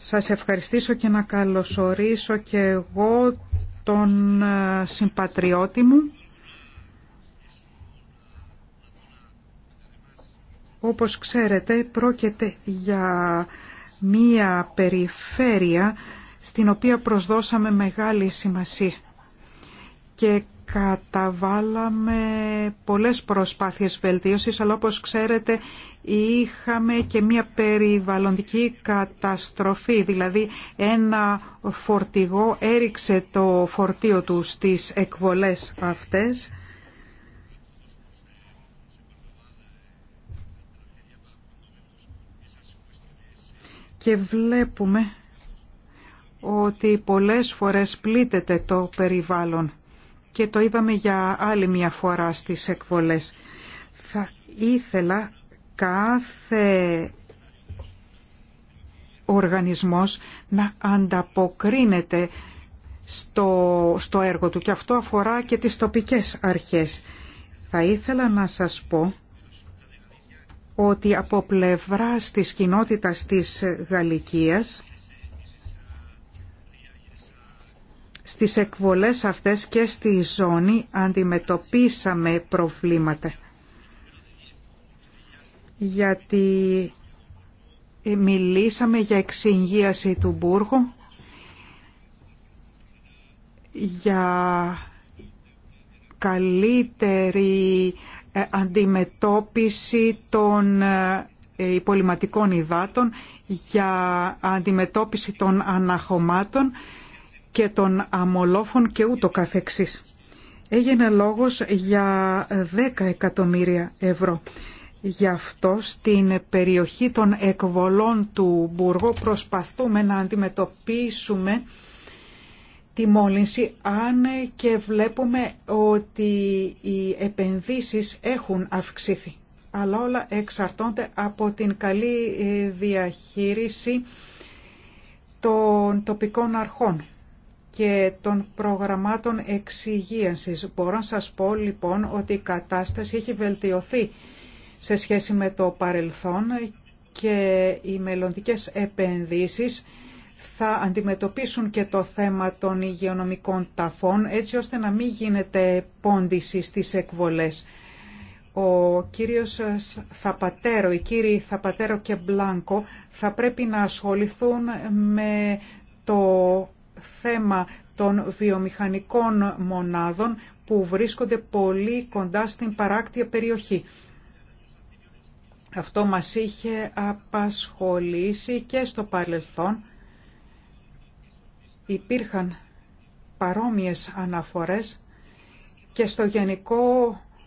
σας ευχαριστήσω και να καλωσορίσω και εγώ τον ε, συμπατριώτη μου. Όπως ξέρετε, πρόκειται για μία περιφέρεια στην οποία προσδώσαμε μεγάλη σημασία και καταβάλαμε πολλές προσπάθειες βελτίωσης, αλλά όπως ξέρετε είχαμε και μια περιβαλλοντική καταστροφή, δηλαδή ένα φορτηγό έριξε το φορτίο του στις εκβολές αυτές και βλέπουμε ότι πολλές φορές πλήττεται το περιβάλλον και το είδαμε για άλλη μια φορά στις εκβολές. Θα ήθελα κάθε οργανισμός να ανταποκρίνεται στο, στο έργο του και αυτό αφορά και τις τοπικές αρχές. Θα ήθελα να σας πω ότι από πλευρά της κοινότητας της Γαλλικίας στις εκβολές αυτές και στη ζώνη αντιμετωπίσαμε προβλήματα γιατί μιλήσαμε για εξυγίαση του Μπούργου, για καλύτερη ε, αντιμετώπιση των ε, υπολοιματικών υδάτων, για αντιμετώπιση των αναχωμάτων και των αμολόφων και ούτω καθεξής. Έγινε λόγος για 10 εκατομμύρια ευρώ. Γι' αυτό στην περιοχή των εκβολών του Μπουργό προσπαθούμε να αντιμετωπίσουμε τη μόλυνση αν και βλέπουμε ότι οι επενδύσεις έχουν αυξήθει. Αλλά όλα εξαρτώνται από την καλή ε, διαχείριση των τοπικών αρχών και των προγραμμάτων εξυγίανσης. Μπορώ να σας πω λοιπόν ότι η κατάσταση έχει βελτιωθεί σε σχέση με το παρελθόν και οι μελλοντικές επενδύσεις θα αντιμετωπίσουν και το θέμα των υγειονομικών ταφών έτσι ώστε να μην γίνεται πόντιση στις εκβολές. Ο κύριος Θαπατέρο, οι κύριοι Θαπατέρο και Μπλάνκο θα πρέπει να ασχοληθούν με το θέμα των βιομηχανικών μονάδων που βρίσκονται πολύ κοντά στην παράκτια περιοχή. Αυτό μας είχε απασχολήσει και στο παρελθόν. Υπήρχαν παρόμοιες αναφορές και στο γενικό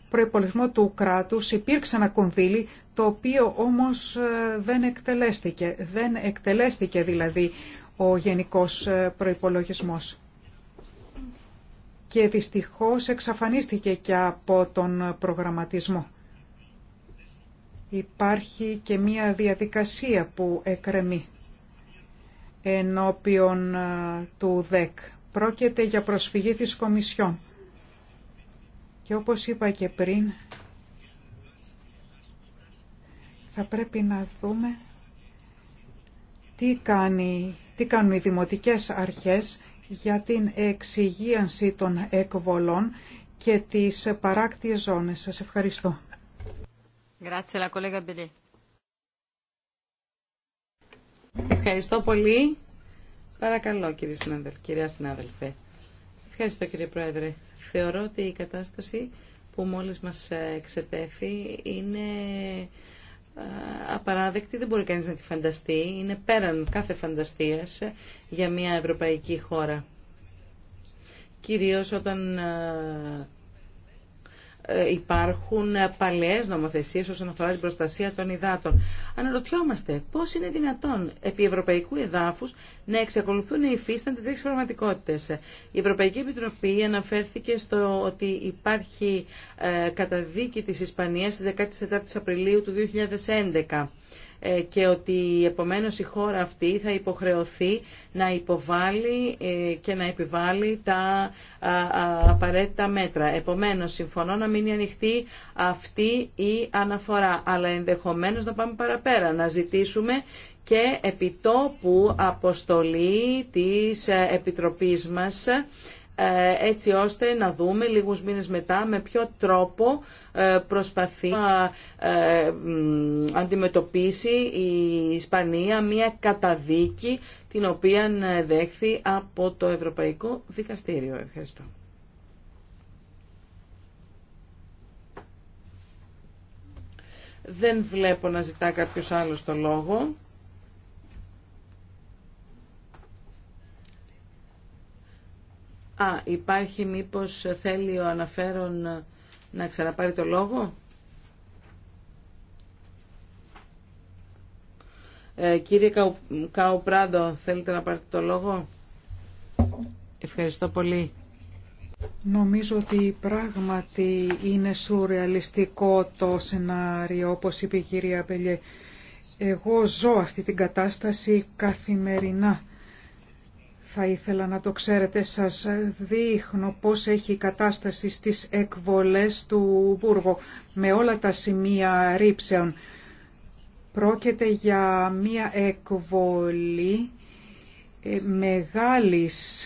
προϋπολογισμό του κράτους υπήρξε ένα κονδύλι το οποίο όμως ε, δεν εκτελέστηκε. Δεν εκτελέστηκε δηλαδή ο γενικός ε, προϋπολογισμός. Και δυστυχώς εξαφανίστηκε και από τον προγραμματισμό υπάρχει και μία διαδικασία που εκρεμεί ενώπιον ε, του ΔΕΚ. Πρόκειται για προσφυγή της Κομισιόν. Και όπως είπα και πριν, θα πρέπει να δούμε τι, κάνει, τι κάνουν οι δημοτικές αρχές για την εξυγίανση των εκβολών και τις παράκτιες ζώνες. Σας ευχαριστώ. Ευχαριστώ πολύ. Παρακαλώ, κύριε συνάδελφε, κυρία συνάδελφε. Ευχαριστώ, κύριε Πρόεδρε. Θεωρώ ότι η κατάσταση που μόλις μας ε, εξετέθη είναι ε, απαράδεκτη, δεν μπορεί κανείς να τη φανταστεί. Είναι πέραν κάθε φανταστίας ε, για μια ευρωπαϊκή χώρα. Κυρίως όταν ε, υπάρχουν παλαιές νομοθεσίες όσον αφορά την προστασία των υδάτων. Αναρωτιόμαστε πώς είναι δυνατόν επί ευρωπαϊκού εδάφους να εξακολουθούν οι υφίστανται τέτοιες Η Ευρωπαϊκή Επιτροπή αναφέρθηκε στο ότι υπάρχει ε, καταδίκη της Ισπανίας στις 14 Απριλίου του 2011 ε, και ότι επομένως η χώρα αυτή θα υποχρεωθεί να υποβάλει ε, και να επιβάλλει τα απαραίτητα μέτρα. Επομένως, συμφωνώ να μείνει ανοιχτή αυτή η αναφορά, αλλά ενδεχομένως να πάμε παραπέρα, να ζητήσουμε και επιτόπου αποστολή της ε, Επιτροπής μας ε, έτσι ώστε να δούμε λίγους μήνες μετά με ποιο τρόπο ε, προσπαθεί να ε, αντιμετωπίσει η Ισπανία μια καταδίκη την οποία δέχθη από το Ευρωπαϊκό Δικαστήριο. Ευχαριστώ. Δεν βλέπω να ζητά κάποιος άλλος το λόγο. Α, υπάρχει μήπως θέλει ο αναφέρον να ξαναπάρει το λόγο. Ε, κύριε Καου, Καουπράδο, θέλετε να πάρετε το λόγο. Ευχαριστώ πολύ. Νομίζω ότι πράγματι είναι σουρεαλιστικό το σενάριο, όπως είπε η κυρία πελίε. Εγώ ζω αυτή την κατάσταση καθημερινά θα ήθελα να το ξέρετε, σας δείχνω πώς έχει η κατάσταση στις εκβολές του Μπούργο με όλα τα σημεία ρήψεων. Πρόκειται για μία εκβολή ε, μεγάλης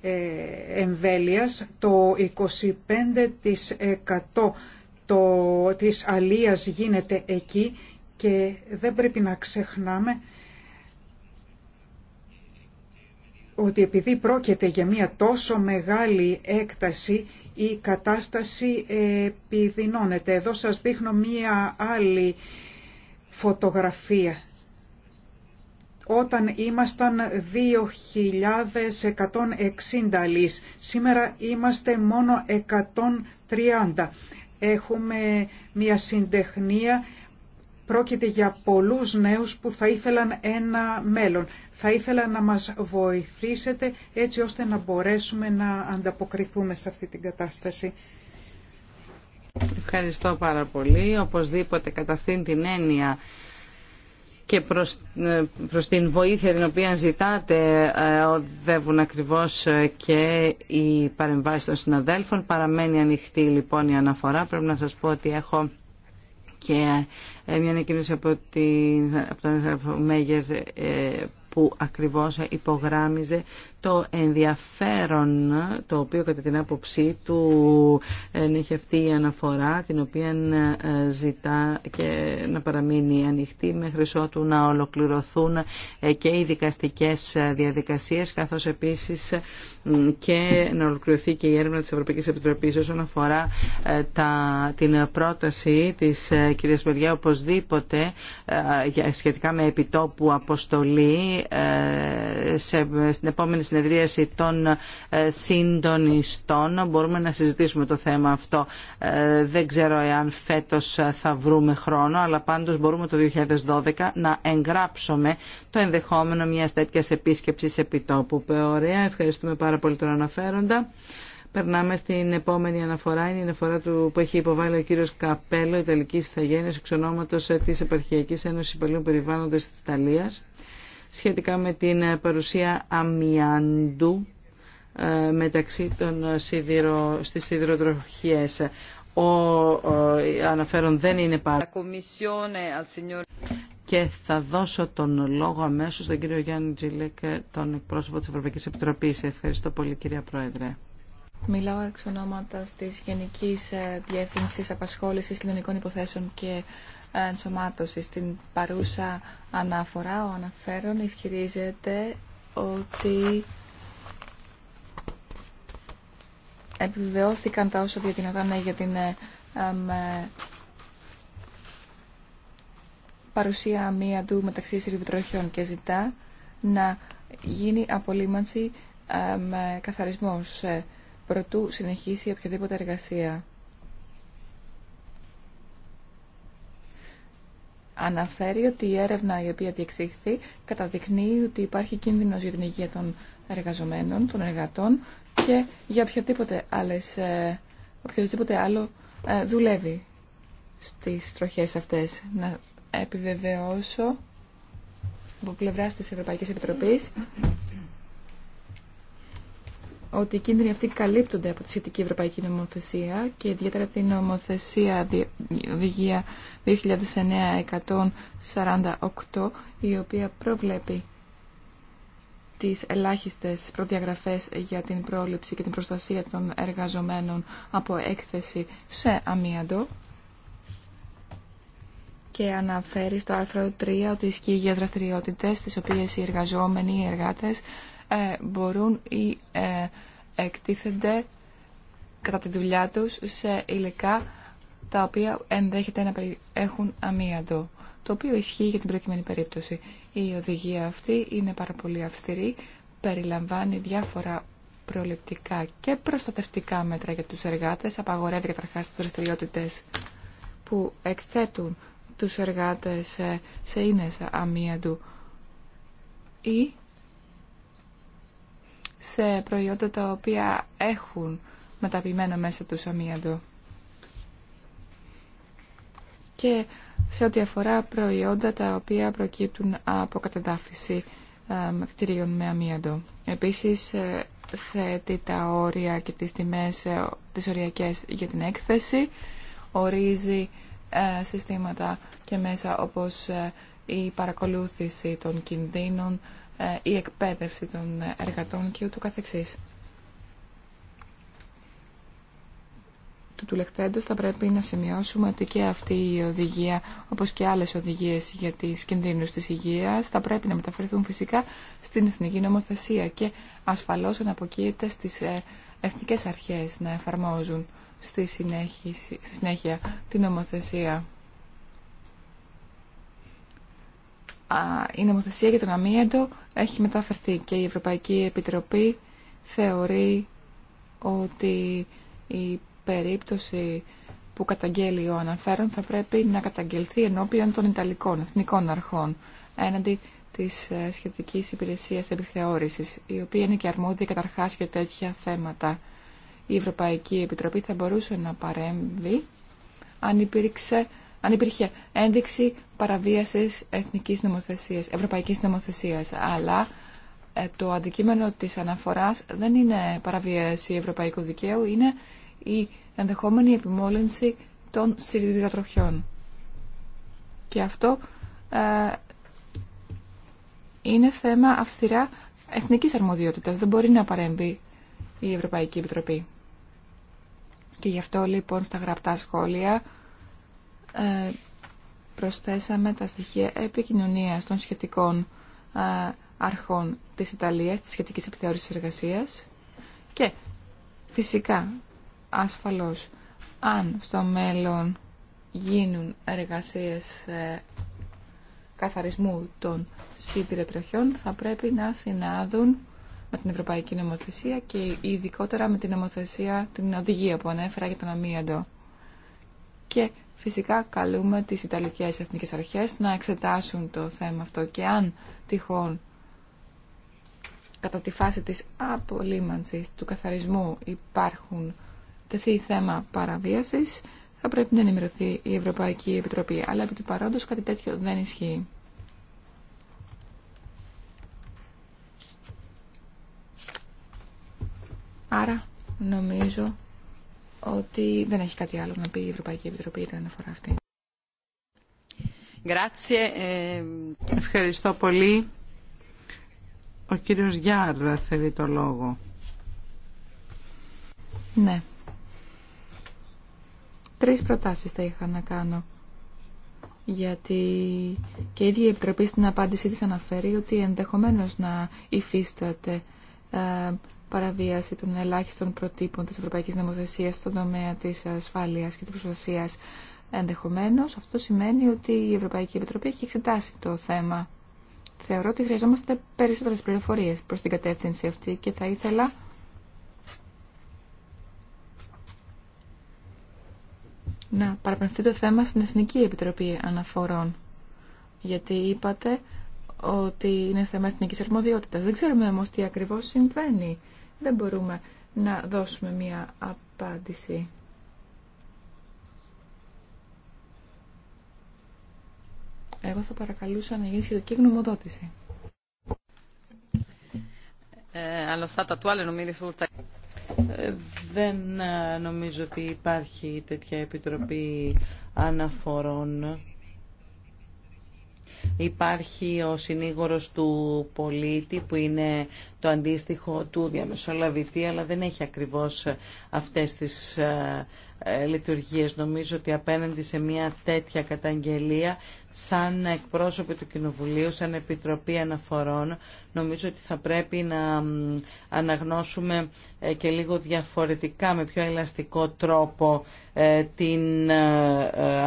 ε, εμβέλειας, το 25% το, της αλίας γίνεται εκεί και δεν πρέπει να ξεχνάμε ότι επειδή πρόκειται για μια τόσο μεγάλη έκταση, η κατάσταση επιδεινώνεται. Εδώ σας δείχνω μια άλλη φωτογραφία. Όταν ήμασταν 2.160 αλείς, σήμερα είμαστε μόνο 130. Έχουμε μια συντεχνία, πρόκειται για πολλούς νέους που θα ήθελαν ένα μέλλον. Θα ήθελα να μας βοηθήσετε έτσι ώστε να μπορέσουμε να ανταποκριθούμε σε αυτή την κατάσταση. Ευχαριστώ πάρα πολύ. Οπωσδήποτε κατά αυτήν την έννοια και προς, ε, προς την βοήθεια την οποία ζητάτε ε, οδεύουν ακριβώς ε, και οι παρεμβάσεις των συναδέλφων. Παραμένει ανοιχτή λοιπόν η αναφορά. Πρέπει να σας πω ότι έχω και μια ανακοίνωση από, την, από τον που ακριβώς υπογράμμιζε το ενδιαφέρον το οποίο κατά την άποψή του ε, έχει αυτή η αναφορά την οποία ε, ζητά και να παραμείνει ανοιχτή μέχρι ότου να ολοκληρωθούν ε, και οι δικαστικές διαδικασίες καθώς επίσης και να ολοκληρωθεί και η έρευνα της Ευρωπαϊκής Επιτροπής όσον αφορά τα, την πρόταση της κυρίας Μεριά οπωσδήποτε σχετικά με επιτόπου αποστολή σε, στην επόμενη συνεδρίαση των ε, συντονιστών μπορούμε να συζητήσουμε το θέμα αυτό. Ε, δεν ξέρω εάν φέτος θα βρούμε χρόνο, αλλά πάντως μπορούμε το 2012 να εγγράψουμε το ενδεχόμενο μιας τέτοιας επίσκεψης επιτόπου. Ε, ωραία, ευχαριστούμε πάρα πολύ τον αναφέροντα. Περνάμε στην επόμενη αναφορά. Είναι η αναφορά του, που έχει υποβάλει ο κύριο Καπέλο, Ιταλική Ιθαγένεια, εξ ονόματο τη Επαρχιακή Ένωση Υπαλλήλων Περιβάλλοντο τη Ιταλία σχετικά με την ε, παρουσία αμοιάντου ε, μεταξύ των ε, σιδηρο, στις σιδηροτροχίες. Ο, αναφέρον δεν είναι πάρα. Και θα δώσω τον λόγο αμέσως στον κύριο Γιάννη Τζιλέκ, τον εκπρόσωπο της Ευρωπαϊκής Επιτροπής. Ευχαριστώ πολύ κυρία Πρόεδρε. Μιλάω εξ ονόματα της Γενικής Διεύθυνσης Απασχόλησης Κοινωνικών Υποθέσεων και στην παρούσα αναφορά ο αναφέρον ισχυρίζεται ότι επιβεβαιώθηκαν τα όσα διατηνόταν για την ε, παρουσία μία του μεταξύ συρβιτροχιών και ζητά να γίνει απολύμανση με καθαρισμός ε, προτού συνεχίσει οποιαδήποτε εργασία. αναφέρει ότι η έρευνα η οποία διεξήχθη καταδεικνύει ότι υπάρχει κίνδυνος για την υγεία των εργαζομένων, των εργατών και για οποιοδήποτε, ε, οποιοδήποτε άλλο ε, δουλεύει στις τροχές αυτές. Να επιβεβαιώσω από πλευράς της Ευρωπαϊκής Επιτροπής ότι οι κίνδυνοι αυτοί καλύπτονται από τη σχετική ευρωπαϊκή νομοθεσία και ιδιαίτερα την νομοθεσία οδηγία 2009-148 η οποία προβλέπει τις ελάχιστες προδιαγραφές για την πρόληψη και την προστασία των εργαζομένων από έκθεση σε αμίαντο και αναφέρει στο άρθρο 3 ότι ισχύει για δραστηριότητες τις οποίες οι εργαζόμενοι, οι εργάτες ε, μπορούν ή ε, εκτίθενται κατά τη δουλειά τους σε υλικά τα οποία ενδέχεται να έχουν αμύαντο, το οποίο ισχύει για την προκειμένη περίπτωση. Η οδηγία αυτή είναι πάρα πολύ αυστηρή, περιλαμβάνει διάφορα προληπτικά και προστατευτικά μέτρα για τους εργάτες, απαγορεύει καταρχάς τις δραστηριότητε που εκθέτουν τους εργάτες ε, σε ίνες αμύαντου ή σε προϊόντα τα οποία έχουν μεταποιημένο μέσα τους αμύαντο. Και σε ό,τι αφορά προϊόντα τα οποία προκύπτουν από κατεδάφιση ε, κτηρίων με αμύαντο. Επίσης, ε, θέτει τα όρια και τις τιμές, ε, τις οριακές για την έκθεση, ορίζει συστήματα και μέσα όπως η παρακολούθηση των κινδύνων, ε, η εκπαίδευση των εργατών και ούτω καθεξής. Του τουλεχθέντος θα πρέπει να σημειώσουμε ότι και αυτή η οδηγία, όπως και άλλες οδηγίες για τις κινδύνους της υγείας, θα πρέπει να μεταφερθούν φυσικά στην εθνική νομοθεσία και ασφαλώς αποκείται στις ε, εθνικές αρχές να εφαρμόζουν στη συνέχεια, στη συνέχεια την νομοθεσία. η νομοθεσία για τον αμύαντο έχει μεταφερθεί και η Ευρωπαϊκή Επιτροπή θεωρεί ότι η περίπτωση που καταγγέλει ο αναφέρον θα πρέπει να καταγγελθεί ενώπιον των Ιταλικών Εθνικών Αρχών έναντι της ε, σχετικής υπηρεσίας επιθεώρησης, η οποία είναι και αρμόδια καταρχάς για τέτοια θέματα. Η Ευρωπαϊκή Επιτροπή θα μπορούσε να παρέμβει αν υπήρξε αν υπήρχε ένδειξη παραβίασης εθνικής νομοθεσίας, ευρωπαϊκής νομοθεσίας. Αλλά ε, το αντικείμενο της αναφοράς δεν είναι παραβίαση ευρωπαϊκού δικαίου, είναι η ενδεχόμενη επιμόλυνση των συρδιδατροφιών. Και αυτό ε, είναι θέμα αυστηρά εθνικής αρμοδιότητας. Δεν μπορεί να παρέμβει η Ευρωπαϊκή Επιτροπή. Και γι' αυτό λοιπόν στα γραπτά σχόλια ε, προσθέσαμε τα στοιχεία επικοινωνίας των σχετικών ε, αρχών της Ιταλίας, της σχετικής επιθεώρησης εργασίας και φυσικά ασφαλώς αν στο μέλλον γίνουν εργασίες ε, καθαρισμού των τροχιών θα πρέπει να συνάδουν με την Ευρωπαϊκή Νομοθεσία και ειδικότερα με την νομοθεσία, την οδηγία που ανέφερα για τον αμύαντο. Και Φυσικά καλούμε τις Ιταλικές Εθνικές Αρχές να εξετάσουν το θέμα αυτό και αν τυχόν κατά τη φάση της απολύμανσης του καθαρισμού υπάρχουν τεθεί θέμα παραβίασης θα πρέπει να ενημερωθεί η Ευρωπαϊκή Επιτροπή αλλά επί του παρόντος κάτι τέτοιο δεν ισχύει. Άρα νομίζω ότι δεν έχει κάτι άλλο να πει η Ευρωπαϊκή Επιτροπή για την αναφορά αυτή. Ε, Ευχαριστώ πολύ. Ο κύριος Γιάρ θέλει το λόγο. Ναι. Τρεις προτάσεις θα είχα να κάνω. Γιατί και η ίδια η Επιτροπή στην απάντησή της αναφέρει ότι ενδεχομένως να υφίσταται ε, παραβίαση των ελάχιστων προτύπων της Ευρωπαϊκής Νομοθεσίας στον τομέα της ασφάλειας και της προστασίας ενδεχομένως. Αυτό σημαίνει ότι η Ευρωπαϊκή Επιτροπή έχει εξετάσει το θέμα. Θεωρώ ότι χρειαζόμαστε περισσότερες πληροφορίες προς την κατεύθυνση αυτή και θα ήθελα να παραπενθεί το θέμα στην Εθνική Επιτροπή Αναφορών. Γιατί είπατε ότι είναι θέμα εθνικής αρμοδιότητας. Δεν ξέρουμε όμως τι ακριβώς συμβαίνει δεν μπορούμε να δώσουμε μία απάντηση. Εγώ θα παρακαλούσα να γίνει σχετική γνωμοδότηση. Ε, ε, δεν ε, νομίζω ότι υπάρχει τέτοια επιτροπή αναφορών. Υπάρχει ο συνήγορος του πολίτη που είναι το αντίστοιχο του διαμεσολαβητή, αλλά δεν έχει ακριβώς αυτές τις ε, ε, λειτουργίες. Νομίζω ότι απέναντι σε μια τέτοια καταγγελία, σαν εκπρόσωποι του Κοινοβουλίου, σαν Επιτροπή Αναφορών, νομίζω ότι θα πρέπει να αναγνώσουμε ε, και λίγο διαφορετικά, με πιο ελαστικό τρόπο, την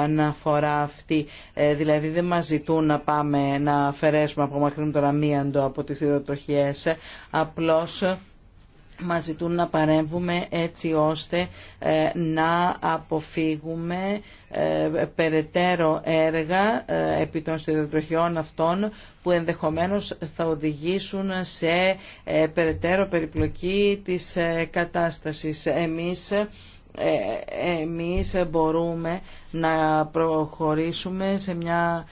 αναφορά αυτή. Δηλαδή δεν μας ζητούν να πάμε να αφαιρέσουμε, από τον αμίαντο από τις ιδιοτροχίες, Απλώς μας ζητούν να παρέμβουμε έτσι ώστε ε, να αποφύγουμε ε, περαιτέρω έργα ε, επί των σιδηροτροχιών αυτών που ενδεχομένως θα οδηγήσουν σε περαιτέρω περιπλοκή της κατάστασης. Εμείς εμείς μπορούμε να προχωρήσουμε σε μια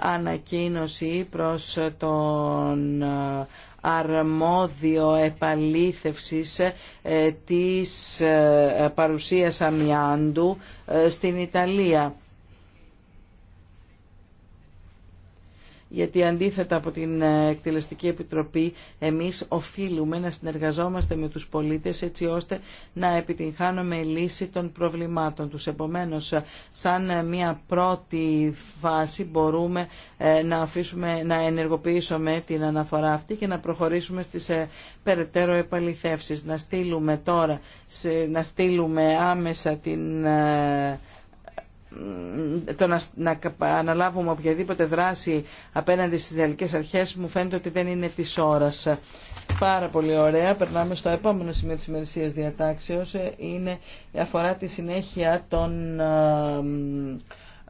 ανακοίνωση προς τον αρμόδιο επαλήθευσης ε, της ε, παρουσίας Αμιάντου ε, στην Ιταλία. γιατί αντίθετα από την ε, Εκτελεστική Επιτροπή εμείς οφείλουμε να συνεργαζόμαστε με τους πολίτες έτσι ώστε να επιτυγχάνουμε λύση των προβλημάτων τους. Επομένως, ε, σαν ε, μια πρώτη φάση μπορούμε να, αφήσουμε, να ενεργοποιήσουμε την αναφορά αυτή και να προχωρήσουμε στις περαιτέρω επαληθεύσεις. Να στείλουμε τώρα, να στείλουμε άμεσα την το να, να αναλάβουμε οποιαδήποτε δράση απέναντι στις ιδεαλικές αρχές μου φαίνεται ότι δεν είναι της ώρας. Πάρα πολύ ωραία. Περνάμε στο επόμενο σημείο της ημερησίας διατάξεως. Ε, είναι, αφορά τη συνέχεια των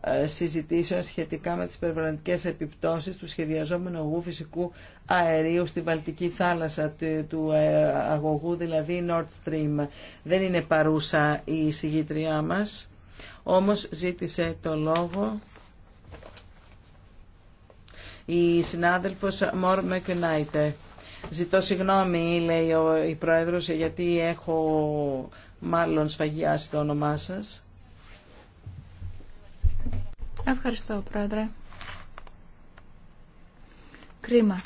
ε, συζητήσεων σχετικά με τις περιβαλλοντικές επιπτώσεις του σχεδιαζόμενου αγού φυσικού αερίου στη Βαλτική θάλασσα του ε, αγωγού, δηλαδή Nord Stream. Δεν είναι παρούσα η συγγήτριά μας. Όμως ζήτησε το λόγο η συνάδελφος Μόρ Μεκνάιτε. Ζητώ συγγνώμη, λέει ο, η Πρόεδρος, γιατί έχω μάλλον σφαγιάσει το όνομά σας. Ευχαριστώ, Πρόεδρε. Κρίμα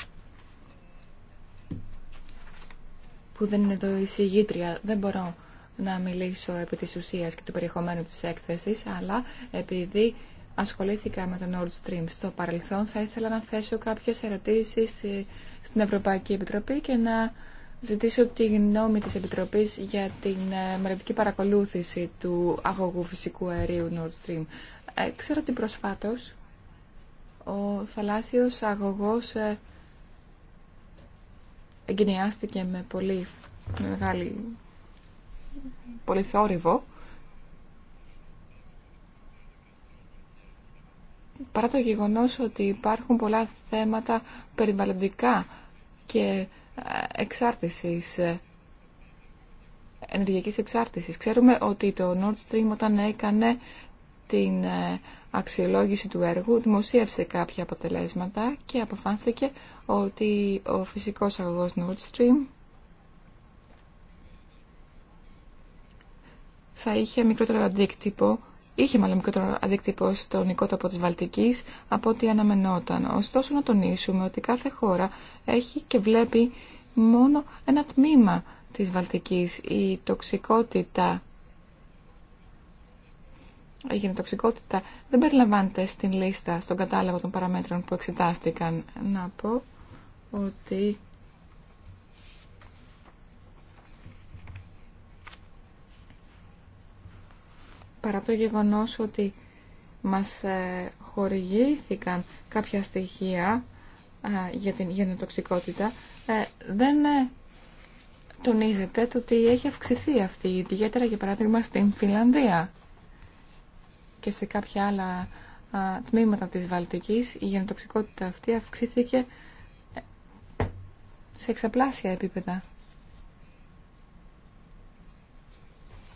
που δεν είναι εδώ η Δεν μπορώ να μιλήσω επί της ουσίας και του περιεχομένου της έκθεσης, αλλά επειδή ασχολήθηκα με το Nord Stream στο παρελθόν, θα ήθελα να θέσω κάποιες ερωτήσεις ε, στην Ευρωπαϊκή Επιτροπή και να ζητήσω τη γνώμη της Επιτροπής για την ε, μελλοντική παρακολούθηση του αγωγού φυσικού αερίου Nord Stream. Ε, ξέρω ότι προσφάτως ο θαλάσσιος αγωγός εγκαινιάστηκε με πολύ μεγάλη πολύ θόρυβο. Παρά το γεγονός ότι υπάρχουν πολλά θέματα περιβαλλοντικά και ε, εξάρτησης, ε, ενεργειακής εξάρτησης. Ξέρουμε ότι το Nord Stream όταν έκανε την ε, αξιολόγηση του έργου δημοσίευσε κάποια αποτελέσματα και αποφάνθηκε ότι ο φυσικός αγωγός Nord Stream θα είχε μικρότερο αντίκτυπο, είχε μάλλον μικρότερο αντίκτυπο στον οικότοπο της Βαλτικής από ό,τι αναμενόταν. Ωστόσο να τονίσουμε ότι κάθε χώρα έχει και βλέπει μόνο ένα τμήμα της Βαλτικής. Η τοξικότητα η τοξικότητα. δεν περιλαμβάνεται στην λίστα, στον κατάλογο των παραμέτρων που εξετάστηκαν. Να πω ότι παρά το γεγονός ότι μας ε, χορηγήθηκαν κάποια στοιχεία ε, για την γενετοξικότητα, ε, δεν τονίζεται το ότι έχει αυξηθεί αυτή, ιδιαίτερα για παράδειγμα στην Φιλανδία και σε κάποια άλλα τμήματα της Βαλτικής η γενοτοξικότητα αυτή αυξήθηκε σε εξαπλάσια επίπεδα.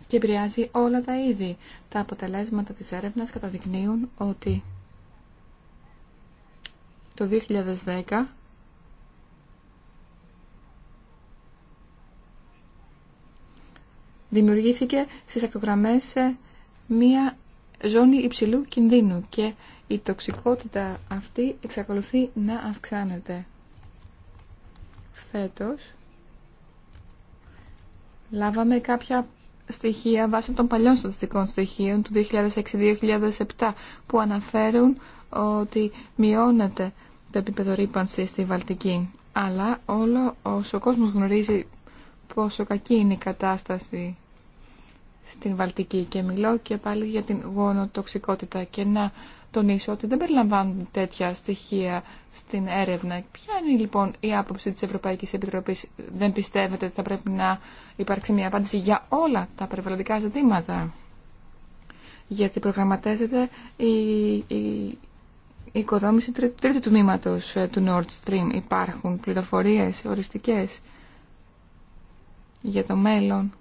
και επηρεάζει όλα τα είδη. Τα αποτελέσματα της έρευνας καταδεικνύουν ότι το 2010 δημιουργήθηκε στις ακτογραμμές μία ζώνη υψηλού κινδύνου και η τοξικότητα αυτή εξακολουθεί να αυξάνεται. Φέτος λάβαμε κάποια στοιχεία βάσει των παλιών στατιστικών στοιχείων του 2006-2007 που αναφέρουν ότι μειώνεται το επίπεδο ρήπανση στη Βαλτική. Αλλά όλο όσο ο κόσμος γνωρίζει πόσο κακή είναι η κατάσταση στην Βαλτική και μιλώ και πάλι για την γόνοτοξικότητα και να τονίσω ότι δεν περιλαμβάνουν τέτοια στοιχεία στην έρευνα. Ποια είναι λοιπόν η άποψη της Ευρωπαϊκής Επιτροπής. Δεν πιστεύετε ότι θα πρέπει να υπάρξει μια απάντηση για όλα τα περιβαλλοντικά ζητήματα. Γιατί προγραμματίζεται η, η, η οικοδόμηση τρίτου, τρίτου τμήματος ε, του Nord Stream. Υπάρχουν πληροφορίες οριστικές για το μέλλον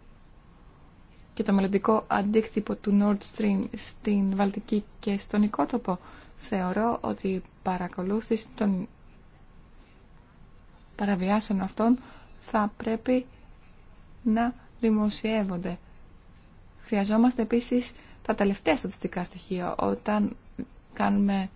και το μελλοντικό αντίκτυπο του Nord Stream στην Βαλτική και στον οικότοπο, θεωρώ ότι η παρακολούθηση των παραβιάσεων αυτών θα πρέπει να δημοσιεύονται. Χρειαζόμαστε επίσης τα τελευταία στατιστικά στοιχεία όταν κάνουμε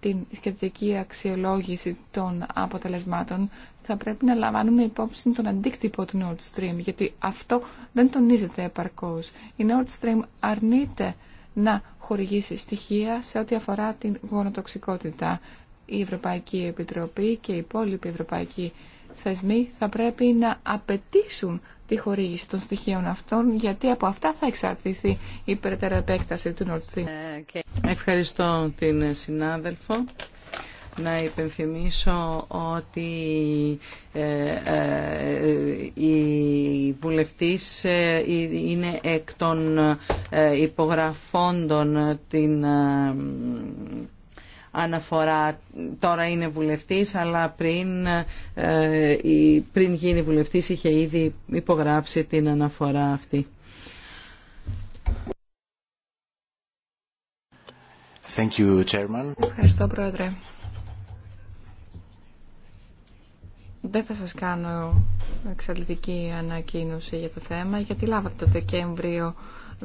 την σχετική αξιολόγηση των αποτελεσμάτων θα πρέπει να λαμβάνουμε υπόψη τον αντίκτυπο του Nord Stream, γιατί αυτό δεν τονίζεται επαρκώς. Η Nord Stream αρνείται να χορηγήσει στοιχεία σε ό,τι αφορά την γονοτοξικότητα. Η Ευρωπαϊκή Επιτροπή και οι υπόλοιποι ευρωπαϊκοί θεσμοί θα πρέπει να απαιτήσουν τη χορήγηση των στοιχείων αυτών, γιατί από αυτά θα εξαρτηθεί η περαιτέρω επέκταση του Nord Stream. Ε, Ευχαριστώ την συνάδελφο να υπενθυμίσω ότι ε, ε, η βουλευτής ε, είναι εκ των υπογραφώντων την αναφορά. Τώρα είναι βουλευτής, αλλά πριν, πριν γίνει βουλευτής είχε ήδη υπογράψει την αναφορά αυτή. Thank you, Chairman. Ευχαριστώ, Πρόεδρε. Δεν θα σας κάνω εξαντλητική ανακοίνωση για το θέμα, γιατί λάβατε το Δεκέμβριο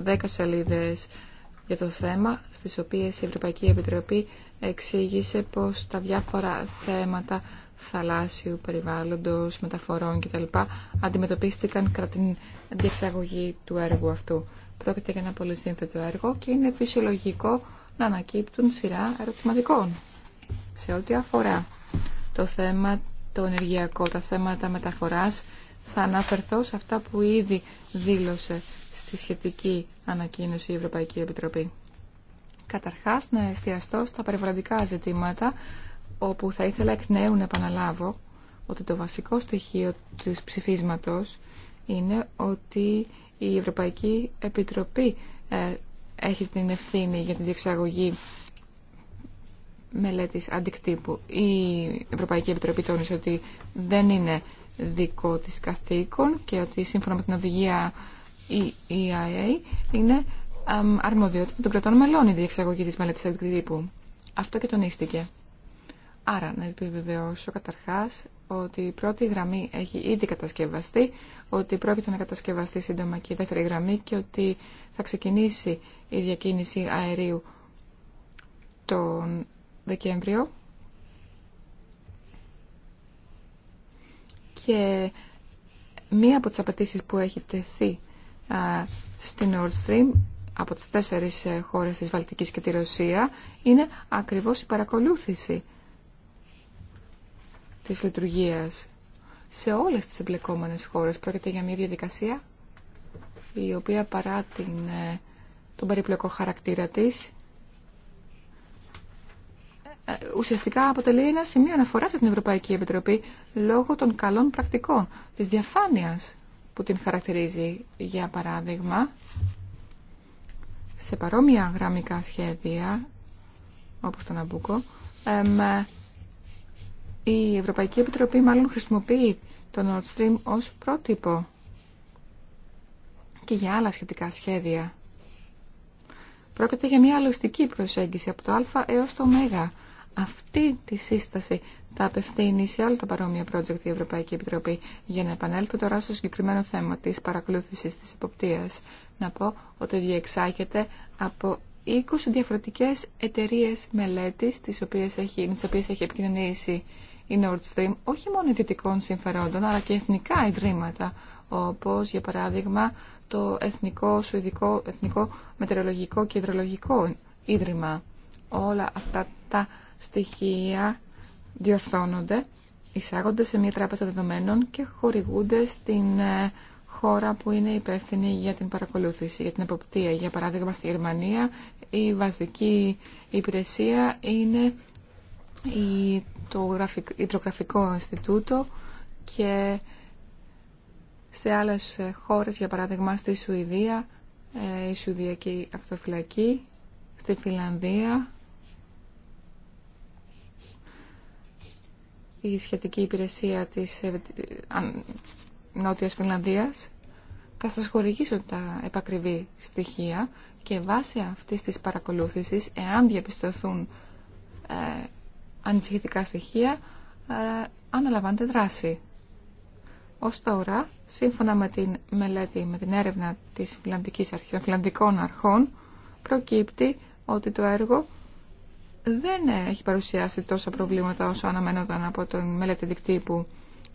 10 σελίδες για το θέμα, στις οποίες η Ευρωπαϊκή Επιτροπή εξήγησε πως τα διάφορα θέματα θαλάσσιου, περιβάλλοντος, μεταφορών κτλ. αντιμετωπίστηκαν κατά την διεξαγωγή του έργου αυτού. Πρόκειται για ένα πολύ σύνθετο έργο και είναι φυσιολογικό να ανακύπτουν σειρά ερωτηματικών σε ό,τι αφορά το θέμα το ενεργειακό, τα θέματα μεταφοράς, θα αναφερθώ σε αυτά που ήδη δήλωσε στη σχετική ανακοίνωση η Ευρωπαϊκή Επιτροπή. Καταρχάς, να εστιαστώ στα περιβαλλοντικά ζητήματα, όπου θα ήθελα εκ νέου να επαναλάβω ότι το βασικό στοιχείο του ψηφίσματος είναι ότι η Ευρωπαϊκή Επιτροπή ε, έχει την ευθύνη για την διεξαγωγή μελέτης αντικτύπου. Η Ευρωπαϊκή Επιτροπή τόνισε ότι δεν είναι δικό της καθήκον και ότι σύμφωνα με την οδηγία η EIA είναι αρμοδιότητα των κρατών μελών η διεξαγωγή της μελέτης αντικτύπου. Αυτό και τονίστηκε. Άρα, να επιβεβαιώσω καταρχάς ότι η πρώτη γραμμή έχει ήδη κατασκευαστεί, ότι πρόκειται να κατασκευαστεί σύντομα και η δεύτερη γραμμή και ότι θα ξεκινήσει η διακίνηση αερίου τον Δεκέμβριο και μία από τις απαιτήσει που έχει τεθεί στην Nord Stream από τις τέσσερις ε, χώρες της Βαλτικής και τη Ρωσία είναι ακριβώς η παρακολούθηση της λειτουργίας σε όλες τις εμπλεκόμενες χώρες. Πρόκειται για μια διαδικασία η οποία παρά την, ε, τον περιπλοκό χαρακτήρα της ουσιαστικά αποτελεί ένα σημείο αναφορά από την Ευρωπαϊκή Επιτροπή λόγω των καλών πρακτικών, της διαφάνειας που την χαρακτηρίζει. Για παράδειγμα, σε παρόμοια γραμμικά σχέδια, όπως τον Αμπούκο, η Ευρωπαϊκή Επιτροπή μάλλον χρησιμοποιεί το Nord Stream ως πρότυπο και για άλλα σχετικά σχέδια. Πρόκειται για μια λογιστική προσέγγιση από το α έως το ω αυτή τη σύσταση θα απευθύνει σε όλα τα παρόμοια project η Ευρωπαϊκή Επιτροπή. Για να επανέλθω τώρα στο συγκεκριμένο θέμα της παρακολούθησης της υποπτίας, να πω ότι διεξάγεται από 20 διαφορετικές εταιρείες μελέτης τις οποίες έχει, με τις οποίες έχει επικοινωνήσει η Nord Stream, όχι μόνο ιδιωτικών συμφερόντων, αλλά και εθνικά ιδρύματα, όπως για παράδειγμα το Εθνικό Σουηδικό Εθνικό Μετεωρολογικό και Ιδρολογικό Ίδρυμα. Όλα αυτά τα στοιχεία διορθώνονται, εισάγονται σε μια τράπεζα δεδομένων και χορηγούνται στην ε, χώρα που είναι υπεύθυνη για την παρακολούθηση, για την εποπτεία. Για παράδειγμα, στη Γερμανία η βασική υπηρεσία είναι η, το Ιτρογραφικό Ινστιτούτο και σε άλλες χώρες, για παράδειγμα στη Σουηδία, ε, η Σουδιακή Αυτοφυλακή, στη Φιλανδία η σχετική υπηρεσία της ε, Νότιας Φιλανδίας θα σας χορηγήσω τα επακριβή στοιχεία και βάσει αυτής της παρακολούθησης, εάν διαπιστωθούν ε, ανησυχητικά στοιχεία, ε, αναλαμβάνεται δράση. Ως τώρα, σύμφωνα με την μελέτη, με την έρευνα της φιλανδικής αρχή, φιλανδικών αρχών, προκύπτει ότι το έργο δεν έχει παρουσιάσει τόσα προβλήματα όσο αναμενόταν από τον μελέτη δικτύπου.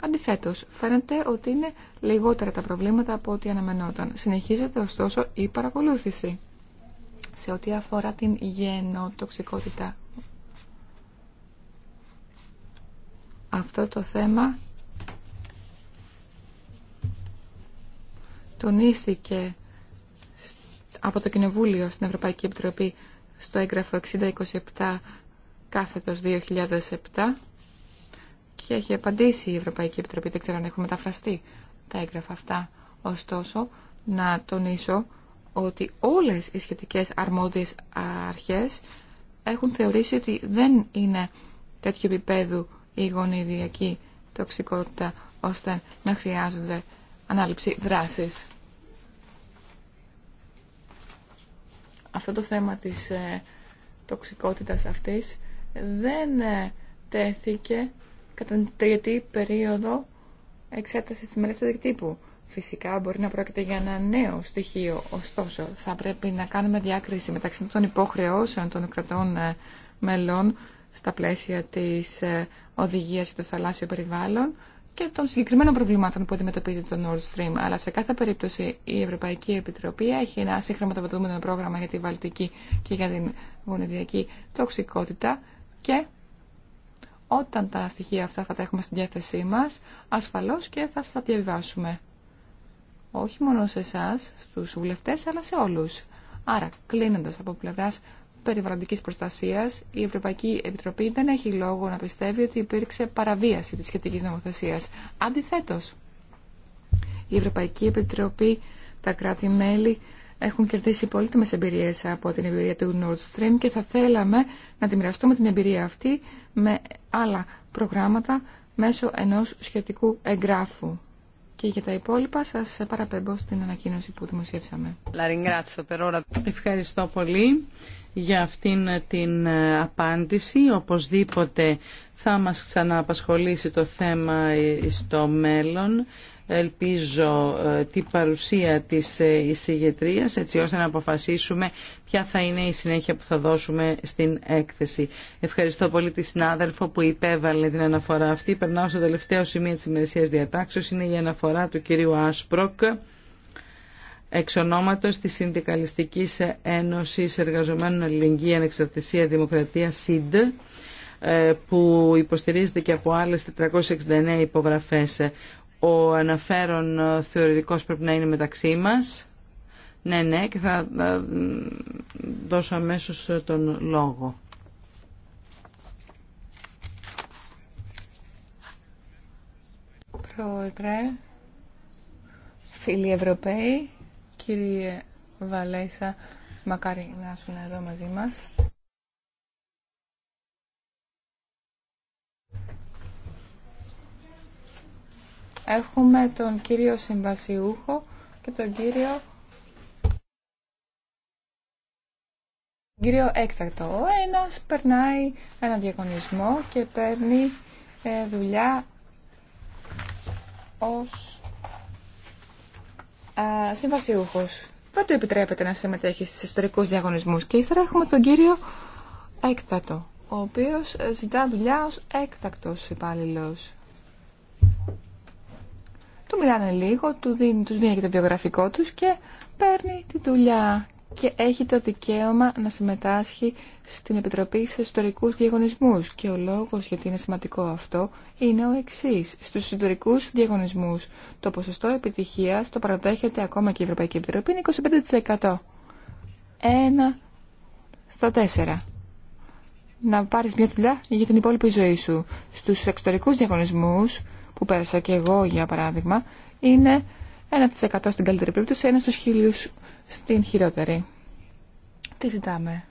Αντιθέτω, φαίνεται ότι είναι λιγότερα τα προβλήματα από ό,τι αναμενόταν. Συνεχίζεται ωστόσο η παρακολούθηση σε ό,τι αφορά την γενοτοξικότητα. Αυτό το θέμα τονίστηκε από το Κοινοβούλιο στην Ευρωπαϊκή Επιτροπή στο έγγραφο 6027 κάθετος 2007 και έχει απαντήσει η Ευρωπαϊκή Επιτροπή, δεν ξέρω αν έχουν μεταφραστεί τα έγγραφα αυτά. Ωστόσο, να τονίσω ότι όλες οι σχετικές αρμόδιες αρχές έχουν θεωρήσει ότι δεν είναι τέτοιο επίπεδου η γονιδιακή τοξικότητα ώστε να χρειάζονται ανάληψη δράσης. αυτό το θέμα της ε, τοξικότητας αυτής δεν ε, τέθηκε κατά την τριετή περίοδο εξέταση της μελέτης αντικτύπου. Φυσικά μπορεί να πρόκειται για ένα νέο στοιχείο, ωστόσο θα πρέπει να κάνουμε διάκριση μεταξύ των υποχρεώσεων των κρατών ε, μελών στα πλαίσια της οδηγίας για το θαλάσσιο περιβάλλον και των συγκεκριμένων προβλημάτων που αντιμετωπίζει το Nord Stream. Αλλά σε κάθε περίπτωση η Ευρωπαϊκή Επιτροπή έχει ένα συγχρηματοδοτούμενο πρόγραμμα για τη βαλτική και για την γονιδιακή τοξικότητα και όταν τα στοιχεία αυτά θα τα έχουμε στην διάθεσή μας, ασφαλώς και θα σας τα διαβιβάσουμε. Όχι μόνο σε εσά, στους βουλευτές, αλλά σε όλους. Άρα, κλείνοντας από πλευράς περιβαλλοντικής προστασίας η Ευρωπαϊκή Επιτροπή δεν έχει λόγο να πιστεύει ότι υπήρξε παραβίαση της σχετικής νομοθεσίας. Αντιθέτω, η Ευρωπαϊκή Επιτροπή, τα κράτη-μέλη έχουν κερδίσει πολύτιμες εμπειρίε από την εμπειρία του Nord Stream και θα θέλαμε να τη μοιραστούμε την εμπειρία αυτή με άλλα προγράμματα μέσω ενός σχετικού εγγράφου. Και για τα υπόλοιπα σας παραπέμπω στην ανακοίνωση που δημοσίευσαμε. Ευχαριστώ πολύ για αυτήν την ε, απάντηση. Οπωσδήποτε θα μας ξανααπασχολήσει το θέμα ε, στο μέλλον. Ελπίζω ε, την παρουσία της εισηγετρίας έτσι ώστε να αποφασίσουμε ποια θα είναι η συνέχεια που θα δώσουμε στην έκθεση. Ευχαριστώ πολύ τη συνάδελφο που υπέβαλε την αναφορά αυτή. Περνάω στο τελευταίο σημείο της ημερησίας διατάξεως. Είναι η αναφορά του κυρίου Άσπροκ εξ ονόματος της Συνδικαλιστικής Ένωσης Εργαζομένων Αλληλεγγύη Ανεξαρτησία Δημοκρατία ΣΥΝΤ ε, που υποστηρίζεται και από άλλες 469 υπογραφές. Ο αναφέρον ε, θεωρητικός πρέπει να είναι μεταξύ μας. Ναι, ναι, και θα δώσω αμέσως ε, τον λόγο. Πρόεδρε, φίλοι Ευρωπαίοι, Κύριε Βαλέσα, μακάρι να είναι εδώ μαζί μας. Έχουμε τον κύριο Συμβασιούχο και τον κύριο κύριο έκτακτο. Ο ένας περνάει ένα διαγωνισμό και παίρνει ε, δουλειά ως συμβασίουχος. Δεν του επιτρέπεται να συμμετέχει στις ιστορικούς διαγωνισμούς. Και ύστερα έχουμε τον κύριο Έκτατο, ο οποίος ζητά δουλειά ω έκτακτος υπάλληλο. Του μιλάνε λίγο, του δίνει, τους δίνει και το βιογραφικό τους και παίρνει τη δουλειά και έχει το δικαίωμα να συμμετάσχει στην Επιτροπή σε ιστορικούς διαγωνισμούς. Και ο λόγος γιατί είναι σημαντικό αυτό είναι ο εξής. Στους ιστορικούς διαγωνισμούς το ποσοστό επιτυχίας το παραδέχεται ακόμα και η Ευρωπαϊκή Επιτροπή είναι 25%. Ένα στα τέσσερα. Να πάρεις μια δουλειά για την υπόλοιπη ζωή σου. Στους εξωτερικούς διαγωνισμούς που πέρασα και εγώ για παράδειγμα είναι 1% στην καλύτερη περίπτωση, ένα στους χίλιους στην χειρότερη. Τι ζητάμε.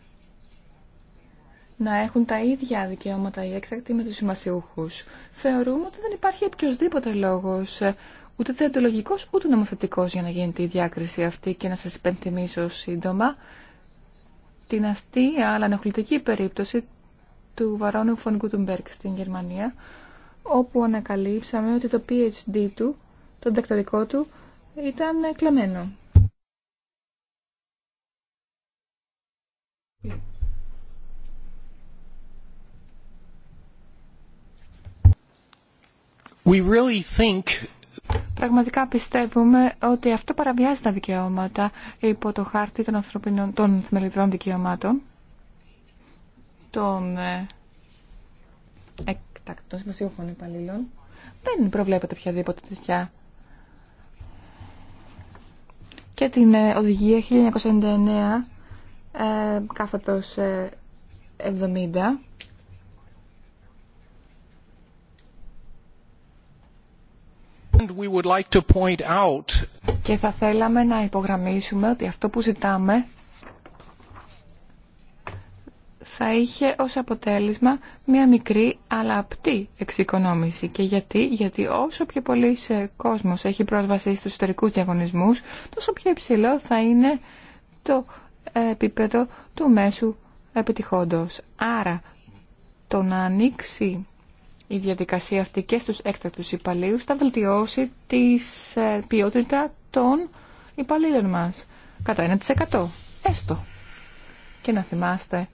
Να έχουν τα ίδια δικαιώματα οι έκτακτοι με τους σημασιούχους. Θεωρούμε ότι δεν υπάρχει οποιοδήποτε λόγος, ούτε θεατολογικός ούτε νομοθετικός για να γίνεται η διάκριση αυτή και να σας υπενθυμίσω σύντομα την αστεία αλλά ενοχλητική περίπτωση του Βαρόνου Φον Γκουτουμπέρκ στην Γερμανία, όπου ανακαλύψαμε ότι το PhD του, το διδακτορικό του, ήταν κλεμμένο. Πραγματικά πιστεύουμε ότι αυτό παραβιάζει τα δικαιώματα υπό το χάρτη των, ανθρωπινών, των θεμελιωδών δικαιωμάτων, των εκτακτών συμμεσίουχων υπαλλήλων. Δεν προβλέπεται οποιαδήποτε τέτοια. Και την ε, οδηγία 1999 ε, κάθετος 70 ε, Και θα θέλαμε να υπογραμμίσουμε ότι αυτό που ζητάμε θα είχε ως αποτέλεσμα μια μικρή αλλά απτή εξοικονόμηση. Και γιατί, γιατί όσο πιο πολλοί κόσμος έχει πρόσβαση στους ιστορικούς διαγωνισμούς, τόσο πιο υψηλό θα είναι το επίπεδο του μέσου επιτυχόντος. Άρα, το να ανοίξει η διαδικασία αυτή και στους έκτακτους υπαλλήλους θα βελτιώσει τη ε, ποιότητα των υπαλλήλων μας κατά 1% έστω. Και να θυμάστε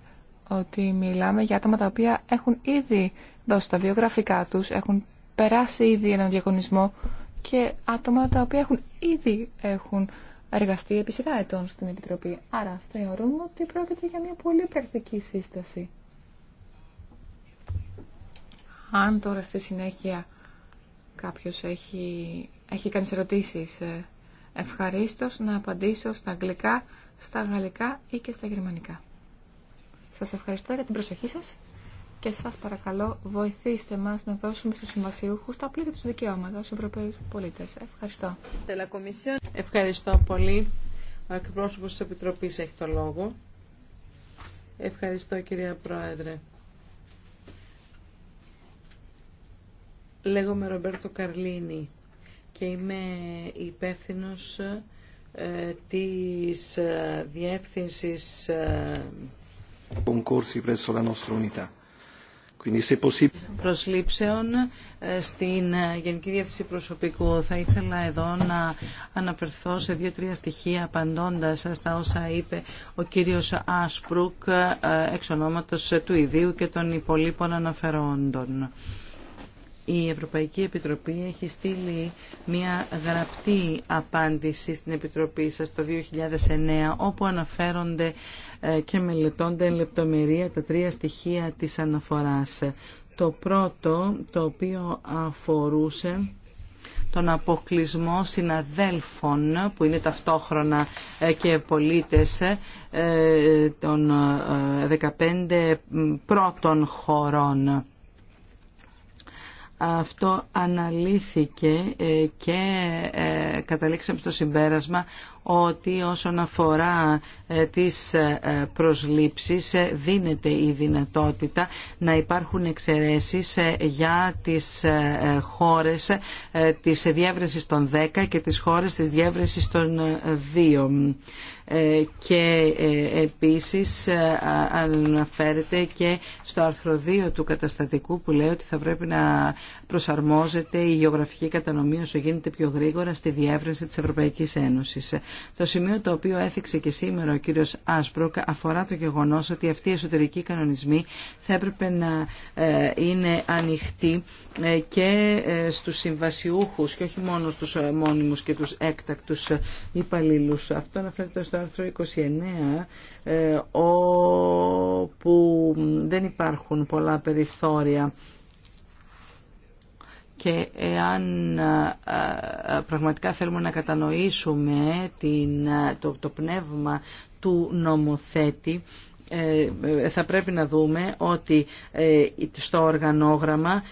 ότι μιλάμε για άτομα τα οποία έχουν ήδη δώσει τα βιογραφικά τους, έχουν περάσει ήδη έναν διαγωνισμό και άτομα τα οποία έχουν ήδη έχουν εργαστεί επί σειρά ετών στην Επιτροπή. Άρα θεωρούμε ότι πρόκειται για μια πολύ πρακτική σύσταση. Αν τώρα στη συνέχεια κάποιος έχει, έχει κάνει ερωτήσεις, ε, ευχαρίστως να απαντήσω στα αγγλικά, στα γαλλικά ή και στα γερμανικά. Σας ευχαριστώ για την προσοχή σας και σας παρακαλώ βοηθήστε μας να δώσουμε στους συμβασιούχους τα πλήρη τους δικαιώματα στους Ευρωπαίους πολίτες. Ευχαριστώ. Ευχαριστώ πολύ. Ο εκπρόσωπος της Επιτροπής έχει το λόγο. Ευχαριστώ κυρία Πρόεδρε. Λέγομαι Ρομπέρτο Καρλίνη και είμαι υπεύθυνο ε, της ε, διεύθυνσης ε, concorsi presso la nostra προσλήψεων ε, στην ε, Γενική Διεύθυνση Προσωπικού. Θα ήθελα εδώ να αναφερθώ σε δύο-τρία στοιχεία απαντώντας στα όσα είπε ο κύριος Άσπρουκ ε, εξ ονόματος του Ιδίου και των υπολείπων αναφερόντων η Ευρωπαϊκή Επιτροπή έχει στείλει μια γραπτή απάντηση στην Επιτροπή σας το 2009 όπου αναφέρονται ε, και μελετώνται λεπτομερία τα τρία στοιχεία της αναφοράς. Το πρώτο το οποίο αφορούσε τον αποκλεισμό συναδέλφων που είναι ταυτόχρονα ε, και πολίτες ε, των 15 πρώτων χωρών αυτό αναλύθηκε ε, και ε, καταλήξαμε στο συμπέρασμα ότι όσον αφορά ε, τις ε, προσλήψεις ε, δίνεται η δυνατότητα να υπάρχουν εξαιρέσεις για τις χώρες της διεύρυνσης των 10 και τις χώρες της διεύρυνσης των 2 και επίσης αναφέρεται και στο άρθρο 2 του καταστατικού που λέει ότι θα πρέπει να προσαρμόζεται η γεωγραφική κατανομή όσο γίνεται πιο γρήγορα στη διεύρυνση της Ευρωπαϊκής Ένωσης. Το σημείο το οποίο έθιξε και σήμερα ο κύριος Άσπροκ αφορά το γεγονό ότι αυτοί οι εσωτερικοί κανονισμοί θα έπρεπε να ε, είναι ανοιχτοί ε, και ε, στους συμβασιούχους και όχι μόνο στους μόνιμους και τους έκτακτους υπαλλήλου. Αυτό αναφέρεται στο άρθρο 29 όπου δεν υπάρχουν πολλά περιθώρια και εάν ε, ε, πραγματικά θέλουμε να κατανοήσουμε την, ε, το, το πνεύμα του νομοθέτη, θα πρέπει να δούμε ότι στο οργανόγραμμα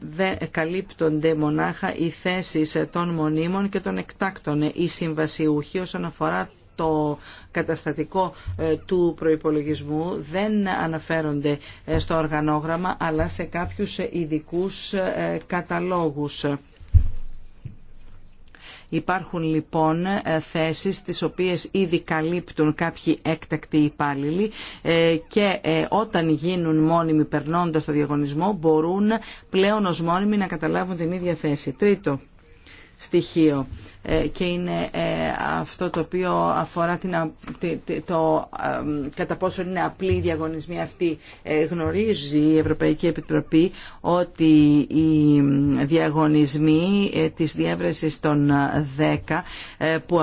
δεν καλύπτονται μονάχα οι θέσεις των μονίμων και των εκτάκτων. Οι συμβασιούχοι όσον αφορά το καταστατικό ε, του προϋπολογισμού δεν αναφέρονται ε, στο οργανόγραμμα αλλά σε κάποιους ε, ειδικού καταλόγους. Υπάρχουν λοιπόν θέσεις τις οποίες ήδη καλύπτουν κάποιοι έκτακτοι υπάλληλοι και όταν γίνουν μόνιμοι περνώντας το διαγωνισμό μπορούν πλέον ως μόνιμοι να καταλάβουν την ίδια θέση. Τρίτο, στοιχείο ε, και είναι ε, αυτό το οποίο αφορά την, το κατά πόσο είναι απλή η διαγωνισμή αυτή. Ε, γνωρίζει η Ευρωπαϊκή Επιτροπή ότι οι διαγωνισμοί της διεύρυνσης των 10 που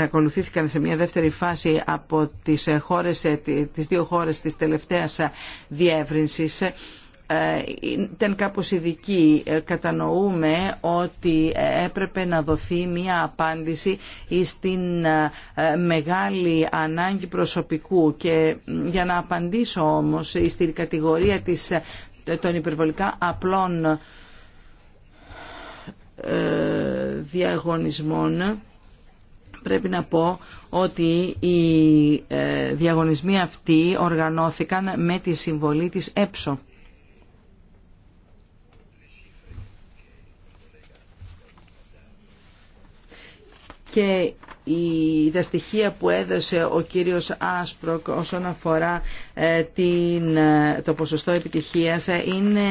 ακολουθήθηκαν σε μια δεύτερη φάση από τις, χώρες, τις δύο χώρες της τελευταίας διεύρυνσης ε, ήταν κάπως ειδική. Ε, κατανοούμε ότι ε, έπρεπε να δοθεί μία απάντηση στην μεγάλη ανάγκη προσωπικού και για να απαντήσω όμως στην κατηγορία της, των υπερβολικά απλών διαγωνισμών πρέπει να πω ότι οι διαγωνισμοί αυτοί οργανώθηκαν με τη συμβολή της ΕΠΣΟ. και η, τα στοιχεία που έδωσε ο κύριος Άσπροκ όσον αφορά ε, την, ε, το ποσοστό επιτυχίας ε, είναι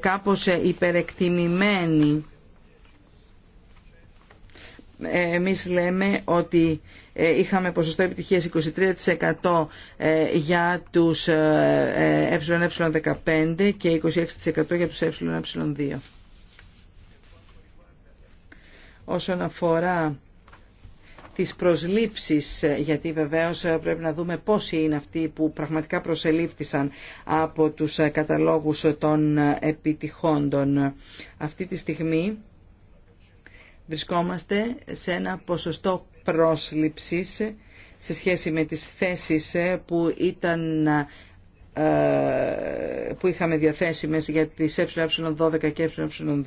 κάπως υπερεκτιμημένη. Εμείς λέμε ότι είχαμε ποσοστό επιτυχίας 23% για τους ε15 και 26% για τους ε2 όσον αφορά τις προσλήψεις, γιατί βεβαίως πρέπει να δούμε πόσοι είναι αυτοί που πραγματικά προσελήφθησαν από τους καταλόγους των επιτυχόντων. Αυτή τη στιγμή βρισκόμαστε σε ένα ποσοστό πρόσληψης σε σχέση με τις θέσεις που ήταν ε, που είχαμε διαθέσιμες για τις ε12 ε και ε12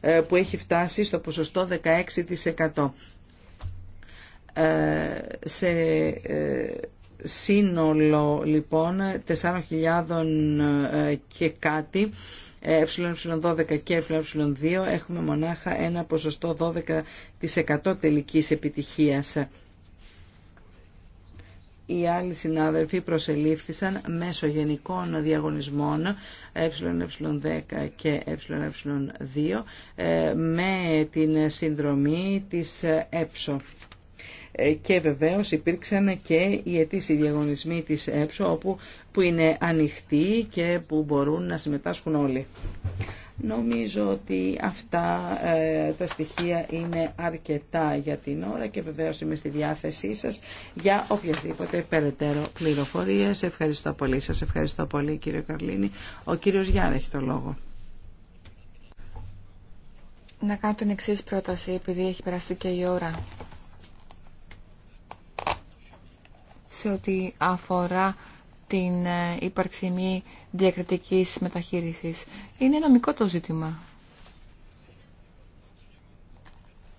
ε, που έχει φτάσει στο ποσοστό 16%. Ε, σε ε, σύνολο λοιπόν 4.000 και κάτι ε12 και ε2 έχουμε μονάχα ένα ποσοστό 12% τελικής επιτυχίας οι άλλοι συνάδελφοι προσελήφθησαν μέσω γενικών διαγωνισμών ε10 ε, και ε2 ε, ε, με την συνδρομή της ΕΠΣΟ και βεβαίως υπήρξαν και οι αιτήσιοι διαγωνισμοί της ΕΠΣΟ όπου, που είναι ανοιχτοί και που μπορούν να συμμετάσχουν όλοι. Νομίζω ότι αυτά ε, τα στοιχεία είναι αρκετά για την ώρα και βεβαίως είμαι στη διάθεσή σας για οποιασδήποτε περαιτέρω πληροφορίες. Ευχαριστώ πολύ σας. Ευχαριστώ πολύ κύριο Καρλίνη. Ο κύριος Γιάννη έχει το λόγο. Να κάνω την εξή πρόταση επειδή έχει περάσει και η ώρα. Σε ό,τι αφορά την ε, ύπαρξη μη διακριτικής μεταχείρισης. Είναι νομικό το ζήτημα.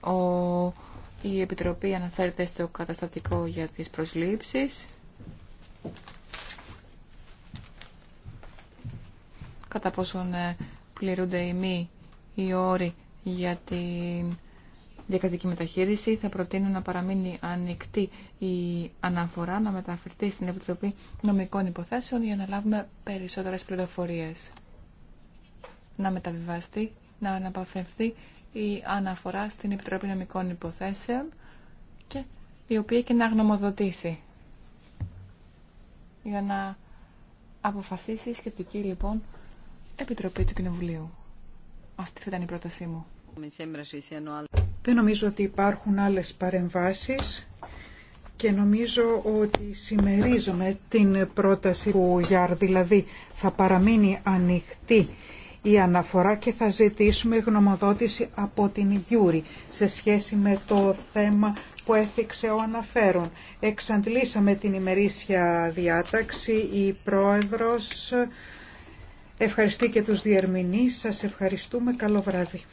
Ο... Η Επιτροπή αναφέρεται στο καταστατικό για τις προσλήψεις. Κατά πόσον ε, πληρούνται οι μη οι όροι για την διακριτική μεταχείριση. Θα προτείνω να παραμείνει ανοιχτή η αναφορά, να μεταφερθεί στην Επιτροπή Νομικών Υποθέσεων για να λάβουμε περισσότερες πληροφορίες. Να μεταβιβαστεί, να αναπαφευθεί η αναφορά στην Επιτροπή Νομικών Υποθέσεων και η οποία και να γνωμοδοτήσει για να αποφασίσει η σχετική λοιπόν Επιτροπή του Κοινοβουλίου. Αυτή θα ήταν η πρότασή μου. Δεν νομίζω ότι υπάρχουν άλλες παρεμβάσεις και νομίζω ότι συμμερίζομαι την πρόταση του Γιάρ, δηλαδή θα παραμείνει ανοιχτή η αναφορά και θα ζητήσουμε γνωμοδότηση από την Γιούρη σε σχέση με το θέμα που έθιξε ο αναφέρον. Εξαντλήσαμε την ημερήσια διάταξη, η Πρόεδρος ευχαριστεί και τους διερμηνείς. Σας ευχαριστούμε. Καλό βράδυ.